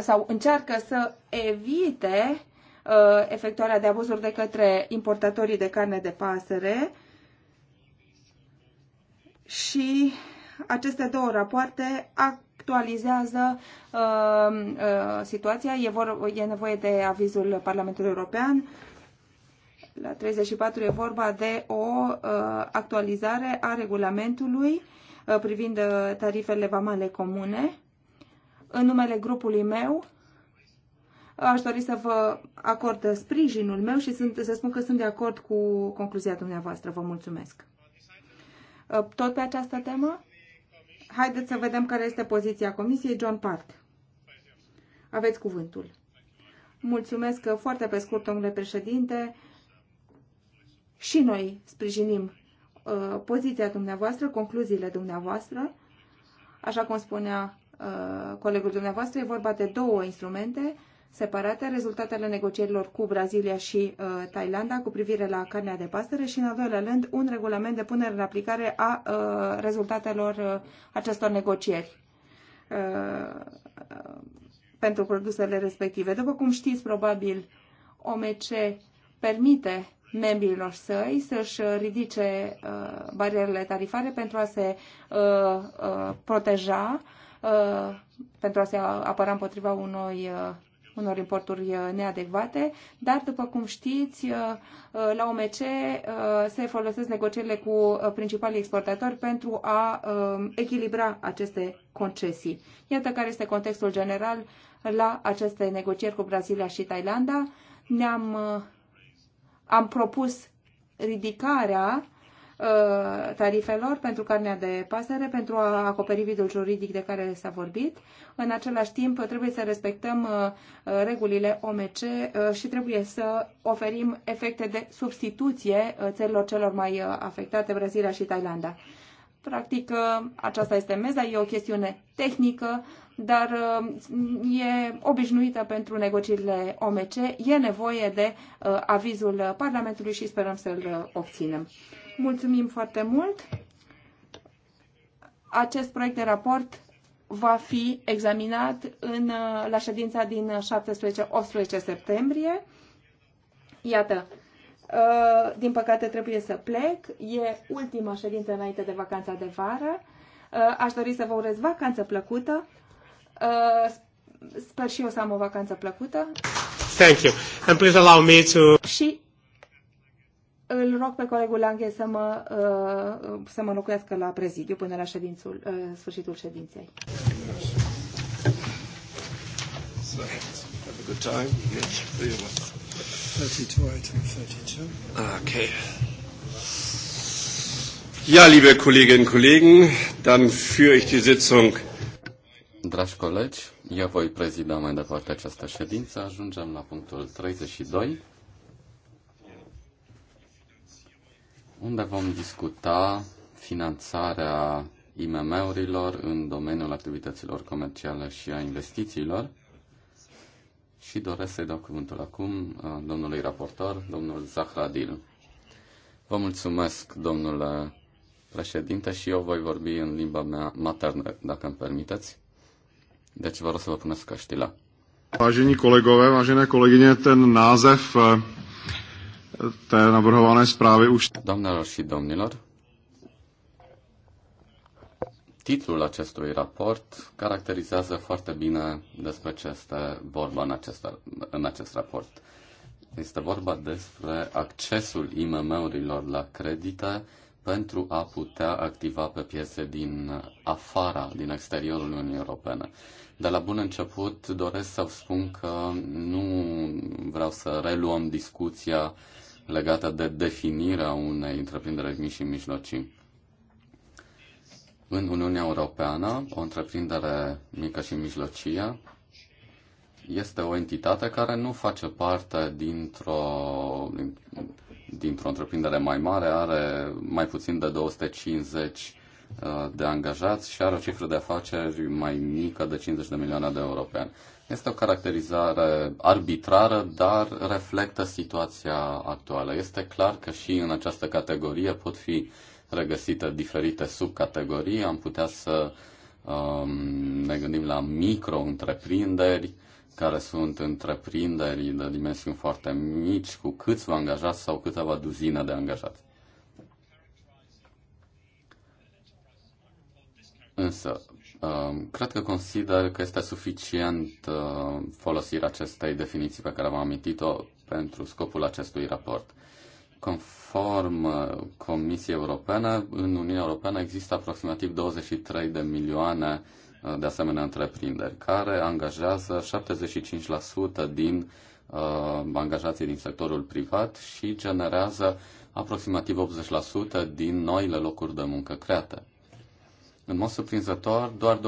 sau încearcă să evite uh, efectuarea de abuzuri de către importatorii de carne de pasăre și aceste două rapoarte actualizează uh, uh, situația. E, vor, e nevoie de avizul Parlamentului European. La 34 e vorba de o uh, actualizare a regulamentului uh, privind uh, tarifele vamale comune. În numele grupului meu, aș dori să vă acord sprijinul meu și sunt, să spun că sunt de acord cu concluzia dumneavoastră. Vă mulțumesc. Uh, tot pe această temă, Haideți să vedem care este poziția Comisiei. John Park. Aveți cuvântul. Mulțumesc foarte pe scurt, domnule președinte. Și noi sprijinim uh, poziția dumneavoastră, concluziile dumneavoastră. Așa cum spunea uh, colegul dumneavoastră, e vorba de două instrumente separate rezultatele negocierilor cu Brazilia și uh, Thailanda cu privire la carnea de pastăre și, în al doilea rând, un regulament de punere în aplicare a uh, rezultatelor uh, acestor negocieri uh, pentru produsele respective. După cum știți, probabil OMC permite membrilor săi să-și ridice uh, barierele tarifare pentru a se uh, uh, proteja, uh, pentru a se apăra împotriva unui uh, unor importuri uh, neadecvate, dar, după cum știți, uh, uh, la OMC se folosesc negocierile cu principalii exportatori pentru a um, echilibra aceste concesii. Iată care este contextul general la aceste negocieri cu Brazilia și Thailanda. Ne-am am propus ridicarea Uh, tarifelor pentru carnea de pasăre, pentru a acoperi vidul juridic de care s-a vorbit. În același timp, trebuie să respectăm uh, regulile OMC uh, și trebuie să oferim efecte de substituție țărilor celor mai afectate, Brazilia și Thailanda. Practic, aceasta este meza, e o chestiune tehnică, dar e obișnuită pentru negocierile OMC. E nevoie de avizul Parlamentului și sperăm să-l obținem. Mulțumim foarte mult! Acest proiect de raport va fi examinat în, uh, la ședința din 17-18 septembrie. Iată, uh, din păcate trebuie să plec. E ultima ședință înainte de vacanța de vară. Uh, aș dori să vă urez vacanță plăcută. Sper și eu să am o vacanță plăcută. Thank you. And please allow me to... Și îl rog pe colegul Lange să mă, uh, să mă locuiască la prezidiu până la ședințul, uh, sfârșitul ședinței. Okay. Ja, liebe Kolleginnen und Kollegen, dann führe ich die Sitzung. Dragi colegi, eu voi prezida mai departe această ședință. Ajungem la punctul 32 unde vom discuta finanțarea IMM-urilor în domeniul activităților comerciale și a investițiilor. Și doresc să-i dau cuvântul acum uh, domnului raportor, domnul Zahradil. Vă mulțumesc, domnule președinte, și eu voi vorbi în limba mea maternă, dacă îmi permiteți. Deci vă rog să vă puneți căștila. Vážení kolegové, vážené kolegyně, ten název eh, té navrhované zprávy už... Doamnelor domnilor, titlul acestui raport caracterizează foarte bine despre ce este vorba în acest, în acest raport. Este vorba despre accesul IMM-urilor la credite pentru a putea activa pe piese din afara, din exteriorul Uniunii Europene. De la bun început doresc să spun că nu vreau să reluăm discuția legată de definirea unei întreprinderi mici și mijlocii. În Uniunea Europeană, o întreprindere mică și mijlocie este o entitate care nu face parte dintr-o, dintr-o întreprindere mai mare, are mai puțin de 250 uh, de angajați și are o cifră de afaceri mai mică de 50 de milioane de euro pe an. Este o caracterizare arbitrară, dar reflectă situația actuală. Este clar că și în această categorie pot fi regăsite diferite subcategorii. Am putea să um, ne gândim la micro-întreprinderi, care sunt întreprinderi de dimensiuni foarte mici, cu câțiva angajați sau câteva duzină de angajați. Însă, Um, cred că consider că este suficient uh, folosirea acestei definiții pe care v-am amintit-o pentru scopul acestui raport. Conform uh, Comisiei Europene, în Uniunea Europeană există aproximativ 23 de milioane uh, de asemenea întreprinderi, care angajează 75% din uh, angajații din sectorul privat și generează aproximativ 80% din noile locuri de muncă create. În mod surprinzător, doar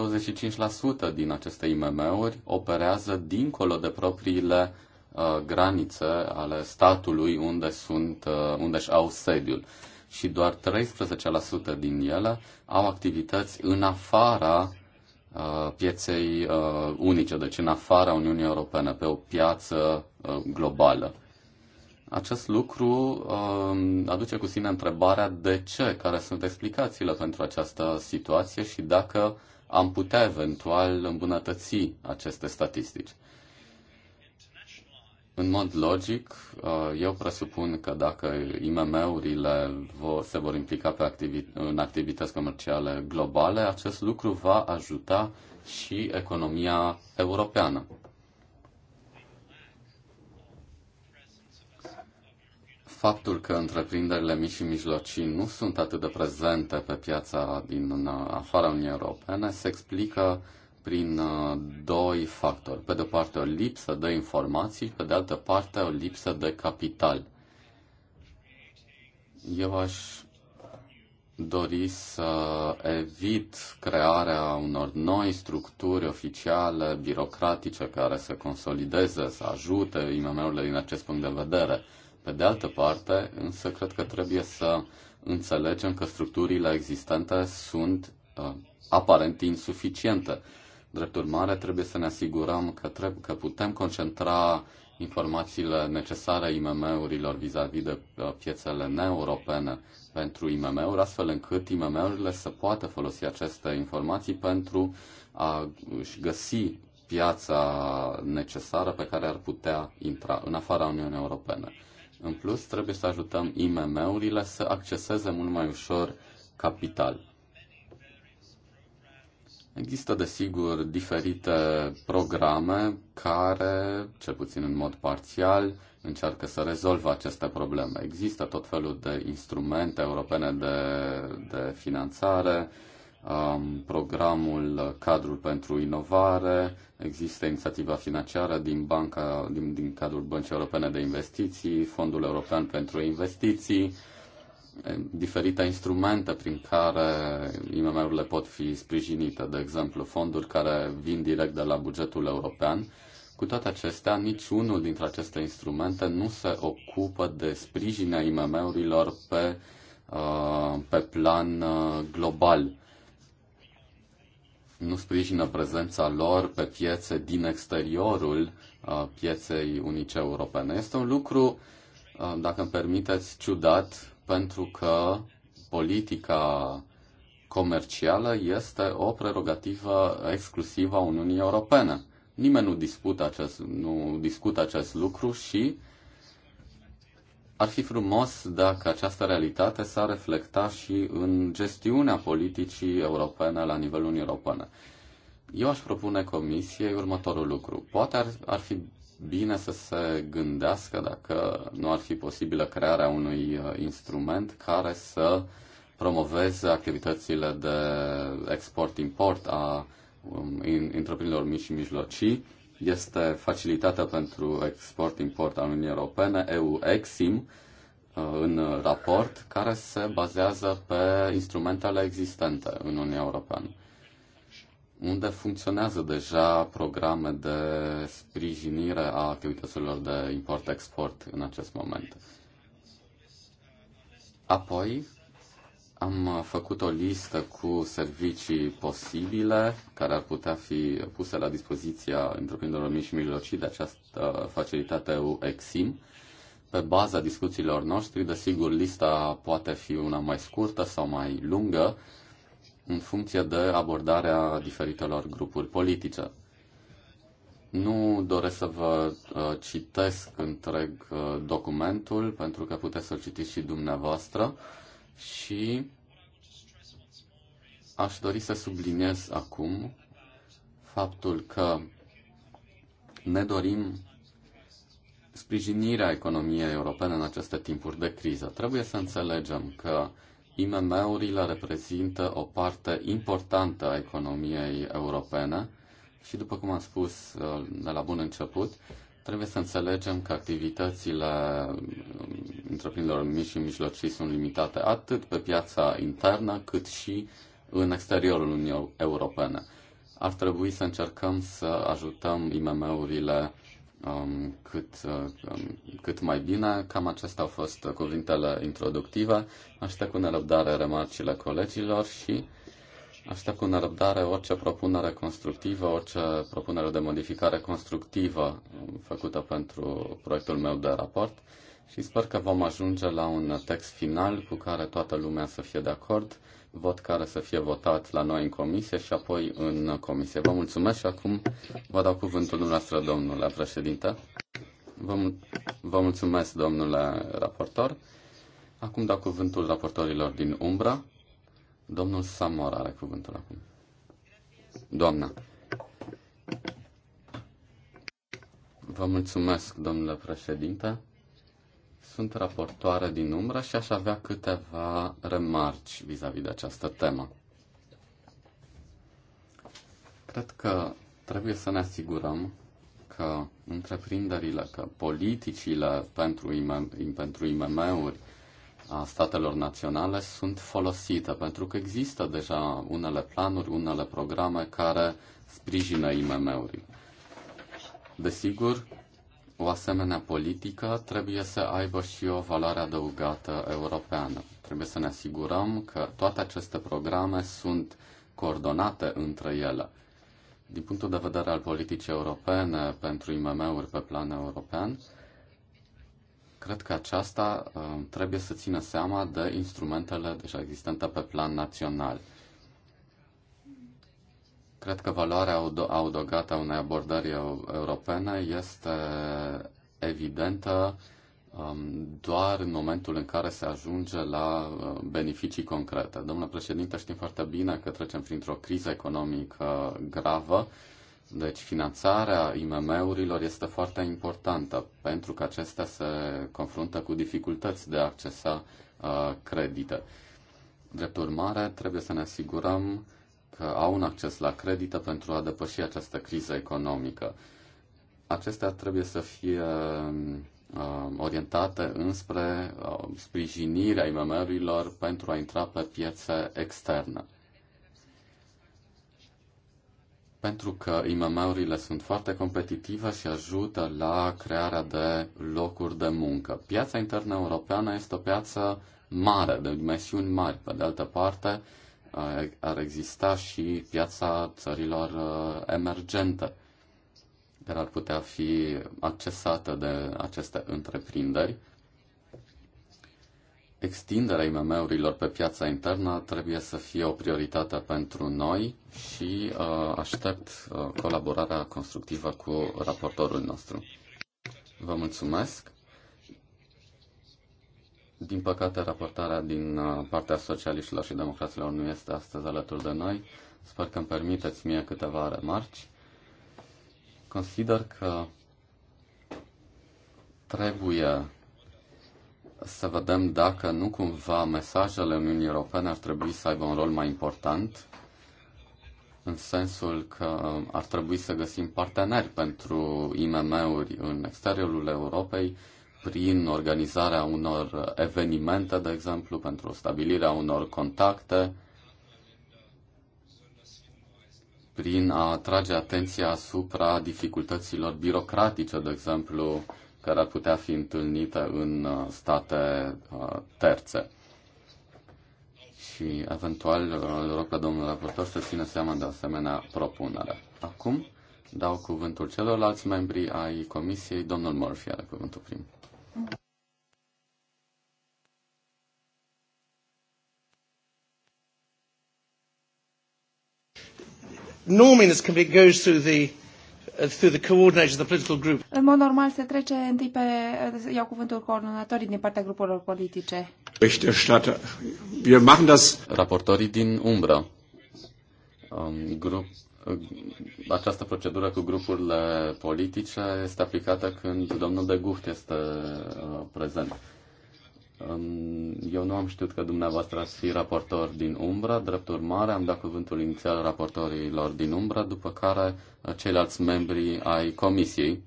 25% din aceste IMM-uri operează dincolo de propriile uh, granițe ale statului unde, sunt, uh, unde își au sediul și doar 13% din ele au activități în afara uh, pieței uh, unice, deci în afara Uniunii Europene, pe o piață uh, globală. Acest lucru uh, aduce cu sine întrebarea de ce, care sunt explicațiile pentru această situație și dacă am putea eventual îmbunătăți aceste statistici. În mod logic, uh, eu presupun că dacă IMM-urile se vor implica pe activi- în activități comerciale globale, acest lucru va ajuta și economia europeană. faptul că întreprinderile mici și mijlocii nu sunt atât de prezente pe piața din afara Uniunii Europene se explică prin uh, doi factori. Pe de o parte o lipsă de informații, pe de altă parte o lipsă de capital. Eu aș dori să evit crearea unor noi structuri oficiale, birocratice, care să consolideze, să ajute IMM-urile din acest punct de vedere. Pe de altă parte, însă, cred că trebuie să înțelegem că structurile existente sunt uh, aparent insuficiente. Drept urmare, trebuie să ne asigurăm că, trebuie, că putem concentra informațiile necesare IMM-urilor vis-a-vis de uh, piețele neeuropene pentru IMM-uri, astfel încât IMM-urile să poată folosi aceste informații pentru a și găsi piața necesară pe care ar putea intra în afara Uniunii Europene. În plus, trebuie să ajutăm IMM-urile să acceseze mult mai ușor capital. Există, desigur, diferite programe care, cel puțin în mod parțial, încearcă să rezolvă aceste probleme. Există tot felul de instrumente europene de, de finanțare, uh, programul cadru pentru inovare, există inițiativa financiară din, banca, din, din cadrul Băncii Europene de Investiții, Fondul European pentru Investiții, diferite instrumente prin care IMM-urile pot fi sprijinite, de exemplu fonduri care vin direct de la bugetul european. Cu toate acestea, niciunul dintre aceste instrumente nu se ocupă de sprijinea IMM-urilor pe, uh, pe plan uh, global nu sprijină prezența lor pe piețe din exteriorul uh, pieței unice europene. Este un lucru, uh, dacă îmi permiteți, ciudat, pentru că politica comercială este o prerogativă exclusivă a Uniunii Europene. Nimeni nu discută acest, nu discută acest lucru și uh, ar fi frumos dacă această realitate s a reflecta și în gestiunea politicii europene la nivelul Uniunii Europene. Eu aș propune Comisiei următorul lucru. Poate ar, ar fi bine să se gândească dacă nu ar fi posibilă crearea unui uh, instrument care să promoveze activitățile de export-import a um, întreprinderilor mici și mijlocii este facilitatea pentru export-import al Uniunii Europene, EU-EXIM, uh, în raport, care se bazează pe instrumentele existente în Uniunea Europeană, unde funcționează deja programe de sprijinire a activităților de import-export în acest moment. Apoi, am uh, făcut o listă cu servicii posibile care ar putea fi puse la dispoziția întreprinderilor mici și mijlocii de această facilitate EU-EXIM. Pe baza discuțiilor noștri, desigur, lista poate fi una mai scurtă sau mai lungă în funcție de abordarea diferitelor grupuri politice. Nu doresc să vă uh, citesc întreg uh, documentul, pentru că puteți să-l citiți și dumneavoastră și aș dori să subliniez acum faptul că ne dorim sprijinirea economiei europene în aceste timpuri de criză. Trebuie să înțelegem că IMM-urile reprezintă o parte importantă a economiei europene și, după cum am spus uh, de la bun început, Trebuie să înțelegem că activitățile um, întreprinderilor mici și mijlocii sunt limitate atât pe piața internă cât și în exteriorul Uniunii Europene. Ar trebui să încercăm să ajutăm IMM-urile um, cât, um, cât mai bine. Cam acestea au fost cuvintele introductive. Aștept cu nerăbdare remarcile colegilor și Aștept cu nerăbdare orice propunere constructivă, orice propunere de modificare constructivă făcută pentru proiectul meu de raport și sper că vom ajunge la un text final cu care toată lumea să fie de acord, vot care să fie votat la noi în comisie și apoi în comisie. Vă mulțumesc și acum vă dau cuvântul dumneavoastră, domnule președinte. Vă, mul- vă mulțumesc, domnule raportor. Acum dau cuvântul raportorilor din Umbra. Domnul Samor are cuvântul acum. Doamna. Vă mulțumesc, domnule președinte. Sunt raportoare din umbră și aș avea câteva remarci vis-a-vis -vis de această temă. Cred că trebuie să ne asigurăm că întreprinderile, că politicile pentru, IMM, pentru IMM-uri a statelor naționale sunt folosite, pentru că există deja unele planuri, unele programe care sprijină IMM-uri. Desigur, o asemenea politică trebuie să aibă și o valoare adăugată europeană. Trebuie să ne asigurăm că toate aceste programe sunt coordonate între ele. Din punctul de vedere al politicii europene pentru IMM-uri pe plan european, Cred că aceasta uh, trebuie să țină seama de instrumentele deja existente pe plan național. Cred că valoarea adăugată a unei abordări europene este evidentă um, doar în momentul în care se ajunge la uh, beneficii concrete. Domnule președinte, știm foarte bine că trecem printr-o criză economică gravă deci finanțarea IMM-urilor este foarte importantă pentru că acestea se confruntă cu dificultăți de a accesa uh, credite. Drept urmare, trebuie să ne asigurăm că au un acces la credită pentru a depăși această criză economică. Acestea trebuie să fie uh, orientate înspre uh, sprijinirea IMM-urilor pentru a intra pe piețe externe. pentru că IMM-urile sunt foarte competitive și ajută la crearea de locuri de muncă. Piața internă europeană este o piață mare, de dimensiuni mari. Pe de altă parte, eh, ar exista și piața țărilor eh, emergente, care ar putea fi accesată de aceste întreprinderi extinderea IMM-urilor pe piața internă trebuie să fie o prioritate pentru noi și uh, aștept uh, colaborarea constructivă cu raportorul nostru. Vă mulțumesc. Din păcate, raportarea din uh, partea socialiștilor și democraților nu este astăzi alături de noi. Sper că îmi permiteți mie câteva remarci. Consider că trebuie să vedem dacă nu cumva mesajele Uniunii Europene ar trebui să aibă un rol mai important în sensul că ar trebui să găsim parteneri pentru IMM-uri în exteriorul Europei prin organizarea unor evenimente, de exemplu, pentru stabilirea unor contacte, prin a atrage atenția asupra dificultăților birocratice, de exemplu, care ar putea fi întâlnite în uh, state uh, terțe. Și eventual îl rog pe domnul raportor să țină seama de asemenea propunere. Acum dau cuvântul celorlalți membri ai comisiei. Domnul Murphy are cuvântul prim. Norming this can be goes through the Uh, through the coordinators of the political group. În mod normal se trece întâi pe, uh, iau cuvântul coordonatorii din partea grupurilor politice. Wir machen das. Raportorii din umbră. Um, grup, uh, această procedură cu grupurile politice este aplicată când domnul de Guft este uh, prezent. Eu nu am știut că dumneavoastră ați fi raportor din Umbra, drept urmare am dat cuvântul inițial raportorilor din Umbra, după care uh, ceilalți membri ai comisiei.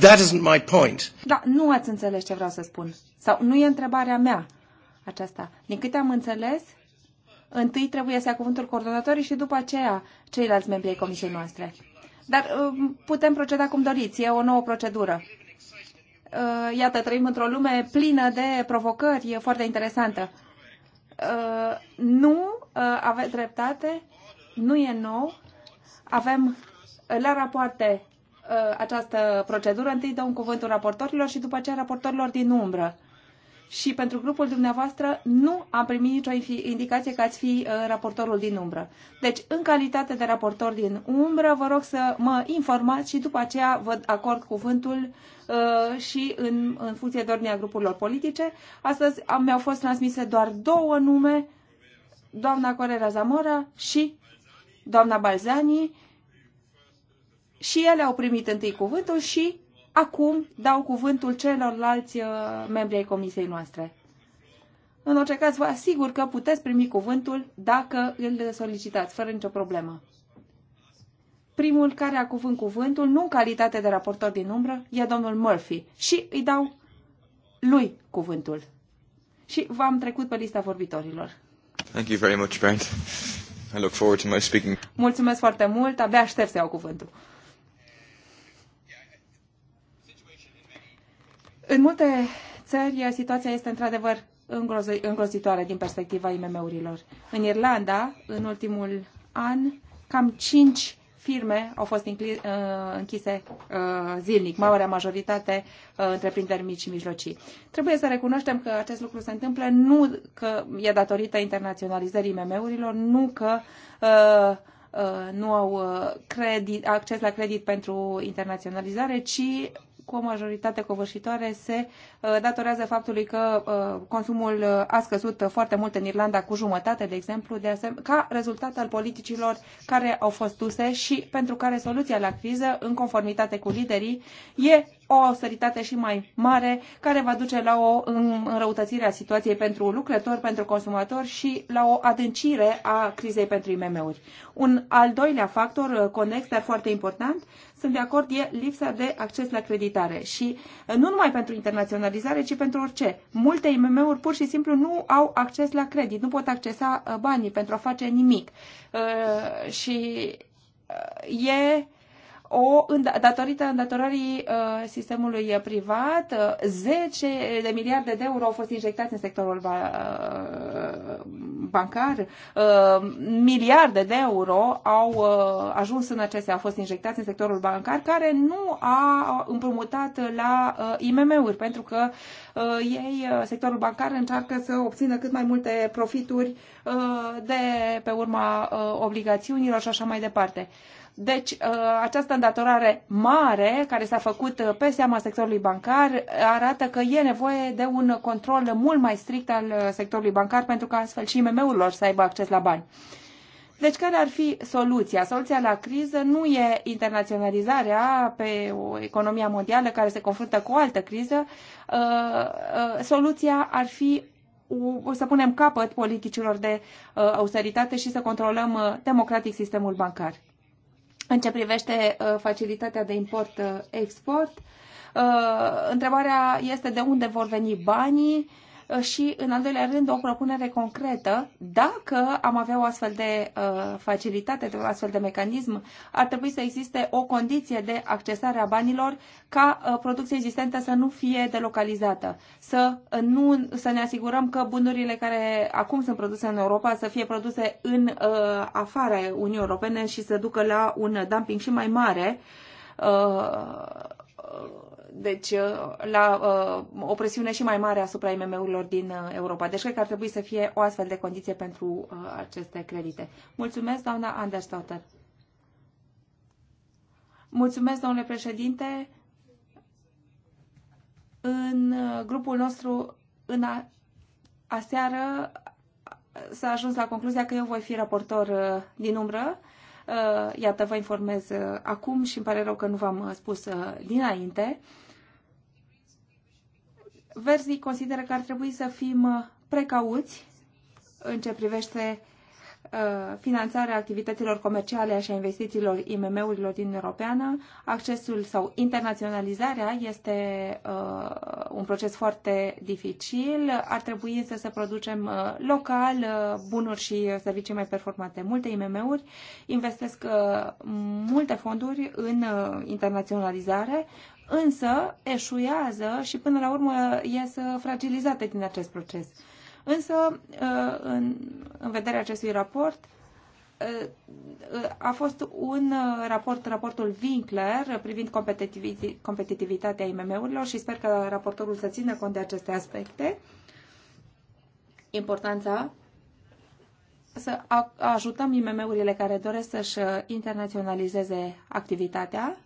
That isn't my point. Da, nu ați înțeles ce vreau să spun. Sau nu e întrebarea mea aceasta. Din câte am înțeles, întâi trebuie să ia cuvântul coordonatorii și după aceea ceilalți membri ai comisiei noastre. Dar uh, putem proceda cum doriți, e o nouă procedură. Uh, iată, trăim într-o lume plină de provocări foarte interesantă. Uh, nu uh, aveți dreptate, nu e nou. Avem la rapoarte această procedură. Întâi dăm cuvântul raportorilor și după aceea raportorilor din umbră și pentru grupul dumneavoastră nu am primit nicio indicație că ați fi uh, raportorul din umbră. Deci, în calitate de raportor din umbră, vă rog să mă informați și după aceea vă acord cuvântul uh, și în, în funcție de ordinea grupurilor politice. Astăzi mi-au fost transmise doar două nume, doamna Corera Zamora și doamna Balzani și ele au primit întâi cuvântul și Acum dau cuvântul celorlalți uh, membri ai comisiei noastre. În orice caz, vă asigur că puteți primi cuvântul dacă îl solicitați, fără nicio problemă. Primul care a cuvânt cuvântul, nu în calitate de raportor din umbră, e domnul Murphy și îi dau lui cuvântul. Și v-am trecut pe lista vorbitorilor. Thank you very much, Brent. I look forward to my speaking. Mulțumesc foarte mult, abia aștept să iau cuvântul. În multe țări, situația este într-adevăr îngrozitoare din perspectiva IMM-urilor. În Irlanda, în ultimul an, cam 5 firme au fost uh, închise uh, zilnic, marea majoritate uh, întreprinderi mici și mijlocii. Trebuie să recunoaștem că acest lucru se întâmplă nu că e datorită internaționalizării IMM-urilor, nu că nu au credit, acces la credit pentru internaționalizare, ci cu o majoritate covârșitoare se uh, datorează faptului că uh, consumul uh, a scăzut foarte mult în Irlanda cu jumătate, de exemplu, de asem- ca rezultat al politicilor care au fost duse și pentru care soluția la criză, în conformitate cu liderii, e o austeritate și mai mare, care va duce la o înrăutățire a situației pentru lucrători, pentru consumatori și la o adâncire a crizei pentru IMM-uri. Un al doilea factor uh, conex, dar foarte important, sunt de acord, e lipsa de acces la creditare. Și uh, nu numai pentru internaționalizare, ci pentru orice. Multe IMM-uri pur și simplu nu au acces la credit, nu pot accesa uh, banii pentru a face nimic. Și e o, datorită îndatorării uh, sistemului privat, 10 uh, de miliarde de euro au fost injectați în sectorul uh, bancar, miliarde de euro au ajuns în acestea, au fost injectați în sectorul bancar, care nu a împrumutat la IMM-uri, pentru că ei, sectorul bancar, încearcă să obțină cât mai multe profituri de pe urma obligațiunilor și așa mai departe. Deci, uh, această îndatorare mare care s-a făcut uh, pe seama sectorului bancar uh, arată că e nevoie de un control mult mai strict al sectorului bancar pentru ca astfel și IMM-urilor să aibă acces la bani. Deci care ar fi soluția? Soluția la criză nu e internaționalizarea pe o economia mondială care se confruntă cu o altă criză. Soluția ar fi să punem capăt politicilor de austeritate și să controlăm democratic sistemul bancar. În ce privește uh, facilitatea de import-export, uh, uh, întrebarea este de unde vor veni banii Uh, și, în al doilea rând, o propunere concretă. Dacă am avea o astfel de uh, facilitate, de un astfel de mecanism, ar trebui să existe o condiție de accesare a banilor ca uh, producția existentă să nu fie delocalizată, să, nu, să ne asigurăm că bunurile care acum sunt produse în Europa să fie produse în afara Uniunii Europene și să ducă la un dumping și mai mare deci uh, la uh, o presiune și mai mare asupra IMM-urilor din uh, Europa. Deci cred că ar trebui să fie o astfel de condiție pentru aceste credite. Mulțumesc, doamna Anderstauter. Mulțumesc, domnule președinte. În grupul nostru, în a aseară, s-a ajuns la concluzia că eu voi fi raportor din umbră. Iată, vă informez acum și îmi pare rău că nu v-am spus dinainte. Verzii consideră că ar trebui să fim uh, precauți în ce privește uh, finanțarea activităților comerciale și a investițiilor IMM-urilor din Europeană, accesul sau internaționalizarea este uh, un proces foarte dificil. Ar trebui însă să producem uh, local uh, bunuri și servicii mai performante. Multe IMM-uri investesc uh, multe fonduri în uh, internaționalizare, însă eșuează și până la urmă ies fragilizate din acest proces. Însă, uh, în, în vederea acestui raport, uh, uh, a fost un raport, raportul Winkler, privind competitivitatea IMM-urilor și sper că raportorul să țină cont de aceste aspecte. Importanța să ajutăm IMM-urile care doresc să-și internaționalizeze activitatea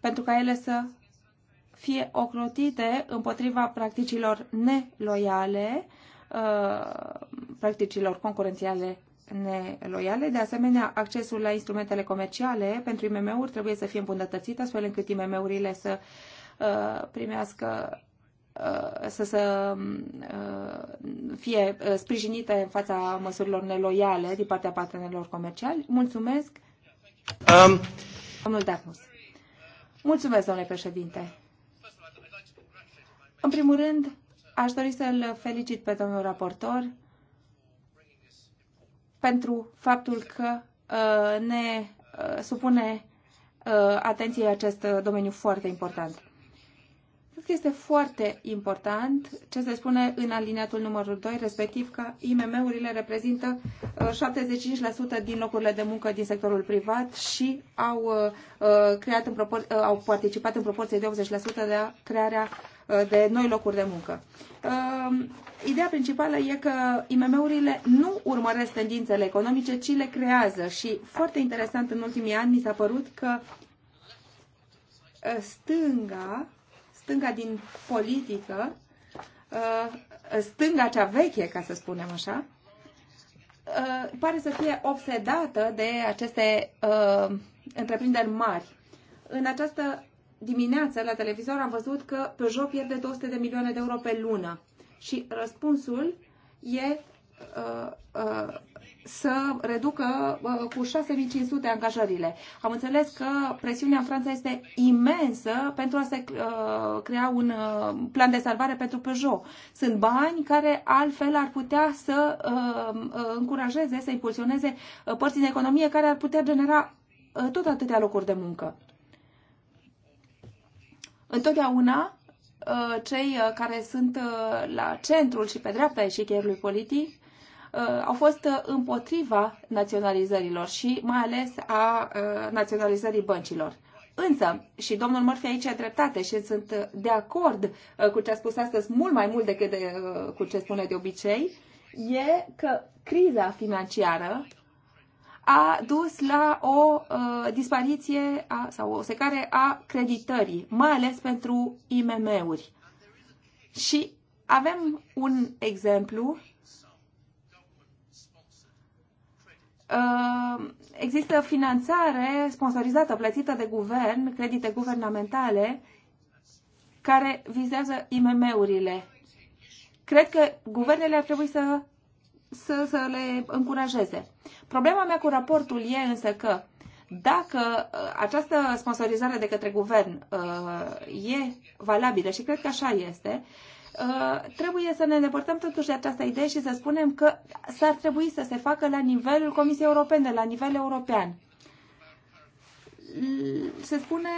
pentru ca ele să fie ocrotite împotriva practicilor neloiale, uh, practicilor concurențiale neloiale. De asemenea, accesul la instrumentele comerciale pentru IMM-uri trebuie să fie îmbunătățit, astfel încât IMM-urile să uh, primească uh, să, să fie sprijinite în fața măsurilor neloiale din partea partenerilor comerciali. Mulțumesc! Um. Domnul Darmus. Mulțumesc, domnule președinte. În primul rând, aș dori să-l felicit pe domnul raportor pentru faptul că uh, ne uh, supune uh, atenție acest domeniu foarte important. Cred că este foarte important ce se spune în aliniatul numărul 2, respectiv că IMM-urile reprezintă 75% uh, din locurile de muncă din sectorul privat și au, uh, uh, creat în propor- au participat în proporție de 80% la crearea de noi locuri de muncă. Um, ideea principală e că IMM-urile nu urmăresc tendințele economice, ci le creează și foarte interesant în ultimii ani mi s-a părut că stânga stânga din politică, uh, stânga cea veche, ca să spunem așa, uh, pare să fie obsedată de aceste uh, întreprinderi mari. În această dimineață la televizor am văzut că Peugeot pierde 200 de milioane de euro pe lună și răspunsul e să reducă uh, cu 6500 angajările. Am înțeles că presiunea în Franța este imensă pentru a se uh, crea un uh, plan de salvare pentru Peugeot. Sunt bani care altfel ar putea să încurajeze, să impulsioneze părți din economie care ar putea genera tot atâtea locuri de muncă. Întotdeauna cei care sunt la centrul și pe dreapta eșichierului politic Uh, au fost împotriva naționalizărilor și mai ales a uh, naționalizării băncilor. Însă, și domnul Murphy aici a dreptate și sunt de acord uh, cu ce a spus astăzi mult mai mult decât de, cu ce spune de obicei, e că criza financiară a dus la o uh, dispariție a, sau o secare a creditării, mai ales pentru IMM-uri. Și avem un exemplu Uh, există finanțare sponsorizată, plătită de guvern, credite guvernamentale, care vizează IMM-urile. Cred că guvernele ar trebui să, să, să le încurajeze. Problema mea cu raportul e însă că dacă uh, această sponsorizare de către guvern uh, e valabilă și cred că așa este, Uh, trebuie să ne îndepărtăm totuși de această idee și să spunem că s-ar trebui să se facă la nivelul Comisiei Europene, la nivel european. Se spune,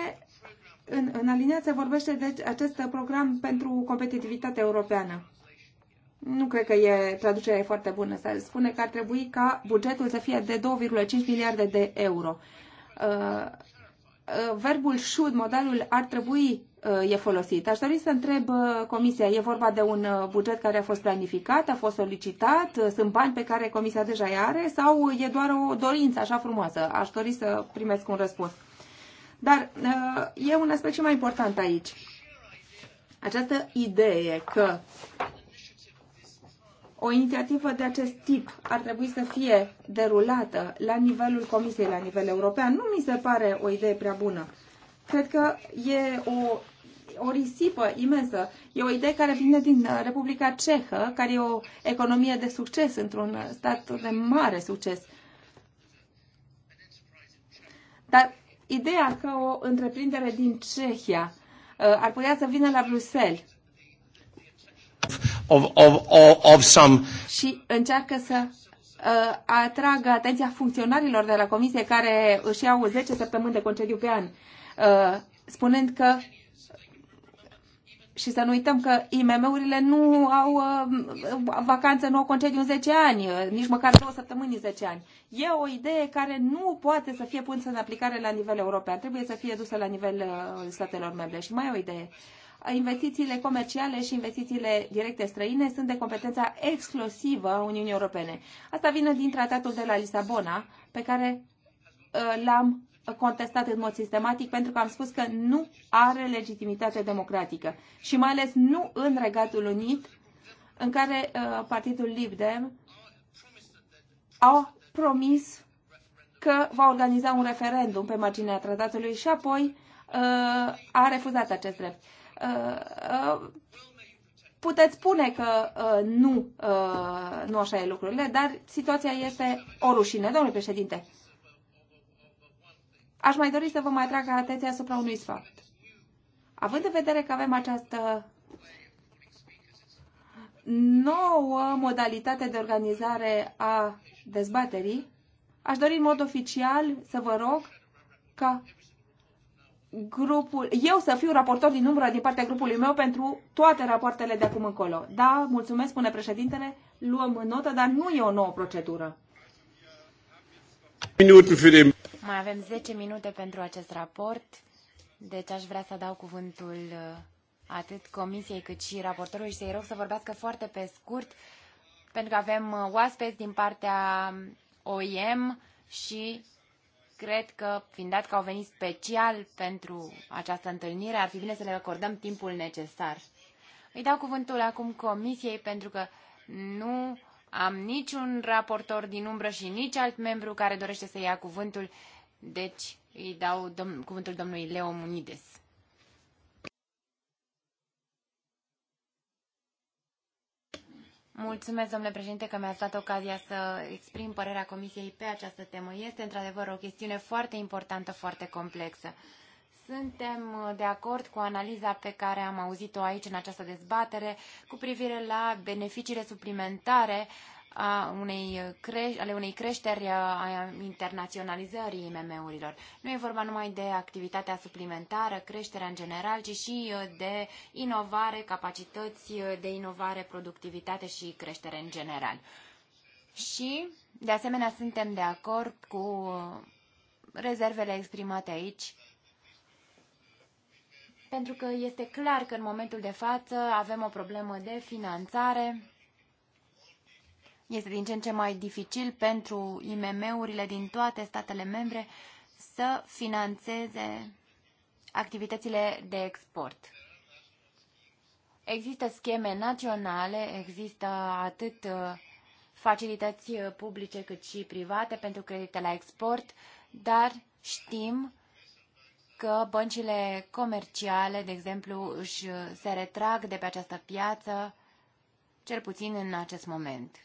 în, în aliniat se vorbește de deci, acest program pentru competitivitatea europeană. Nu cred că e traducerea e foarte bună. Se spune că ar trebui ca bugetul să fie de 2,5 miliarde de euro. Uh, uh verbul should, modalul ar trebui Uh, e folosit. Aș dori să întreb uh, Comisia, e vorba de un uh, buget care a fost planificat, a fost solicitat, sunt bani pe care Comisia deja îi are sau e doar o dorință așa frumoasă? Aș dori să primesc un răspuns. Dar e un aspect și mai important aici. Această idee că o inițiativă de acest tip ar trebui să fie derulată la nivelul Comisiei, la nivel european, nu mi se pare o idee prea bună cred că e o o risipă imensă. E o idee care vine din uh, Republica Cehă, care e o economie de succes într-un stat de mare succes. Dar ideea că o întreprindere din Cehia uh, ar putea să vină la Bruxelles of, of, of, of some... și încearcă să uh, atragă atenția funcționarilor de la comisie care își iau 10 săptămâni de concediu pe an, spunând că și să nu uităm că IMM-urile nu au uh, vacanță, nu au concediu în 10 ani, uh, nici măcar două săptămâni în 10 ani. E o idee care nu poate să fie pusă în aplicare la nivel european, trebuie să fie dusă la nivel uh, statelor membre. Și mai e o idee. Investițiile comerciale și investițiile directe străine sunt de competența exclusivă a Uniunii Europene. Asta vine din tratatul de la Lisabona, pe care uh, l-am contestat în mod sistematic pentru că am spus că nu are legitimitate democratică și mai ales nu în Regatul Unit, în care uh, Partidul Libdem a promis că va organiza un referendum pe marginea tratatului și apoi uh, a refuzat acest drept. Uh, uh, puteți spune că uh, nu, uh, nu așa e lucrurile, dar situația este o rușine, domnule președinte. Aș mai dori să vă mai atrag atenția asupra unui sfat. Având în vedere că avem această nouă modalitate de organizare a dezbaterii, aș dori în mod oficial să vă rog ca grupul, eu să fiu raportor din umbră din partea grupului meu pentru toate rapoartele de acum încolo. Da, mulțumesc, spune președintele, luăm notă, dar nu e o nouă procedură. Minuten mai avem 10 minute pentru acest raport, deci aș vrea să dau cuvântul uh, atât comisiei cât și raportorului și să-i rog să vorbească foarte pe scurt, pentru că avem uh, oaspeți din partea OIM um, și cred că, fiind dat că au venit special pentru această întâlnire, ar fi bine să le acordăm timpul necesar. Îi dau cuvântul acum comisiei pentru că nu am niciun raportor din umbră și nici alt membru care dorește să ia cuvântul deci îi dau domn, cuvântul domnului Leo Munides. Mulțumesc, domnule președinte, că mi-ați dat ocazia să exprim părerea Comisiei pe această temă. Este într-adevăr o chestiune foarte importantă, foarte complexă. Suntem uh, de acord cu analiza pe care am auzit-o aici în această dezbatere cu privire la beneficiile suplimentare a unei creș- ale unei creșteri a internaționalizării IMM-urilor. Nu e vorba numai de activitatea suplimentară, creșterea în general, ci și uh, de inovare, capacități uh, de inovare, productivitate și creștere în general. Și, de asemenea, suntem de acord cu uh, rezervele exprimate aici pentru că este clar că în momentul de față avem o problemă de finanțare este din ce în ce mai dificil pentru IMM-urile din toate statele membre să financeze activitățile de export. Există scheme naționale, există atât uh, facilități uh, publice cât și private pentru credite la export, dar știm că băncile comerciale, de exemplu, își uh, se retrag de pe această piață, cel puțin în acest moment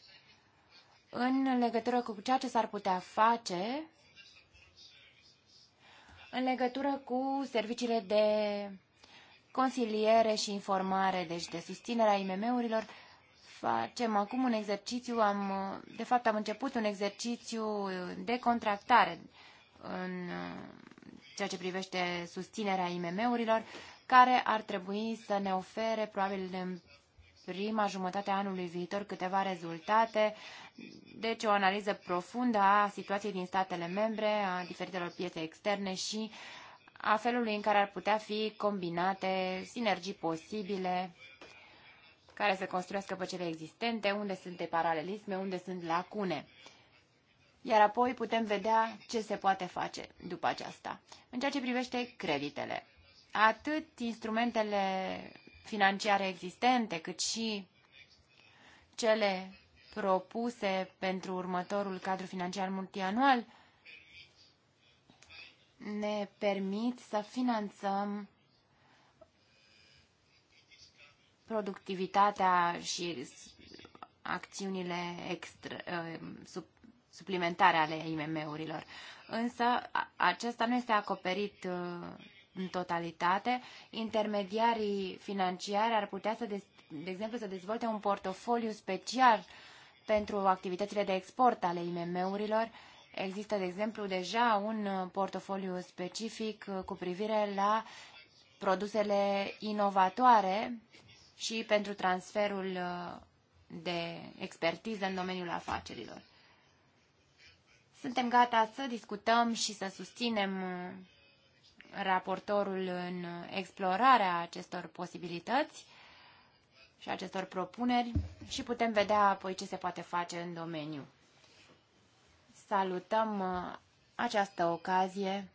în legătură cu ceea ce s-ar putea face în legătură cu serviciile de consiliere și informare, deci de susținerea IMM-urilor, facem acum un exercițiu, am, de fapt am început un exercițiu de contractare în ceea ce privește susținerea IMM-urilor, care ar trebui să ne ofere probabil în prima jumătate a anului viitor câteva rezultate, deci o analiză profundă a situației din statele membre, a diferitelor piețe externe și a felului în care ar putea fi combinate sinergii posibile care să construiască pe cele existente, unde sunt paralelisme, unde sunt lacune iar apoi putem vedea ce se poate face după aceasta. În ceea ce privește creditele, atât instrumentele financiare existente, cât și cele propuse pentru următorul cadru financiar multianual, ne permit să finanțăm productivitatea și acțiunile extra, uh, sub, suplimentare ale IMM-urilor. Însă acesta nu este acoperit uh, în totalitate. Intermediarii financiari ar putea să, de, de exemplu, să dezvolte un portofoliu special pentru activitățile de export ale IMM-urilor. Există, de exemplu, deja un portofoliu specific cu privire la produsele inovatoare și pentru transferul uh, de expertiză în domeniul afacerilor. Suntem gata să discutăm și să susținem uh, raportorul în explorarea acestor posibilități și acestor propuneri și putem vedea apoi ce se poate face în domeniu. Salutăm uh, această ocazie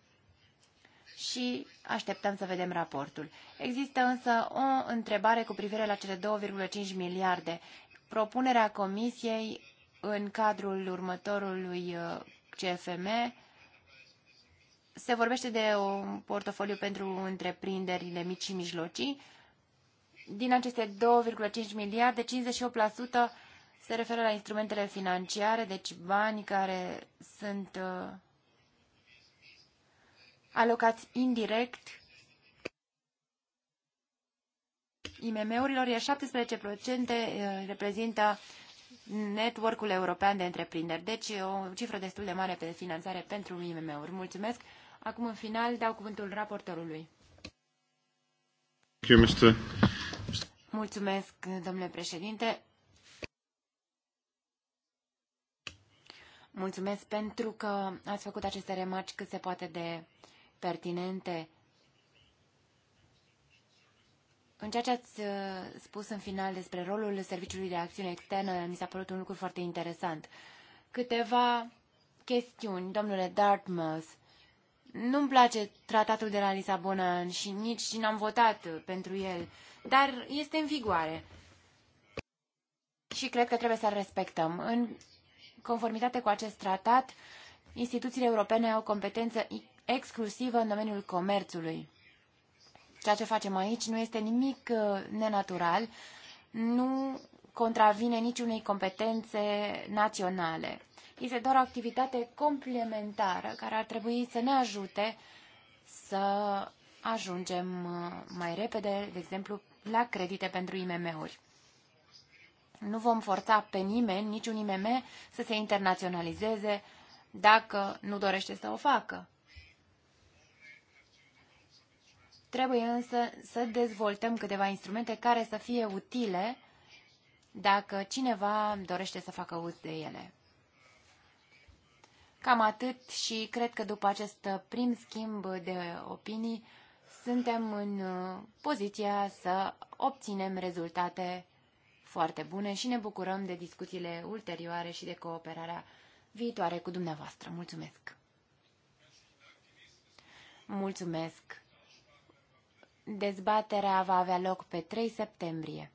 și așteptăm să vedem raportul. Există însă o întrebare cu privire la cele 2,5 miliarde. Propunerea Comisiei în cadrul următorului uh, CFM se vorbește de un portofoliu pentru întreprinderile mici și mijlocii. Din aceste 2,5 miliarde, 58% se referă la instrumentele financiare, deci bani care sunt uh, alocați indirect IMM-urilor, iar 17% uh, reprezintă network-ul european de întreprinderi. Deci o cifră destul de mare pe finanțare pentru IMM-uri. Mulțumesc! Acum, în final, dau cuvântul raportorului. Mulțumesc, domnule președinte. Mulțumesc pentru că ați făcut aceste remarci cât se poate de pertinente. În ceea ce ați uh, spus în final despre rolul Serviciului de Acțiune Externă, mi s-a părut un lucru foarte interesant. Câteva chestiuni, domnule Dartmouth. Nu-mi place tratatul de la Lisabona și nici n-am votat pentru el, dar este în vigoare. Și cred că trebuie să-l respectăm. În conformitate cu acest tratat, instituțiile europene au competență exclusivă în domeniul comerțului. Ceea ce facem aici nu este nimic uh, nenatural, nu contravine niciunei competențe naționale este doar o activitate complementară care ar trebui să ne ajute să ajungem uh, mai repede, de exemplu, la credite pentru IMM-uri. Nu vom forța pe nimeni, niciun IMM, să se internaționalizeze dacă nu dorește să o facă. Trebuie însă să dezvoltăm câteva instrumente care să fie utile dacă cineva dorește să facă uz de ele. Cam atât și cred că după acest prim schimb de opinii suntem în uh, poziția să obținem rezultate foarte bune și ne bucurăm de discuțiile ulterioare și de cooperarea viitoare cu dumneavoastră. Mulțumesc! Mulțumesc! Dezbaterea va avea loc pe 3 septembrie.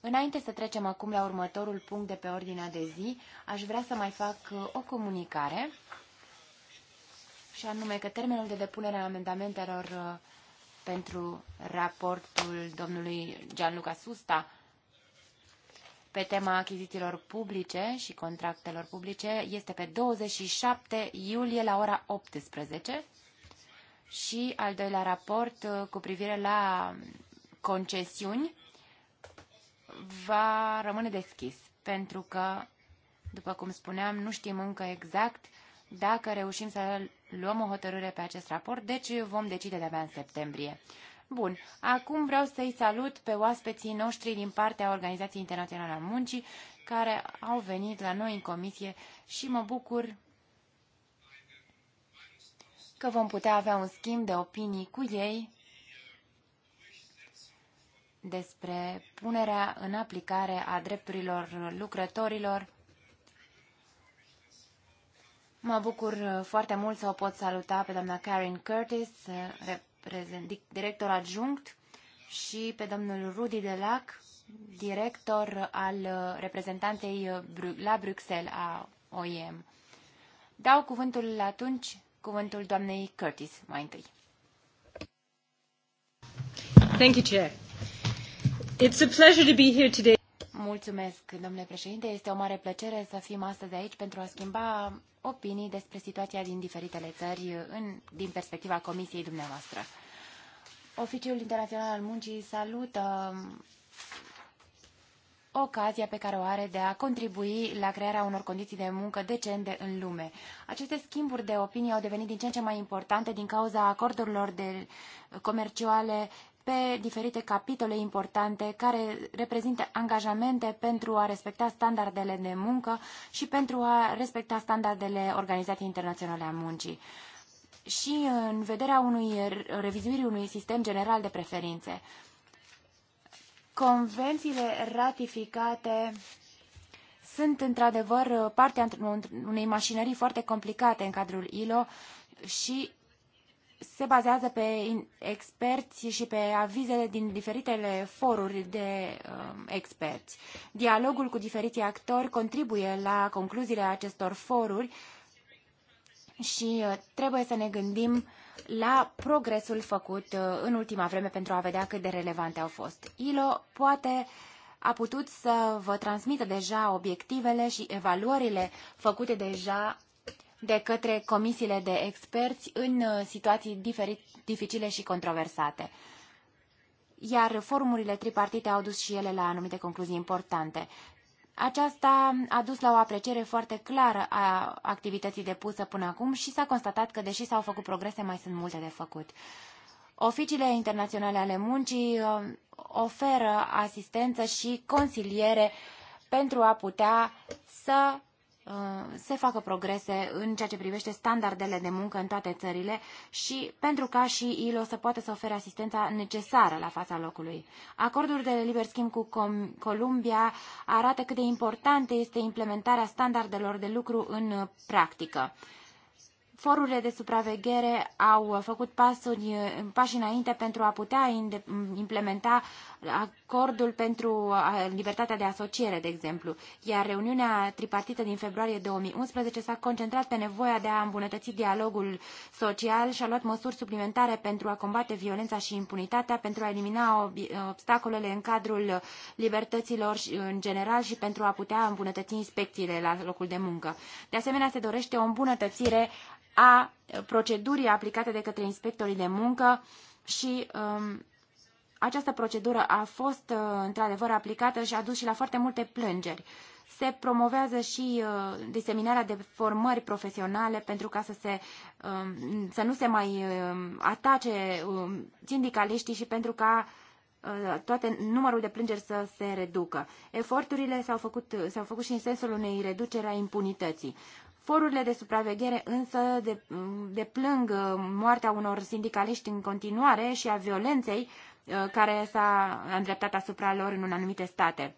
Înainte să trecem acum la următorul punct de pe ordinea de zi, aș vrea să mai fac uh, o comunicare, și anume că termenul de depunere a amendamentelor uh, pentru raportul domnului Gianluca Susta pe tema achizițiilor publice și contractelor publice este pe 27 iulie la ora 18 și al doilea raport uh, cu privire la concesiuni va rămâne deschis, pentru că, după cum spuneam, nu știm încă exact dacă reușim să luăm o hotărâre pe acest raport, deci vom decide de-abia în septembrie. Bun, acum vreau să-i salut pe oaspeții noștri din partea Organizației Internaționale a Muncii, care au venit la noi în comisie și mă bucur că vom putea avea un schimb de opinii cu ei despre punerea în aplicare a drepturilor lucrătorilor. Mă bucur foarte mult să o pot saluta pe doamna Karen Curtis, director adjunct, și pe domnul Rudy Delac, director al reprezentantei la Bruxelles a OIM. Dau cuvântul atunci, cuvântul doamnei Curtis mai întâi. Thank you, Chair. It's a pleasure to be here today. Mulțumesc, domnule președinte. Este o mare plăcere să fim astăzi aici pentru a schimba opinii despre situația din diferitele țări în, din perspectiva Comisiei dumneavoastră. Oficiul Internațional al Muncii salută ocazia pe care o are de a contribui la crearea unor condiții de muncă decente în lume. Aceste schimburi de opinie au devenit din ce în ce mai importante din cauza acordurilor de comerciale pe diferite capitole importante care reprezintă angajamente pentru a respecta standardele de muncă și pentru a respecta standardele Organizației Internaționale a Muncii și în vederea unui revizuirii unui sistem general de preferințe. Convențiile ratificate sunt într-adevăr uh, partea unei mașinării foarte complicate în cadrul ILO și se bazează pe experți și pe avizele din diferitele foruri de uh, experți. Dialogul cu diferiții actori contribuie la concluziile acestor foruri și uh, trebuie să ne gândim la progresul făcut uh, în ultima vreme pentru a vedea cât de relevante au fost. ILO poate a putut să vă transmită deja obiectivele și evaluările făcute deja de către comisiile de experți în uh, situații diferit, dificile și controversate. Iar forumurile tripartite au dus și ele la anumite concluzii importante. Aceasta a dus la o apreciere foarte clară a activității depusă până acum și s-a constatat că, deși s-au făcut progrese, mai sunt multe de făcut. Oficiile internaționale ale muncii uh, oferă asistență și consiliere pentru a putea să Uh, se facă progrese în ceea ce privește standardele de muncă în toate țările și pentru ca și ILO să poată să ofere asistența necesară la fața locului. Acordul de liber schimb cu Com- Columbia arată cât de importantă este implementarea standardelor de lucru în uh, practică. Forurile de supraveghere au făcut pasuri, pași înainte pentru a putea implementa acordul pentru libertatea de asociere, de exemplu, iar reuniunea tripartită din februarie 2011 s-a concentrat pe nevoia de a îmbunătăți dialogul social și a luat măsuri suplimentare pentru a combate violența și impunitatea, pentru a elimina obstacolele în cadrul libertăților în general și pentru a putea îmbunătăți inspecțiile la locul de muncă. De asemenea, se dorește o îmbunătățire a procedurii aplicate de către inspectorii de muncă și um, această procedură a fost uh, într-adevăr aplicată și a dus și la foarte multe plângeri. Se promovează și uh, diseminarea de formări profesionale pentru ca să, se, um, să nu se mai um, atace um, sindicaliștii și pentru ca uh, toate numărul de plângeri să se reducă. Eforturile s-au făcut, s-au făcut și în sensul unei reduceri a impunității. Forurile de supraveghere însă mm, deplâng de uh, moartea unor sindicaliști în continuare și a violenței uh, care s-a îndreptat asupra lor în anumite state.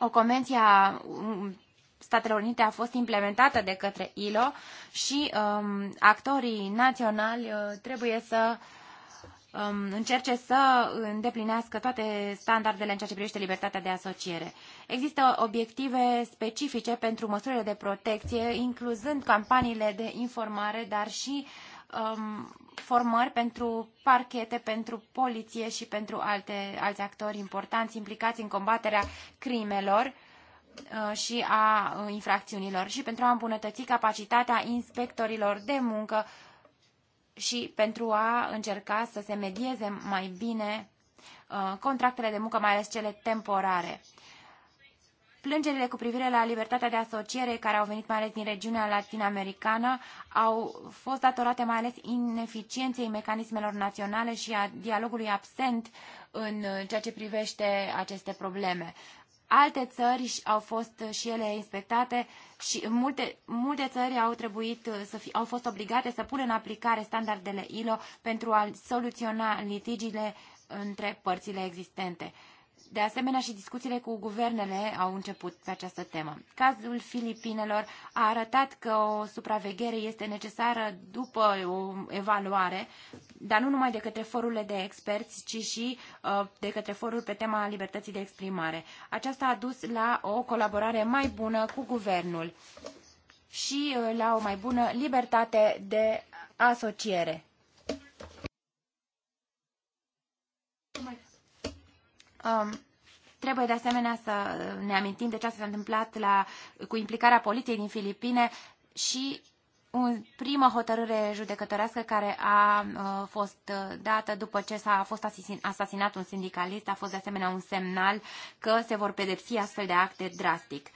O convenție a mm, Statelor Unite a fost implementată de către ILO și um, actorii naționali uh, trebuie să uh, Um, încerce să îndeplinească toate standardele în ceea ce privește libertatea de asociere. Există obiective specifice pentru măsurile de protecție, incluzând campaniile de informare, dar și um, formări pentru parchete, pentru poliție și pentru alte, alți actori importanți implicați în combaterea crimelor uh, și a uh, infracțiunilor și pentru a îmbunătăți capacitatea inspectorilor de muncă și pentru a încerca să se medieze mai bine uh, contractele de muncă, mai ales cele temporare. Plângerile cu privire la libertatea de asociere care au venit mai ales din regiunea latinamericană au fost datorate mai ales ineficienței mecanismelor naționale și a dialogului absent în uh, ceea ce privește aceste probleme. Alte țări au fost uh, și ele inspectate și multe, multe țări au trebuit uh, să fi, au fost obligate să pună în aplicare standardele ILO pentru a soluționa litigiile între părțile existente. De asemenea, și discuțiile cu guvernele au început pe această temă. Cazul Filipinelor a arătat că o supraveghere este necesară după o evaluare, dar nu numai de către forurile de experți, ci și uh, de către forul pe tema libertății de exprimare. Aceasta a dus la o colaborare mai bună cu guvernul și uh, la o mai bună libertate de asociere. Um, trebuie de asemenea să ne amintim de ce s-a întâmplat la, cu implicarea poliției din Filipine și o primă hotărâre judecătorească care a a uh, fost uh, dată după ce s-a fost asasinat un sindicalist a fost de asemenea un semnal că se vor pedepsi astfel de acte drastic.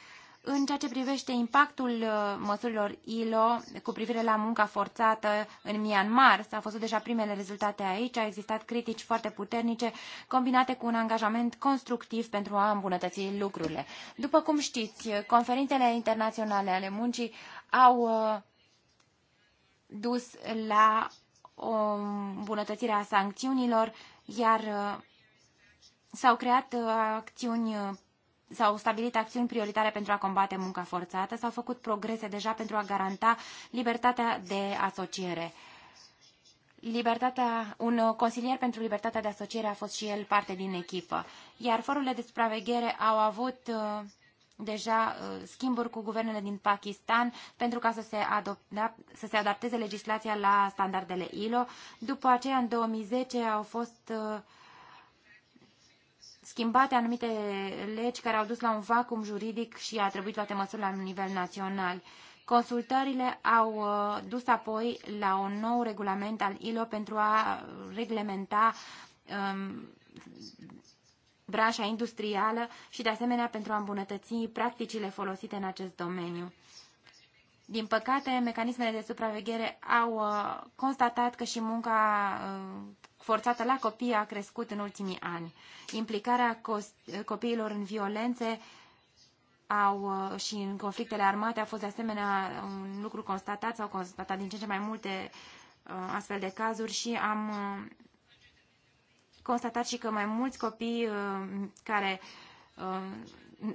În ceea ce privește impactul uh, măsurilor ILO cu privire la munca forțată în Myanmar, s-au văzut deja primele rezultate aici, au existat critici foarte puternice, combinate cu un angajament constructiv pentru a îmbunătăți lucrurile. După cum știți, conferințele internaționale ale muncii au uh, dus la o îmbunătățire a sancțiunilor, iar uh, s-au creat acțiuni s-au stabilit acțiuni prioritare pentru a combate munca forțată, s-au făcut progrese deja pentru a garanta libertatea de asociere. Libertatea, un consilier pentru libertatea de asociere a fost și el parte din echipă, iar forurile de supraveghere au avut uh, deja uh, schimburi cu guvernele din Pakistan pentru ca să se, adopta, să se adapteze legislația la standardele ILO. După aceea, în 2010, au fost uh, schimbate anumite legi care au dus la un vacum juridic și a trebuit luate măsuri la nivel național. Consultările au uh, dus apoi la un nou regulament al ILO pentru a reglementa um, branșa industrială și, de asemenea, pentru a îmbunătăți practicile folosite în acest domeniu. Din păcate, mecanismele de supraveghere au uh, constatat că și munca uh, forțată la copii a crescut în ultimii ani. Implicarea copiilor în violențe au, uh, și în conflictele armate a fost de asemenea un lucru constatat, sau constatat din ce în ce mai multe uh, astfel de cazuri și am uh, constatat și că mai mulți copii care,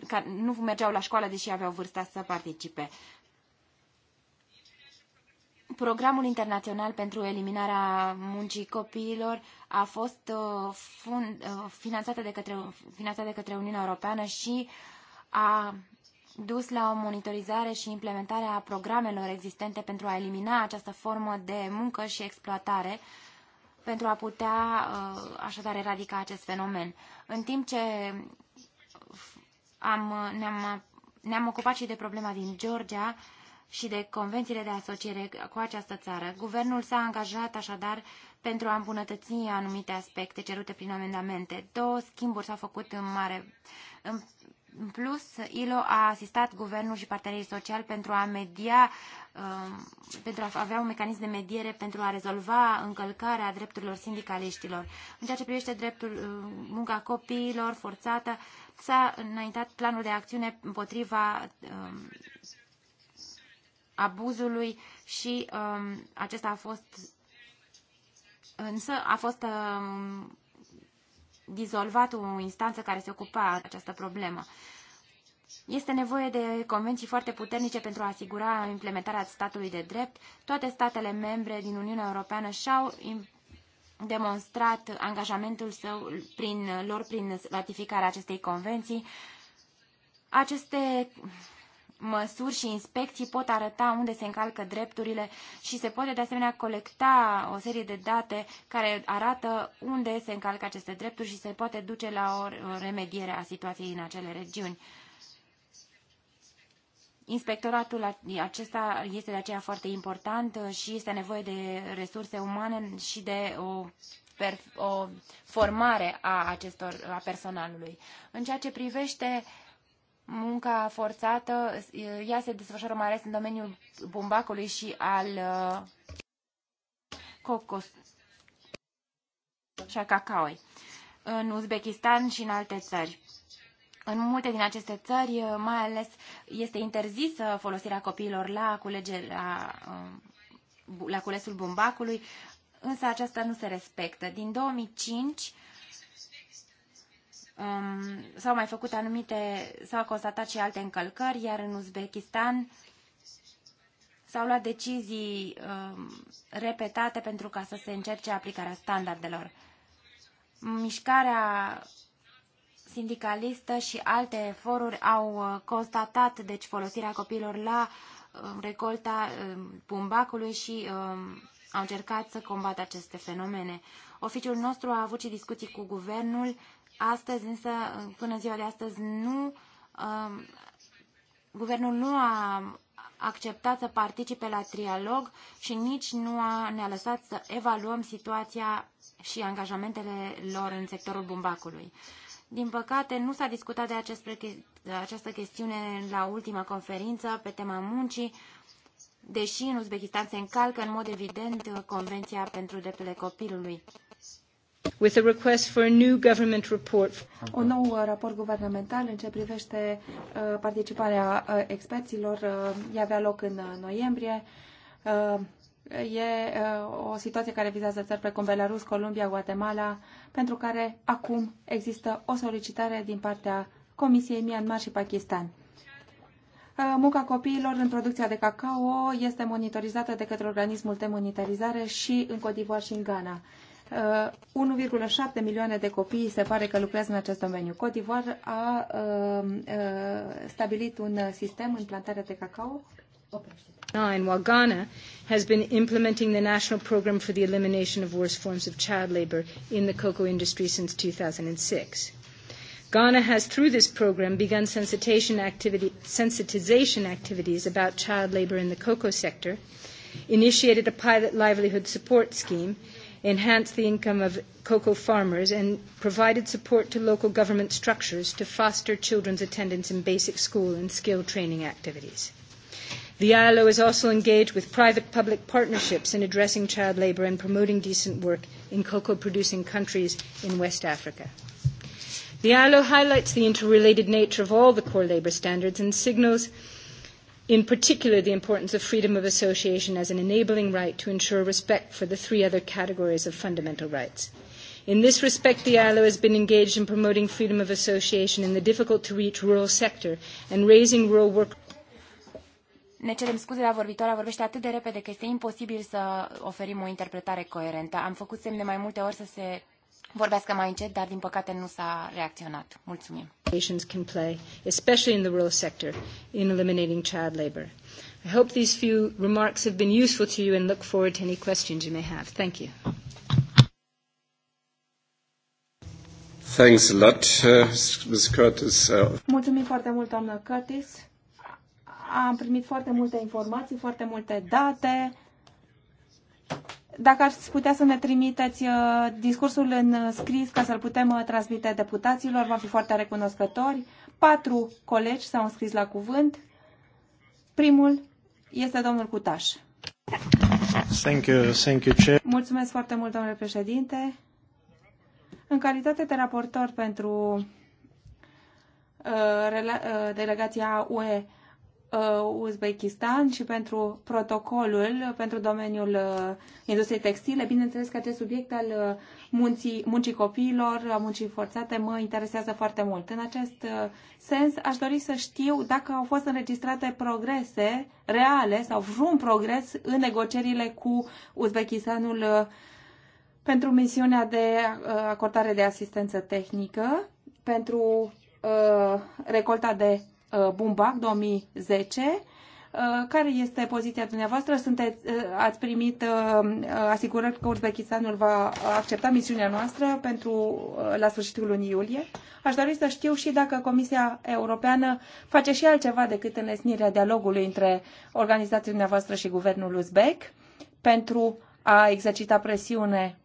care nu mergeau la școală, deși aveau vârsta să participe. Programul internațional pentru eliminarea muncii copiilor a fost uh, finanțată uh, finanțat, de către, finanțat de către Uniunea Europeană și a dus la o monitorizare și implementare a programelor existente pentru a elimina această formă de muncă și exploatare pentru a putea uh, așadar eradica acest fenomen. În timp ce am, ne-am, ne-am ocupat și de problema din Georgia, și de convențiile de asociere cu această țară. Guvernul s-a angajat așadar pentru a îmbunătăți anumite aspecte cerute prin amendamente. Două schimburi s-au făcut în mare. În plus, ILO a asistat guvernul și partenerii sociali pentru a media, um, pentru a avea un mecanism de mediere pentru a rezolva încălcarea drepturilor sindicaliștilor. În ceea ce privește dreptul uh, munca copiilor forțată, s-a înaintat planul de acțiune împotriva um, abuzului și um, acesta a fost însă a fost um, dizolvat o instanță care se ocupa această problemă. Este nevoie de convenții foarte puternice pentru a asigura implementarea statului de drept. Toate statele membre din Uniunea Europeană și-au demonstrat angajamentul său prin, lor prin ratificarea acestei convenții. Aceste măsuri și inspecții pot arăta unde se încalcă drepturile și se poate de asemenea colecta o serie de date care arată unde se încalcă aceste drepturi și se poate duce la o remediere a situației în acele regiuni. Inspectoratul acesta este de aceea foarte important și este nevoie de resurse umane și de o, o formare a, acestor, a personalului. În ceea ce privește uh, munca forțată, ea se desfășoară mai ales în domeniul bumbacului și al uh, cocos și al cacaoi, în Uzbekistan și în alte țări. În multe din aceste țări, uh, mai ales, este interzisă folosirea copiilor la, culege, la, um, la culesul bumbacului, însă aceasta nu se respectă. Din 2005, um, s-au mai făcut anumite, s-au constatat și alte încălcări, iar în Uzbekistan s-au luat decizii um, repetate pentru ca să se încerce aplicarea standardelor. Mișcarea sindicalistă și alte foruri au uh, constatat deci folosirea copiilor la um, recolta um, bumbacului pumbacului și um, au încercat să combată aceste fenomene. Oficiul nostru a avut și discuții cu guvernul Astăzi, însă, până ziua de astăzi, nu, um, guvernul nu a acceptat să participe la trialog și nici nu a, ne-a lăsat să evaluăm situația și angajamentele lor în sectorul bumbacului. Din păcate, nu s-a discutat de acest, această chestiune la ultima conferință pe tema muncii, deși în Uzbekistan se încalcă în mod evident Convenția pentru drepturile copilului with a request for a new government report. Un nou raport guvernamental în ce privește uh, participarea uh, experților ia uh, avea loc în noiembrie. E o situație care vizează țări precum Belarus, Columbia, Guatemala, pentru care acum există o solicitare din partea Comisiei Myanmar și Pakistan. Munca copiilor în producția de cacao este monitorizată de către organismul de monitorizare și în Codivoar și în Ghana. 1,7 uh, milioane de copii se pare că lucrează în acest domeniu. Cote d'Ivoire a uh, uh, stabilit un sistem în plantarea de cacao. Ah, Nine, while Ghana has been implementing the national program for the elimination of worst forms of child labor in the cocoa industry since 2006. Ghana has, through this program, begun activity, sensitization activities about child labor in the cocoa sector, initiated a pilot livelihood support scheme, enhanced the income of cocoa farmers, and provided support to local government structures to foster children's attendance in basic school and skill training activities. The ILO is also engaged with private-public partnerships in addressing child labour and promoting decent work in cocoa-producing countries in West Africa. The ILO highlights the interrelated nature of all the core labour standards and signals in particular the importance of freedom of association as an enabling right to ensure respect for the three other categories of fundamental rights. In this respect, the ILO has been engaged in promoting freedom of association in the difficult to reach rural sector and raising rural work. Ne cerem scuze la vorbitoarea, vorbește atât de repede că este imposibil să oferim o interpretare coerentă. Am făcut semne mai multe ori să se vorbească mai încet, dar din păcate nu s-a reacționat. Mulțumim. Nations can play, especially in the rural sector, in eliminating child labor. I hope these few remarks have been useful to you and look forward to any questions you may have. Thank you. Thanks a lot, uh, Ms. Curtis. Uh, Mulțumim foarte mult, doamnă Curtis. Am primit foarte multe informații, foarte multe date. Dacă ați putea să ne trimiteți uh, discursul în scris ca să-l putem uh, transmite deputaților, va fi foarte recunoscători. Patru colegi s-au înscris la cuvânt. Primul este domnul Cutaș. Thank you, thank you, Chair. Mulțumesc foarte mult, domnule președinte. În calitate de raportor pentru uh, uh delegația UE Uh, Uzbekistan și pentru protocolul pentru domeniul uh, industriei textile. Bineînțeles că acest subiect al uh, munții, muncii copiilor, a muncii forțate mă interesează foarte mult. În acest sens, aș dori să știu dacă au fost înregistrate progrese reale sau vreun progres în negocierile cu Uzbekistanul pentru misiunea de acordare de asistență tehnică, pentru uh, recolta de Uh, Bumbac 2010. Uh, care este poziția dumneavoastră? Sunteți, uh, ați primit asigurări că Uzbekistanul va accepta misiunea noastră pentru la sfârșitul lunii iulie? Aș dori să știu și dacă Comisia Europeană face și altceva decât înlesnirea dialogului între organizația dumneavoastră și guvernul uzbek pentru a exercita presiune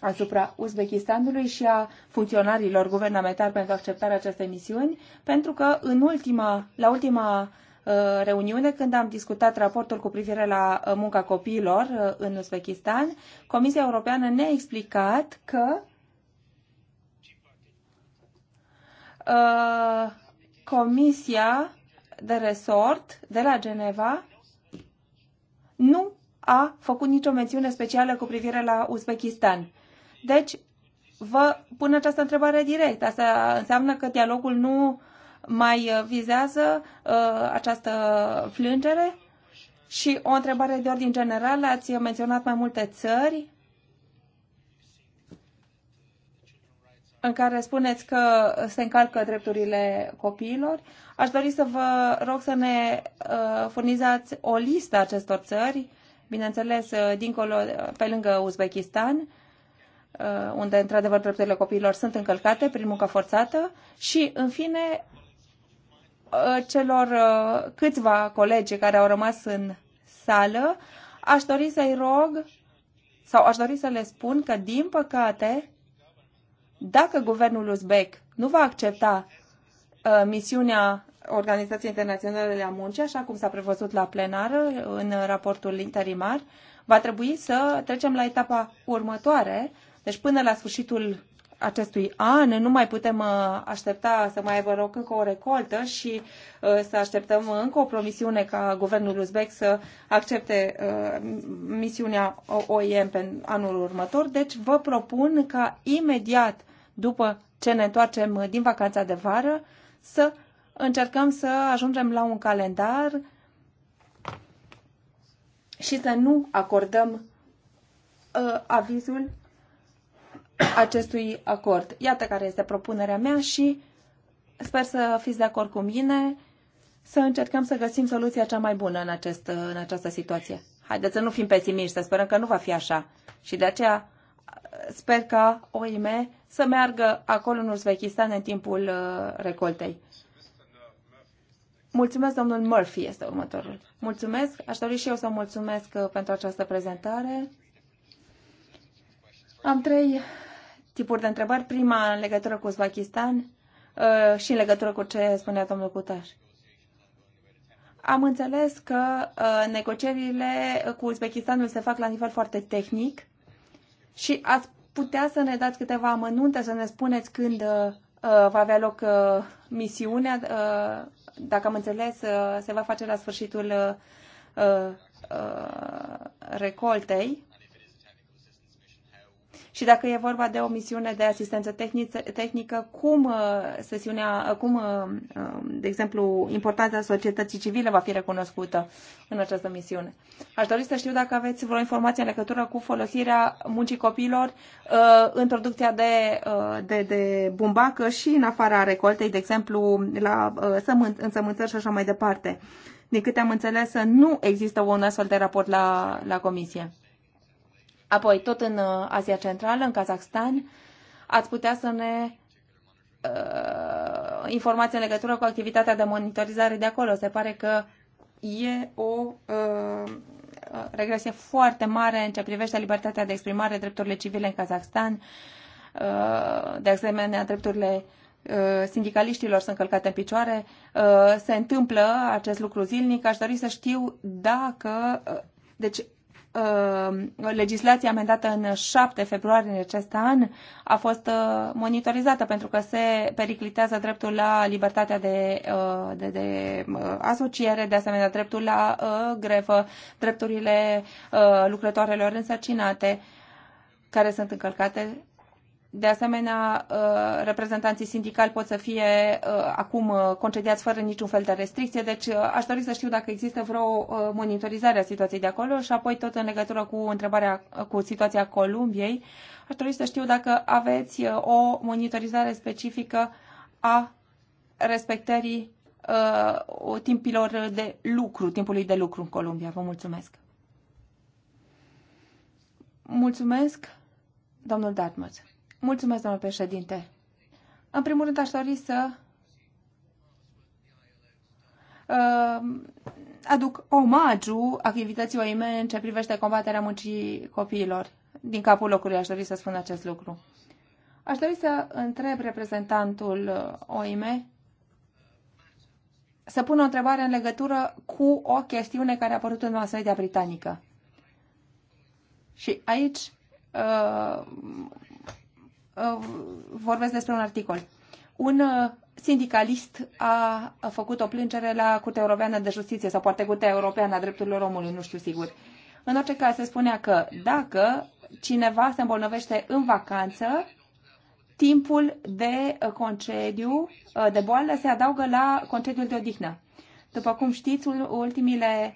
asupra Uzbekistanului și a funcționarilor guvernamentali pentru acceptarea acestei misiuni, pentru că în ultima, la ultima uh, reuniune când am discutat raportul cu privire la uh, munca copiilor uh, în Uzbekistan, Comisia Europeană ne-a explicat că Comisia de resort de la Geneva nu a făcut nicio mențiune specială cu privire la Uzbekistan. Deci, vă pun această întrebare direct. Asta înseamnă că dialogul nu mai vizează uh, această plângere? Și o întrebare de ordin general, ați menționat mai multe țări în care spuneți că se încalcă drepturile copiilor. Aș dori să vă rog să ne uh, furnizați o listă acestor țări, bineînțeles, uh, dincolo, pe lângă Uzbekistan, Uh, unde, într-adevăr, drepturile copiilor sunt încălcate prin muncă forțată și, în fine, uh, celor uh, câțiva colegi care au rămas în sală, aș dori să-i rog sau aș dori să le spun că, din păcate, dacă guvernul uzbek nu va accepta misiunea Organizației Internaționale de a Muncii, așa cum s-a prevăzut la plenară în raportul interimar, va trebui să trecem la etapa următoare, deci până la sfârșitul acestui an nu mai putem uh, aștepta să mai aibă loc încă o recoltă și uh, să așteptăm încă o promisiune ca guvernul uzbek să accepte uh, misiunea OIM pe anul următor. Deci vă propun ca imediat după ce ne întoarcem din vacanța de vară să încercăm să ajungem la un calendar și să nu acordăm uh, avizul acestui acord. Iată care este propunerea mea și sper să fiți de acord cu mine să încercăm să găsim soluția cea mai bună în, acest, în această situație. Haideți să nu fim pesimiști, să sperăm că nu va fi așa. Și de aceea sper ca OIM să meargă acolo în Uzbekistan în timpul uh, recoltei. Mulțumesc, domnul Murphy este următorul. Mulțumesc, aș dori și eu să mulțumesc uh, pentru această prezentare. Am trei tipuri de întrebări. Prima în legătură cu Uzbekistan uh, și în legătură cu ce spunea domnul Cutaș. Am înțeles că uh, negocierile cu Uzbekistanul se fac la nivel foarte tehnic și ați putea să ne dați câteva amănunte, să ne spuneți când uh, va avea loc misiunea, dacă am înțeles, se va face la sfârșitul recoltei. Și dacă e vorba de o misiune de asistență tehnică, cum uh, sesiunea, uh, cum, uh, um, de exemplu, importanța societății civile va fi recunoscută în această misiune? Aș dori să știu dacă aveți vreo informație în legătură cu folosirea muncii copiilor în producția de, de, de bumbacă și în afara recoltei, de exemplu, la sământ, în sămânțări și așa mai departe. Din câte am înțeles, nu există un astfel de raport la, la comisie. Apoi, tot în uh, Asia Centrală, în Kazakhstan, ați putea să ne uh, informați în legătură cu activitatea de monitorizare de acolo. Se pare că e o uh, regresie foarte mare în ce privește libertatea de exprimare, drepturile civile în Kazakhstan, uh, de asemenea drepturile uh, sindicaliștilor sunt călcate în picioare. Uh, se întâmplă acest lucru zilnic. Aș dori să știu dacă deci Uh, legislația amendată în 7 februarie în acest an a fost uh, monitorizată pentru că se periclitează dreptul la libertatea de, uh, de, de asociere, de asemenea dreptul la grevă, drepturile lucrătoarelor însărcinate care sunt încălcate de asemenea, uh, reprezentanții sindicali pot să fie uh, acum uh, concediați fără niciun fel de restricție, deci aș dori să știu dacă există vreo monitorizare a situației de acolo și apoi tot în legătură cu întrebarea cu situația Columbiei, aș dori să știu dacă aveți o monitorizare specifică a respectării timpilor de lucru, timpului de lucru în Columbia. Vă mulțumesc. Mulțumesc, domnul Dartmouth. Mulțumesc, domnule președinte. În primul rând, aș dori să uh, aduc omagiu activității OIM în ce privește combaterea muncii copiilor. Din capul locului aș dori să spun acest lucru. Aș dori să întreb reprezentantul uh, OIM să pun o întrebare în legătură cu o chestiune care a apărut în mass media britanică. Și aici uh, Uh, vorbesc despre un articol. Un uh, sindicalist a făcut o plângere la Curtea Europeană de Justiție sau poate Curtea Europeană a Drepturilor Omului, nu știu sigur. În orice caz, se spunea că dacă cineva se îmbolnăvește în vacanță, timpul de uh, concediu de boală se adaugă la concediul de odihnă. După cum știți, ultimile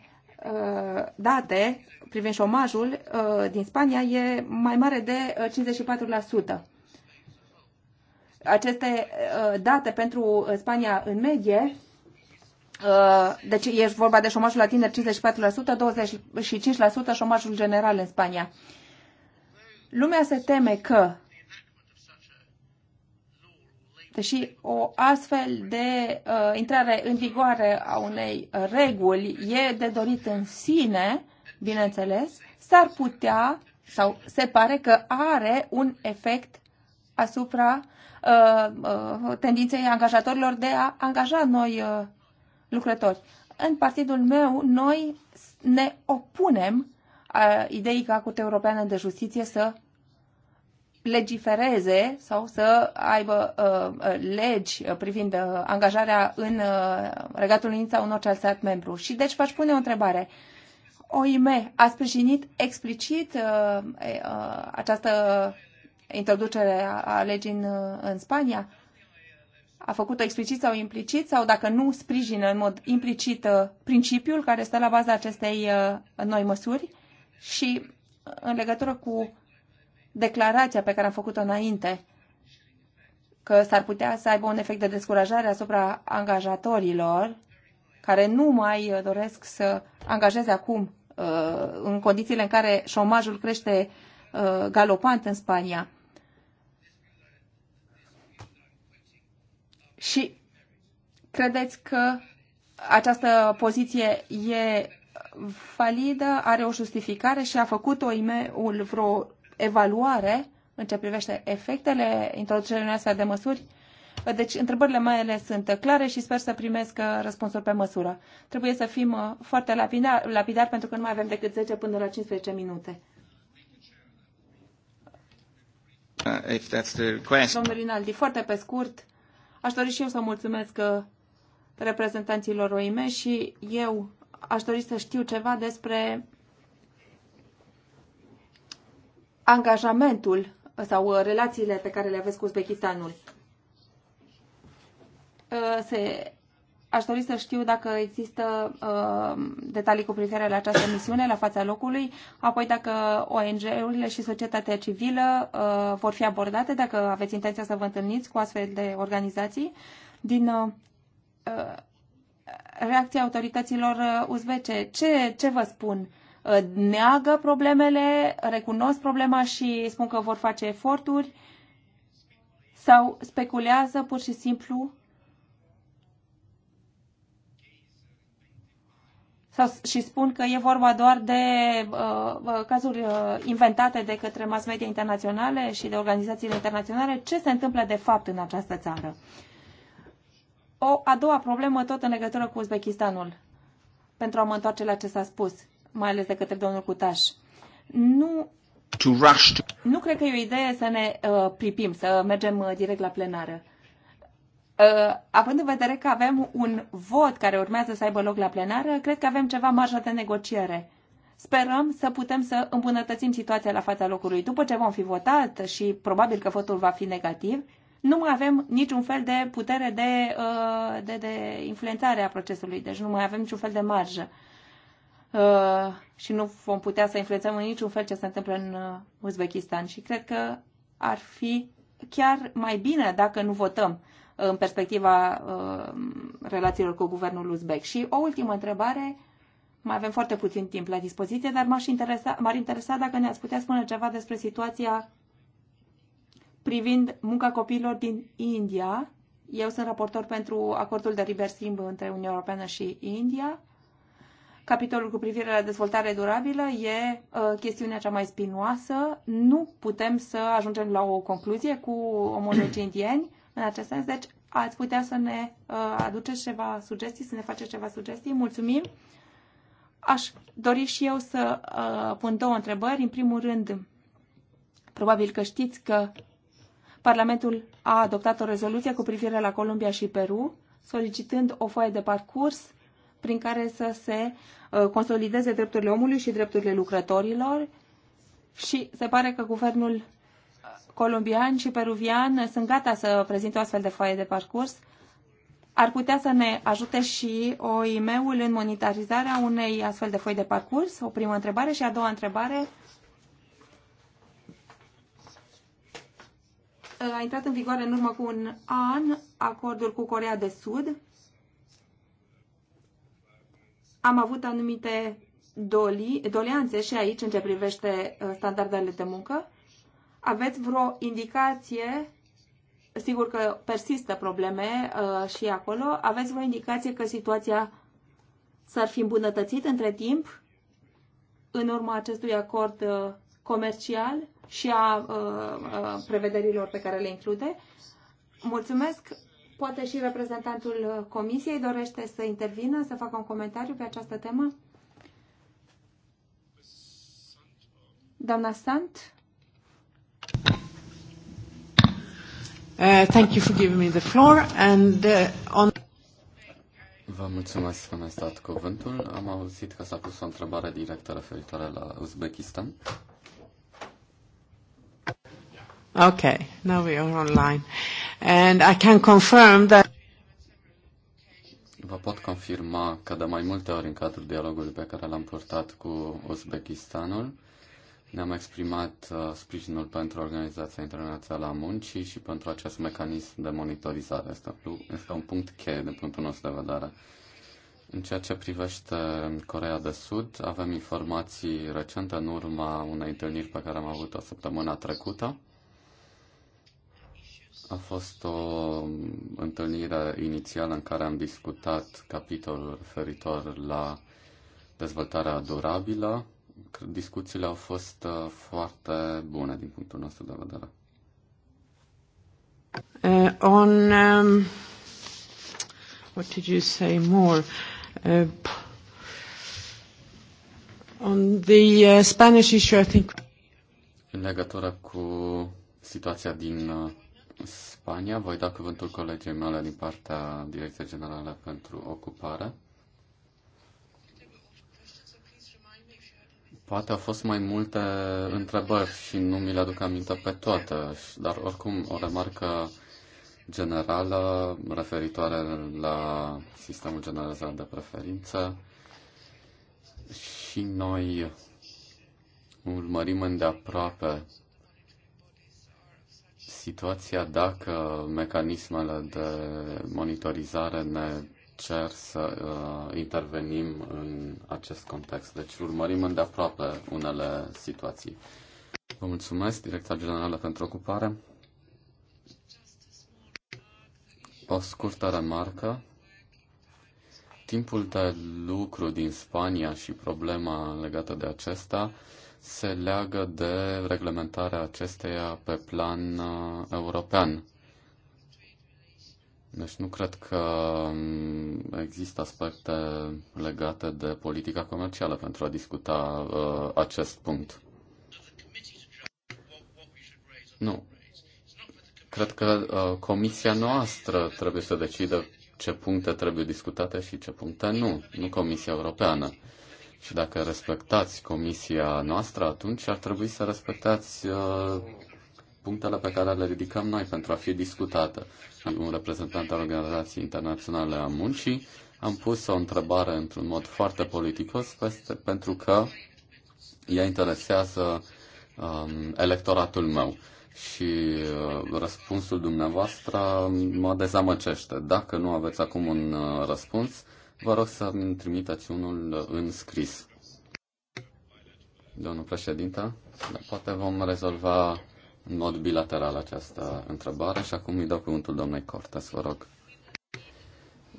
date privind șomajul din Spania e mai mare de 54% aceste uh, date pentru uh, Spania în medie, uh, deci e vorba de șomajul la tineri 54%, 25% șomajul general în Spania. Lumea se teme că, deși o astfel de uh, intrare în vigoare a unei reguli e de dorit în sine, bineînțeles, s-ar putea sau se pare că are un efect asupra Uh, uh, tendinței angajatorilor de a angaja noi uh, lucrători. În partidul meu, noi ne opunem ideii ca Curtea Europeană de Justiție să legifereze sau să aibă uh, legi privind angajarea în uh, Regatul Unit sau în orice alt stat membru. Și deci v-aș pune o întrebare. OIM a sprijinit explicit uh, uh, această introducerea a legii în, în Spania? A făcut-o explicit sau implicit sau dacă nu sprijină în mod implicit uh, principiul care stă la baza acestei uh, noi măsuri? Și uh, în legătură cu declarația pe care am făcut-o înainte, că s-ar putea să aibă un efect de descurajare asupra angajatorilor care nu mai doresc să angajeze acum în condițiile în care șomajul crește galopant în Spania. Și credeți că această poziție e validă, are o justificare și a făcut OIM-ul vreo evaluare în ce privește efectele introducerii noastre de măsuri? Deci, întrebările mele sunt clare și sper să primesc uh, răspunsuri pe măsură. Trebuie să fim uh, foarte lapidar, lapidar pentru că nu mai avem decât 10 până la 15 minute. Uh, if that's the Domnul Rinaldi, foarte pe scurt, Aș dori și eu să mulțumesc uh, reprezentanților OIME și eu aș dori să știu ceva despre angajamentul sau uh, relațiile pe care le aveți cu Uzbekistanul. Uh, se Aș dori să știu dacă există uh, detalii cu privire la această misiune la fața locului, apoi dacă ONG-urile și societatea civilă uh, vor fi abordate, dacă aveți intenția să vă întâlniți cu astfel de organizații. Din uh, uh reacția autorităților uh, uzbece, ce, ce vă spun? Uh, neagă problemele, recunosc problema și spun că vor face eforturi sau speculează pur și simplu sau, și spun că e vorba doar de uh, uh, cazuri uh, inventate de către mass media internaționale și de organizațiile internaționale, ce se întâmplă de fapt în această țară. O a doua problemă tot în legătură cu Uzbekistanul, pentru a mă întoarce la ce s-a spus, mai ales de către domnul Cutaș. Nu, to rush to... nu cred că e o idee să ne uh, pripim, să mergem uh, direct la plenară. Uh, având în vedere că avem un vot care urmează să aibă loc la plenară, cred că avem ceva marjă de negociere. Sperăm să putem să îmbunătățim situația la fața locului. După ce vom fi votat și probabil că votul va fi negativ, nu mai avem niciun fel de putere de, uh, de, de influențare a procesului, deci nu mai avem niciun fel de marjă. Uh, și nu vom putea să influențăm în niciun fel ce se întâmplă în Uzbekistan. Și cred că ar fi chiar mai bine dacă nu votăm în perspectiva uh, relațiilor cu guvernul uzbek. Și o ultimă întrebare, mai avem foarte puțin timp la dispoziție, dar m-aș interesa, m-ar interesa dacă ne-ați putea spune ceva despre situația privind munca copiilor din India. Eu sunt raportor pentru acordul de liber schimb între Uniunea Europeană și India. Capitolul cu privire la dezvoltare durabilă e uh, chestiunea cea mai spinoasă. Nu putem să ajungem la o concluzie cu omologii indieni în acest sens. Deci ați putea să ne uh, aduceți ceva sugestii, să ne faceți ceva sugestii. Mulțumim! Aș dori și eu să uh, pun două întrebări. În primul rând, probabil că știți că Parlamentul a adoptat o rezoluție cu privire la Columbia și Peru, solicitând o foaie de parcurs prin care să se uh, consolideze drepturile omului și drepturile lucrătorilor și se pare că guvernul colombian și peruvian sunt gata să prezinte o astfel de foaie de parcurs, ar putea să ne ajute și OIM-ul în monitorizarea unei astfel de foi de parcurs? O primă întrebare și a doua întrebare. A intrat în vigoare în urmă cu un an acordul cu Corea de Sud. Am avut anumite doli, doleanțe și aici în ce privește uh, standardele de muncă. Aveți vreo indicație? Sigur că persistă probleme uh, și acolo. Aveți vreo indicație că situația s-ar fi îmbunătățit între timp în urma acestui acord uh, comercial și a uh, uh, prevederilor pe care le include? Mulțumesc. Poate și reprezentantul uh, Comisiei dorește să intervină, să facă un comentariu pe această temă? Doamna Sant? Uh, thank you for giving me the floor and uh, on Vă mulțumesc că mi-ați dat cuvântul. Am auzit că s-a pus o întrebare directă referitoare la Uzbekistan. Okay, now we are online. And I can confirm that Vă pot confirma că de mai multe ori în cadrul dialogului pe care l-am purtat cu Uzbekistanul, ne-am exprimat uh, sprijinul pentru Organizația Internațională a Muncii și pentru acest mecanism de monitorizare. Este, este un punct cheie din punctul nostru de vedere. În ceea ce privește Corea de Sud, avem informații recente în urma unei întâlniri pe care am avut-o săptămâna trecută. A fost o întâlnire inițială în care am discutat capitolul referitor la dezvoltarea durabilă, discuțiile au fost uh, foarte bune din punctul nostru de vedere. Uh, on um, what did you say more? Uh, on the uh, Spanish issue, I think. În legătură cu situația din uh, Spania, voi da cuvântul colegii mele din partea Direcției Generale pentru Ocupare. Poate au fost mai multe întrebări și nu mi le aduc aminte pe toate, dar oricum o remarcă generală referitoare la sistemul generalizat de preferință. Și noi urmărim îndeaproape situația dacă mecanismele de monitorizare ne cer să uh, intervenim în acest context. Deci urmărim îndeaproape unele situații. Vă mulțumesc, Direcția Generală pentru Ocupare. O scurtă remarcă. Timpul de lucru din Spania și problema legată de acesta se leagă de reglementarea acesteia pe plan uh, european deci nu cred că mm, există aspecte legate de politica comercială pentru a discuta uh, acest punct. Nu. Cred că uh, comisia noastră trebuie să decidă ce puncte trebuie discutate și ce puncte nu, nu Comisia Europeană. Și dacă respectați Comisia noastră, atunci ar trebui să respectați uh, punctele pe care le ridicăm noi pentru a fi discutate un reprezentant al Organizației Internaționale a Muncii, am pus o întrebare într-un mod foarte politicos peste, pentru că ea interesează um, electoratul meu. Și uh, răspunsul dumneavoastră mă dezamăcește. Dacă nu aveți acum un uh, răspuns, vă rog să mi trimiteți unul în scris. Domnul președinte, poate vom rezolva în mod bilateral această întrebare și acum îi dau cuvântul doamnei Cortes, vă rog.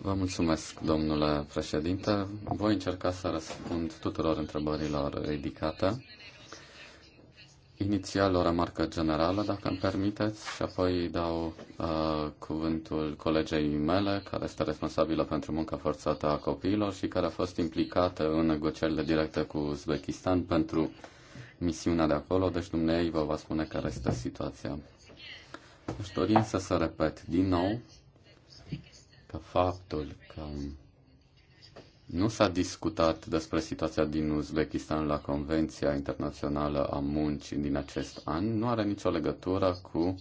Vă mulțumesc, domnule președinte. Voi încerca să răspund tuturor întrebărilor ridicate. Inițial o remarcă generală, dacă îmi permiteți, și apoi dau uh, cuvântul colegei mele, care este responsabilă pentru munca forțată a copiilor și care a fost implicată în negocierile directe cu Uzbekistan pentru misiunea de acolo, deci dumnei vă va spune care este situația. Aș dori însă să repet din nou că faptul că nu s-a discutat despre situația din Uzbekistan la Convenția Internațională a Muncii din acest an nu are nicio legătură cu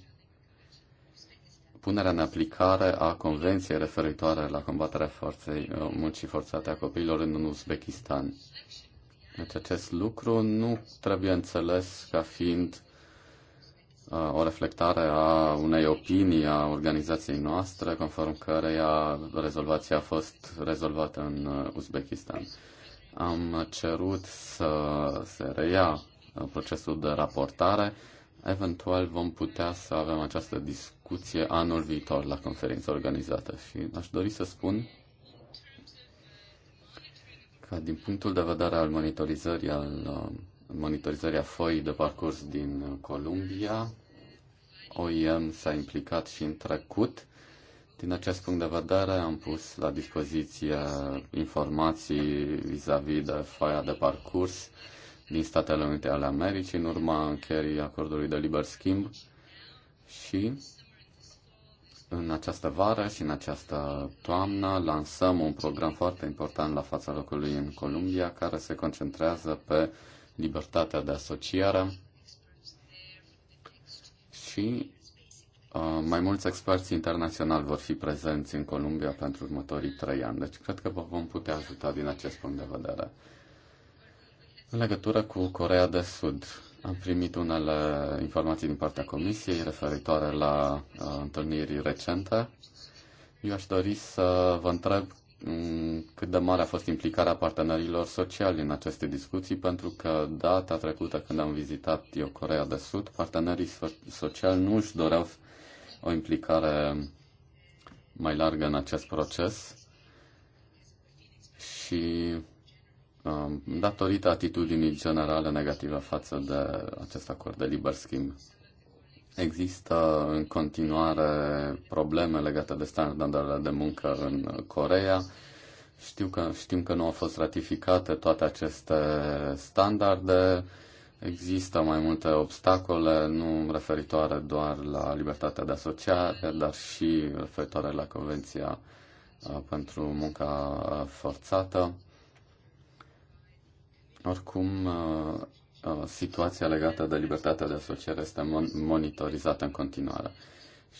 punerea în aplicare a Convenției referitoare la combaterea forței, uh, muncii forțate a copiilor în Uzbekistan. Deci acest lucru nu trebuie înțeles ca fiind uh, o reflectare a unei opinii a organizației noastre, conform căreia rezolvația a fost rezolvată în uh, Uzbekistan. Am cerut să se reia uh, procesul de raportare. Eventual vom putea să avem această discuție anul viitor la conferința organizată și aș dori să spun că din punctul de vedere al monitorizării, al uh, monitorizării a foii de parcurs din Columbia, OIM s-a implicat și în trecut. Din acest punct de vedere am pus la dispoziție informații vis-a-vis -vis de foaia de parcurs din Statele Unite ale Americii în urma încheierii acordului de liber schimb și în această vară și în această toamnă lansăm un program foarte important la fața locului în Columbia care se concentrează pe libertatea de asociere și uh, mai mulți experți internaționali vor fi prezenți în Columbia pentru următorii trei ani. Deci cred că vă vom putea ajuta din acest punct de vedere. În legătură cu Corea de Sud, am primit unele informații din partea Comisiei referitoare la uh, întâlniri recente. Eu aș dori să vă întreb mm, cât de mare a fost implicarea partenerilor sociali în aceste discuții, pentru că data trecută când am vizitat eu Corea de Sud, partenerii sociali nu își doreau o implicare mai largă în acest proces și Um, datorită atitudinii generale negative față de acest acord de liber schimb. Există în continuare probleme legate de standardele de muncă în Corea. Știu că, știm că nu au fost ratificate toate aceste standarde. Există mai multe obstacole, nu referitoare doar la libertatea de asociare, dar și referitoare la Convenția uh, pentru munca uh, forțată. Oricum, uh, uh, situația legată de libertatea de asociere este monitorizată în continuare.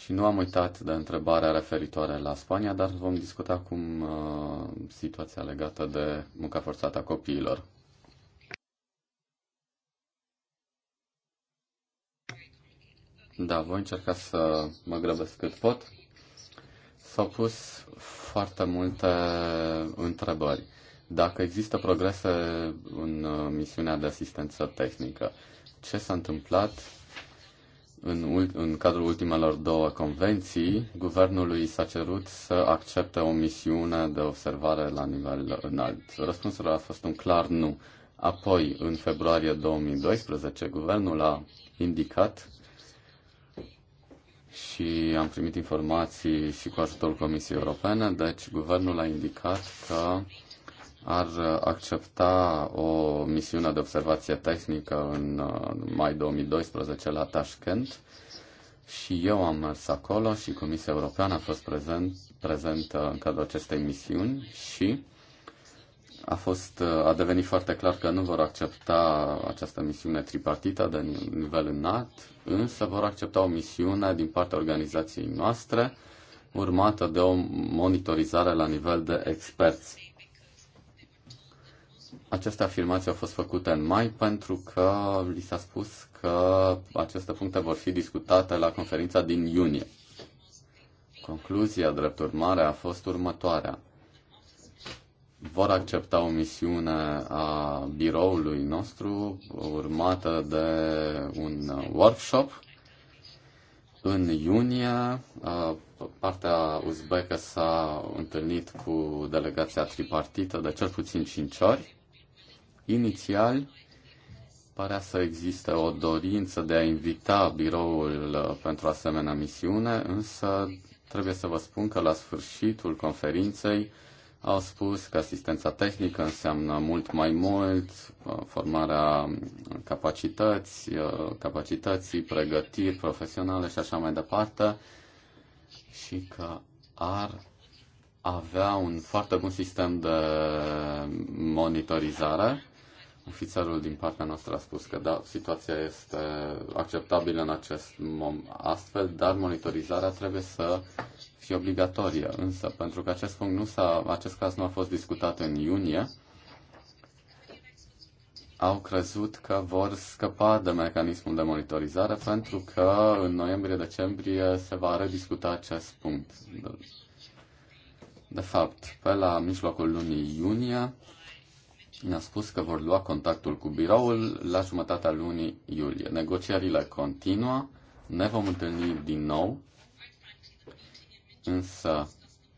Și nu am uitat de întrebarea referitoare la Spania, dar vom discuta acum uh, situația legată de munca forțată a copiilor. Da, voi încerca să mă grăbesc cât pot. S-au pus foarte multe întrebări dacă există progrese în uh, misiunea de asistență tehnică. Ce s-a întâmplat în, în cadrul ultimelor două convenții, guvernului s-a cerut să accepte o misiune de observare la nivel înalt. Răspunsul a fost un clar nu. Apoi, în februarie 2012, guvernul a indicat și am primit informații și cu ajutorul Comisiei Europene, deci guvernul a indicat că ar accepta o misiune de observație tehnică în uh, mai 2012 la Tashkent și eu am mers acolo și Comisia Europeană a fost prezent, prezentă în cadrul acestei misiuni și a, fost, uh, a devenit foarte clar că nu vor accepta această misiune tripartită de nivel înalt, însă vor accepta o misiune din partea organizației noastre, urmată de o monitorizare la nivel de experți. Aceste afirmații au fost făcute în mai pentru că li s-a spus că aceste puncte vor fi discutate la conferința din iunie. Concluzia, drept urmare, a fost următoarea. Vor accepta o misiune a biroului nostru, urmată de un workshop în iunie, partea uzbecă s-a întâlnit cu delegația tripartită de cel puțin 5 ori Inițial, părea să existe o dorință de a invita biroul uh, pentru asemenea misiune, însă trebuie să vă spun că la sfârșitul conferinței au spus că asistența tehnică înseamnă mult mai mult, uh, formarea capacități, uh, capacității, pregătiri profesionale și așa mai departe, și că ar avea un foarte bun sistem de monitorizare Ofițerul din partea noastră a spus că da, situația este acceptabilă în acest moment astfel, dar monitorizarea trebuie să fie obligatorie. Însă, pentru că acest punct nu s-a, acest caz nu a fost discutat în iunie, au crezut că vor scăpa de mecanismul de monitorizare pentru că în noiembrie-decembrie se va rediscuta acest punct. De fapt, pe la mijlocul lunii iunie, ne-a spus că vor lua contactul cu biroul la jumătatea lunii iulie. Negocierile continuă, ne vom întâlni din nou, însă,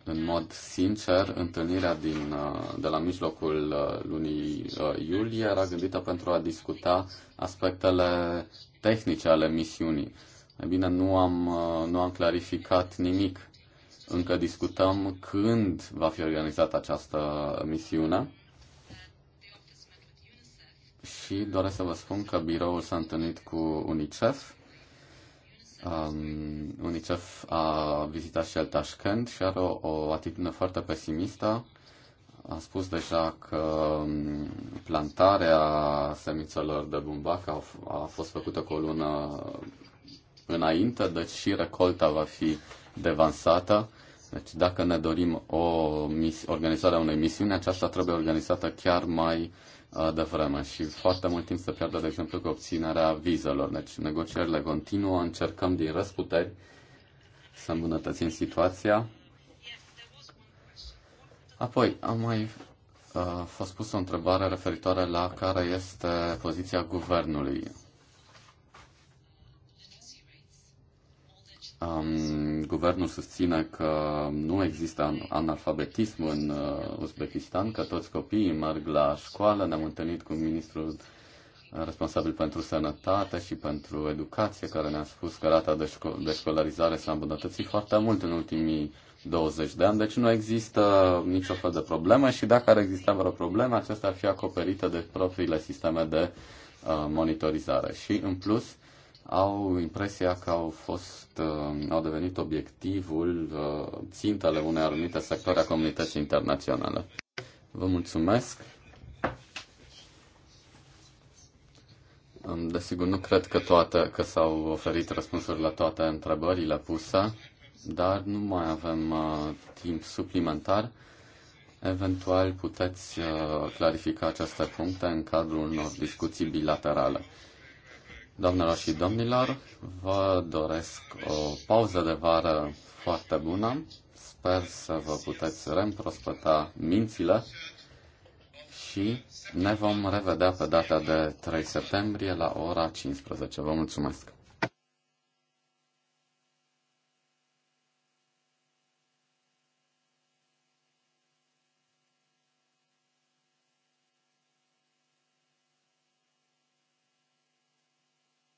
în mod sincer, întâlnirea din, uh, de la mijlocul uh, lunii uh, iulie era gândită pentru a discuta aspectele tehnice ale misiunii. E bine, nu am, nu am clarificat nimic. Încă discutăm când va fi organizată această misiune și doresc să vă spun că biroul s-a întâlnit cu UNICEF. Um, UNICEF a vizitat și el Tashkent și are o, o atitudine foarte pesimistă. A spus deja că um, plantarea semințelor de bumbac a, a fost făcută cu o lună înainte, deci și recolta va fi devansată. Deci dacă ne dorim o organizarea unei misiuni, aceasta trebuie organizată chiar mai uh, de vreme și foarte mult timp se pierde, de exemplu, cu obținerea vizelor. Deci negocierile continuă, încercăm din răsputeri să îmbunătățim situația. Apoi, am mai a uh, fost pusă o întrebare referitoare la care este poziția guvernului. Um, guvernul susține că nu există analfabetism în uh, Uzbekistan, că toți copiii merg la școală. Ne-am întâlnit cu ministrul responsabil pentru sănătate și pentru educație, care ne-a spus că rata de, șco- de școlarizare s-a îmbunătățit foarte mult în ultimii 20 de ani, deci nu există nicio fel de problemă și dacă ar exista vreo problemă, aceasta ar fi acoperită de propriile sisteme de uh, monitorizare. Și în plus, au impresia că au fost, uh, au devenit obiectivul uh, țintele unei anumite sectoare a comunității internaționale. Vă mulțumesc. Desigur, nu cred că, toate, că s-au oferit răspunsuri la toate întrebările puse, dar nu mai avem uh, timp suplimentar. Eventual puteți uh, clarifica aceste puncte în cadrul unor discuții bilaterale. Doamnelor și domnilor, vă doresc o pauză de vară foarte bună. Sper să vă puteți reîmprospăta mințile și ne vom revedea pe data de 3 septembrie la ora 15. Vă mulțumesc!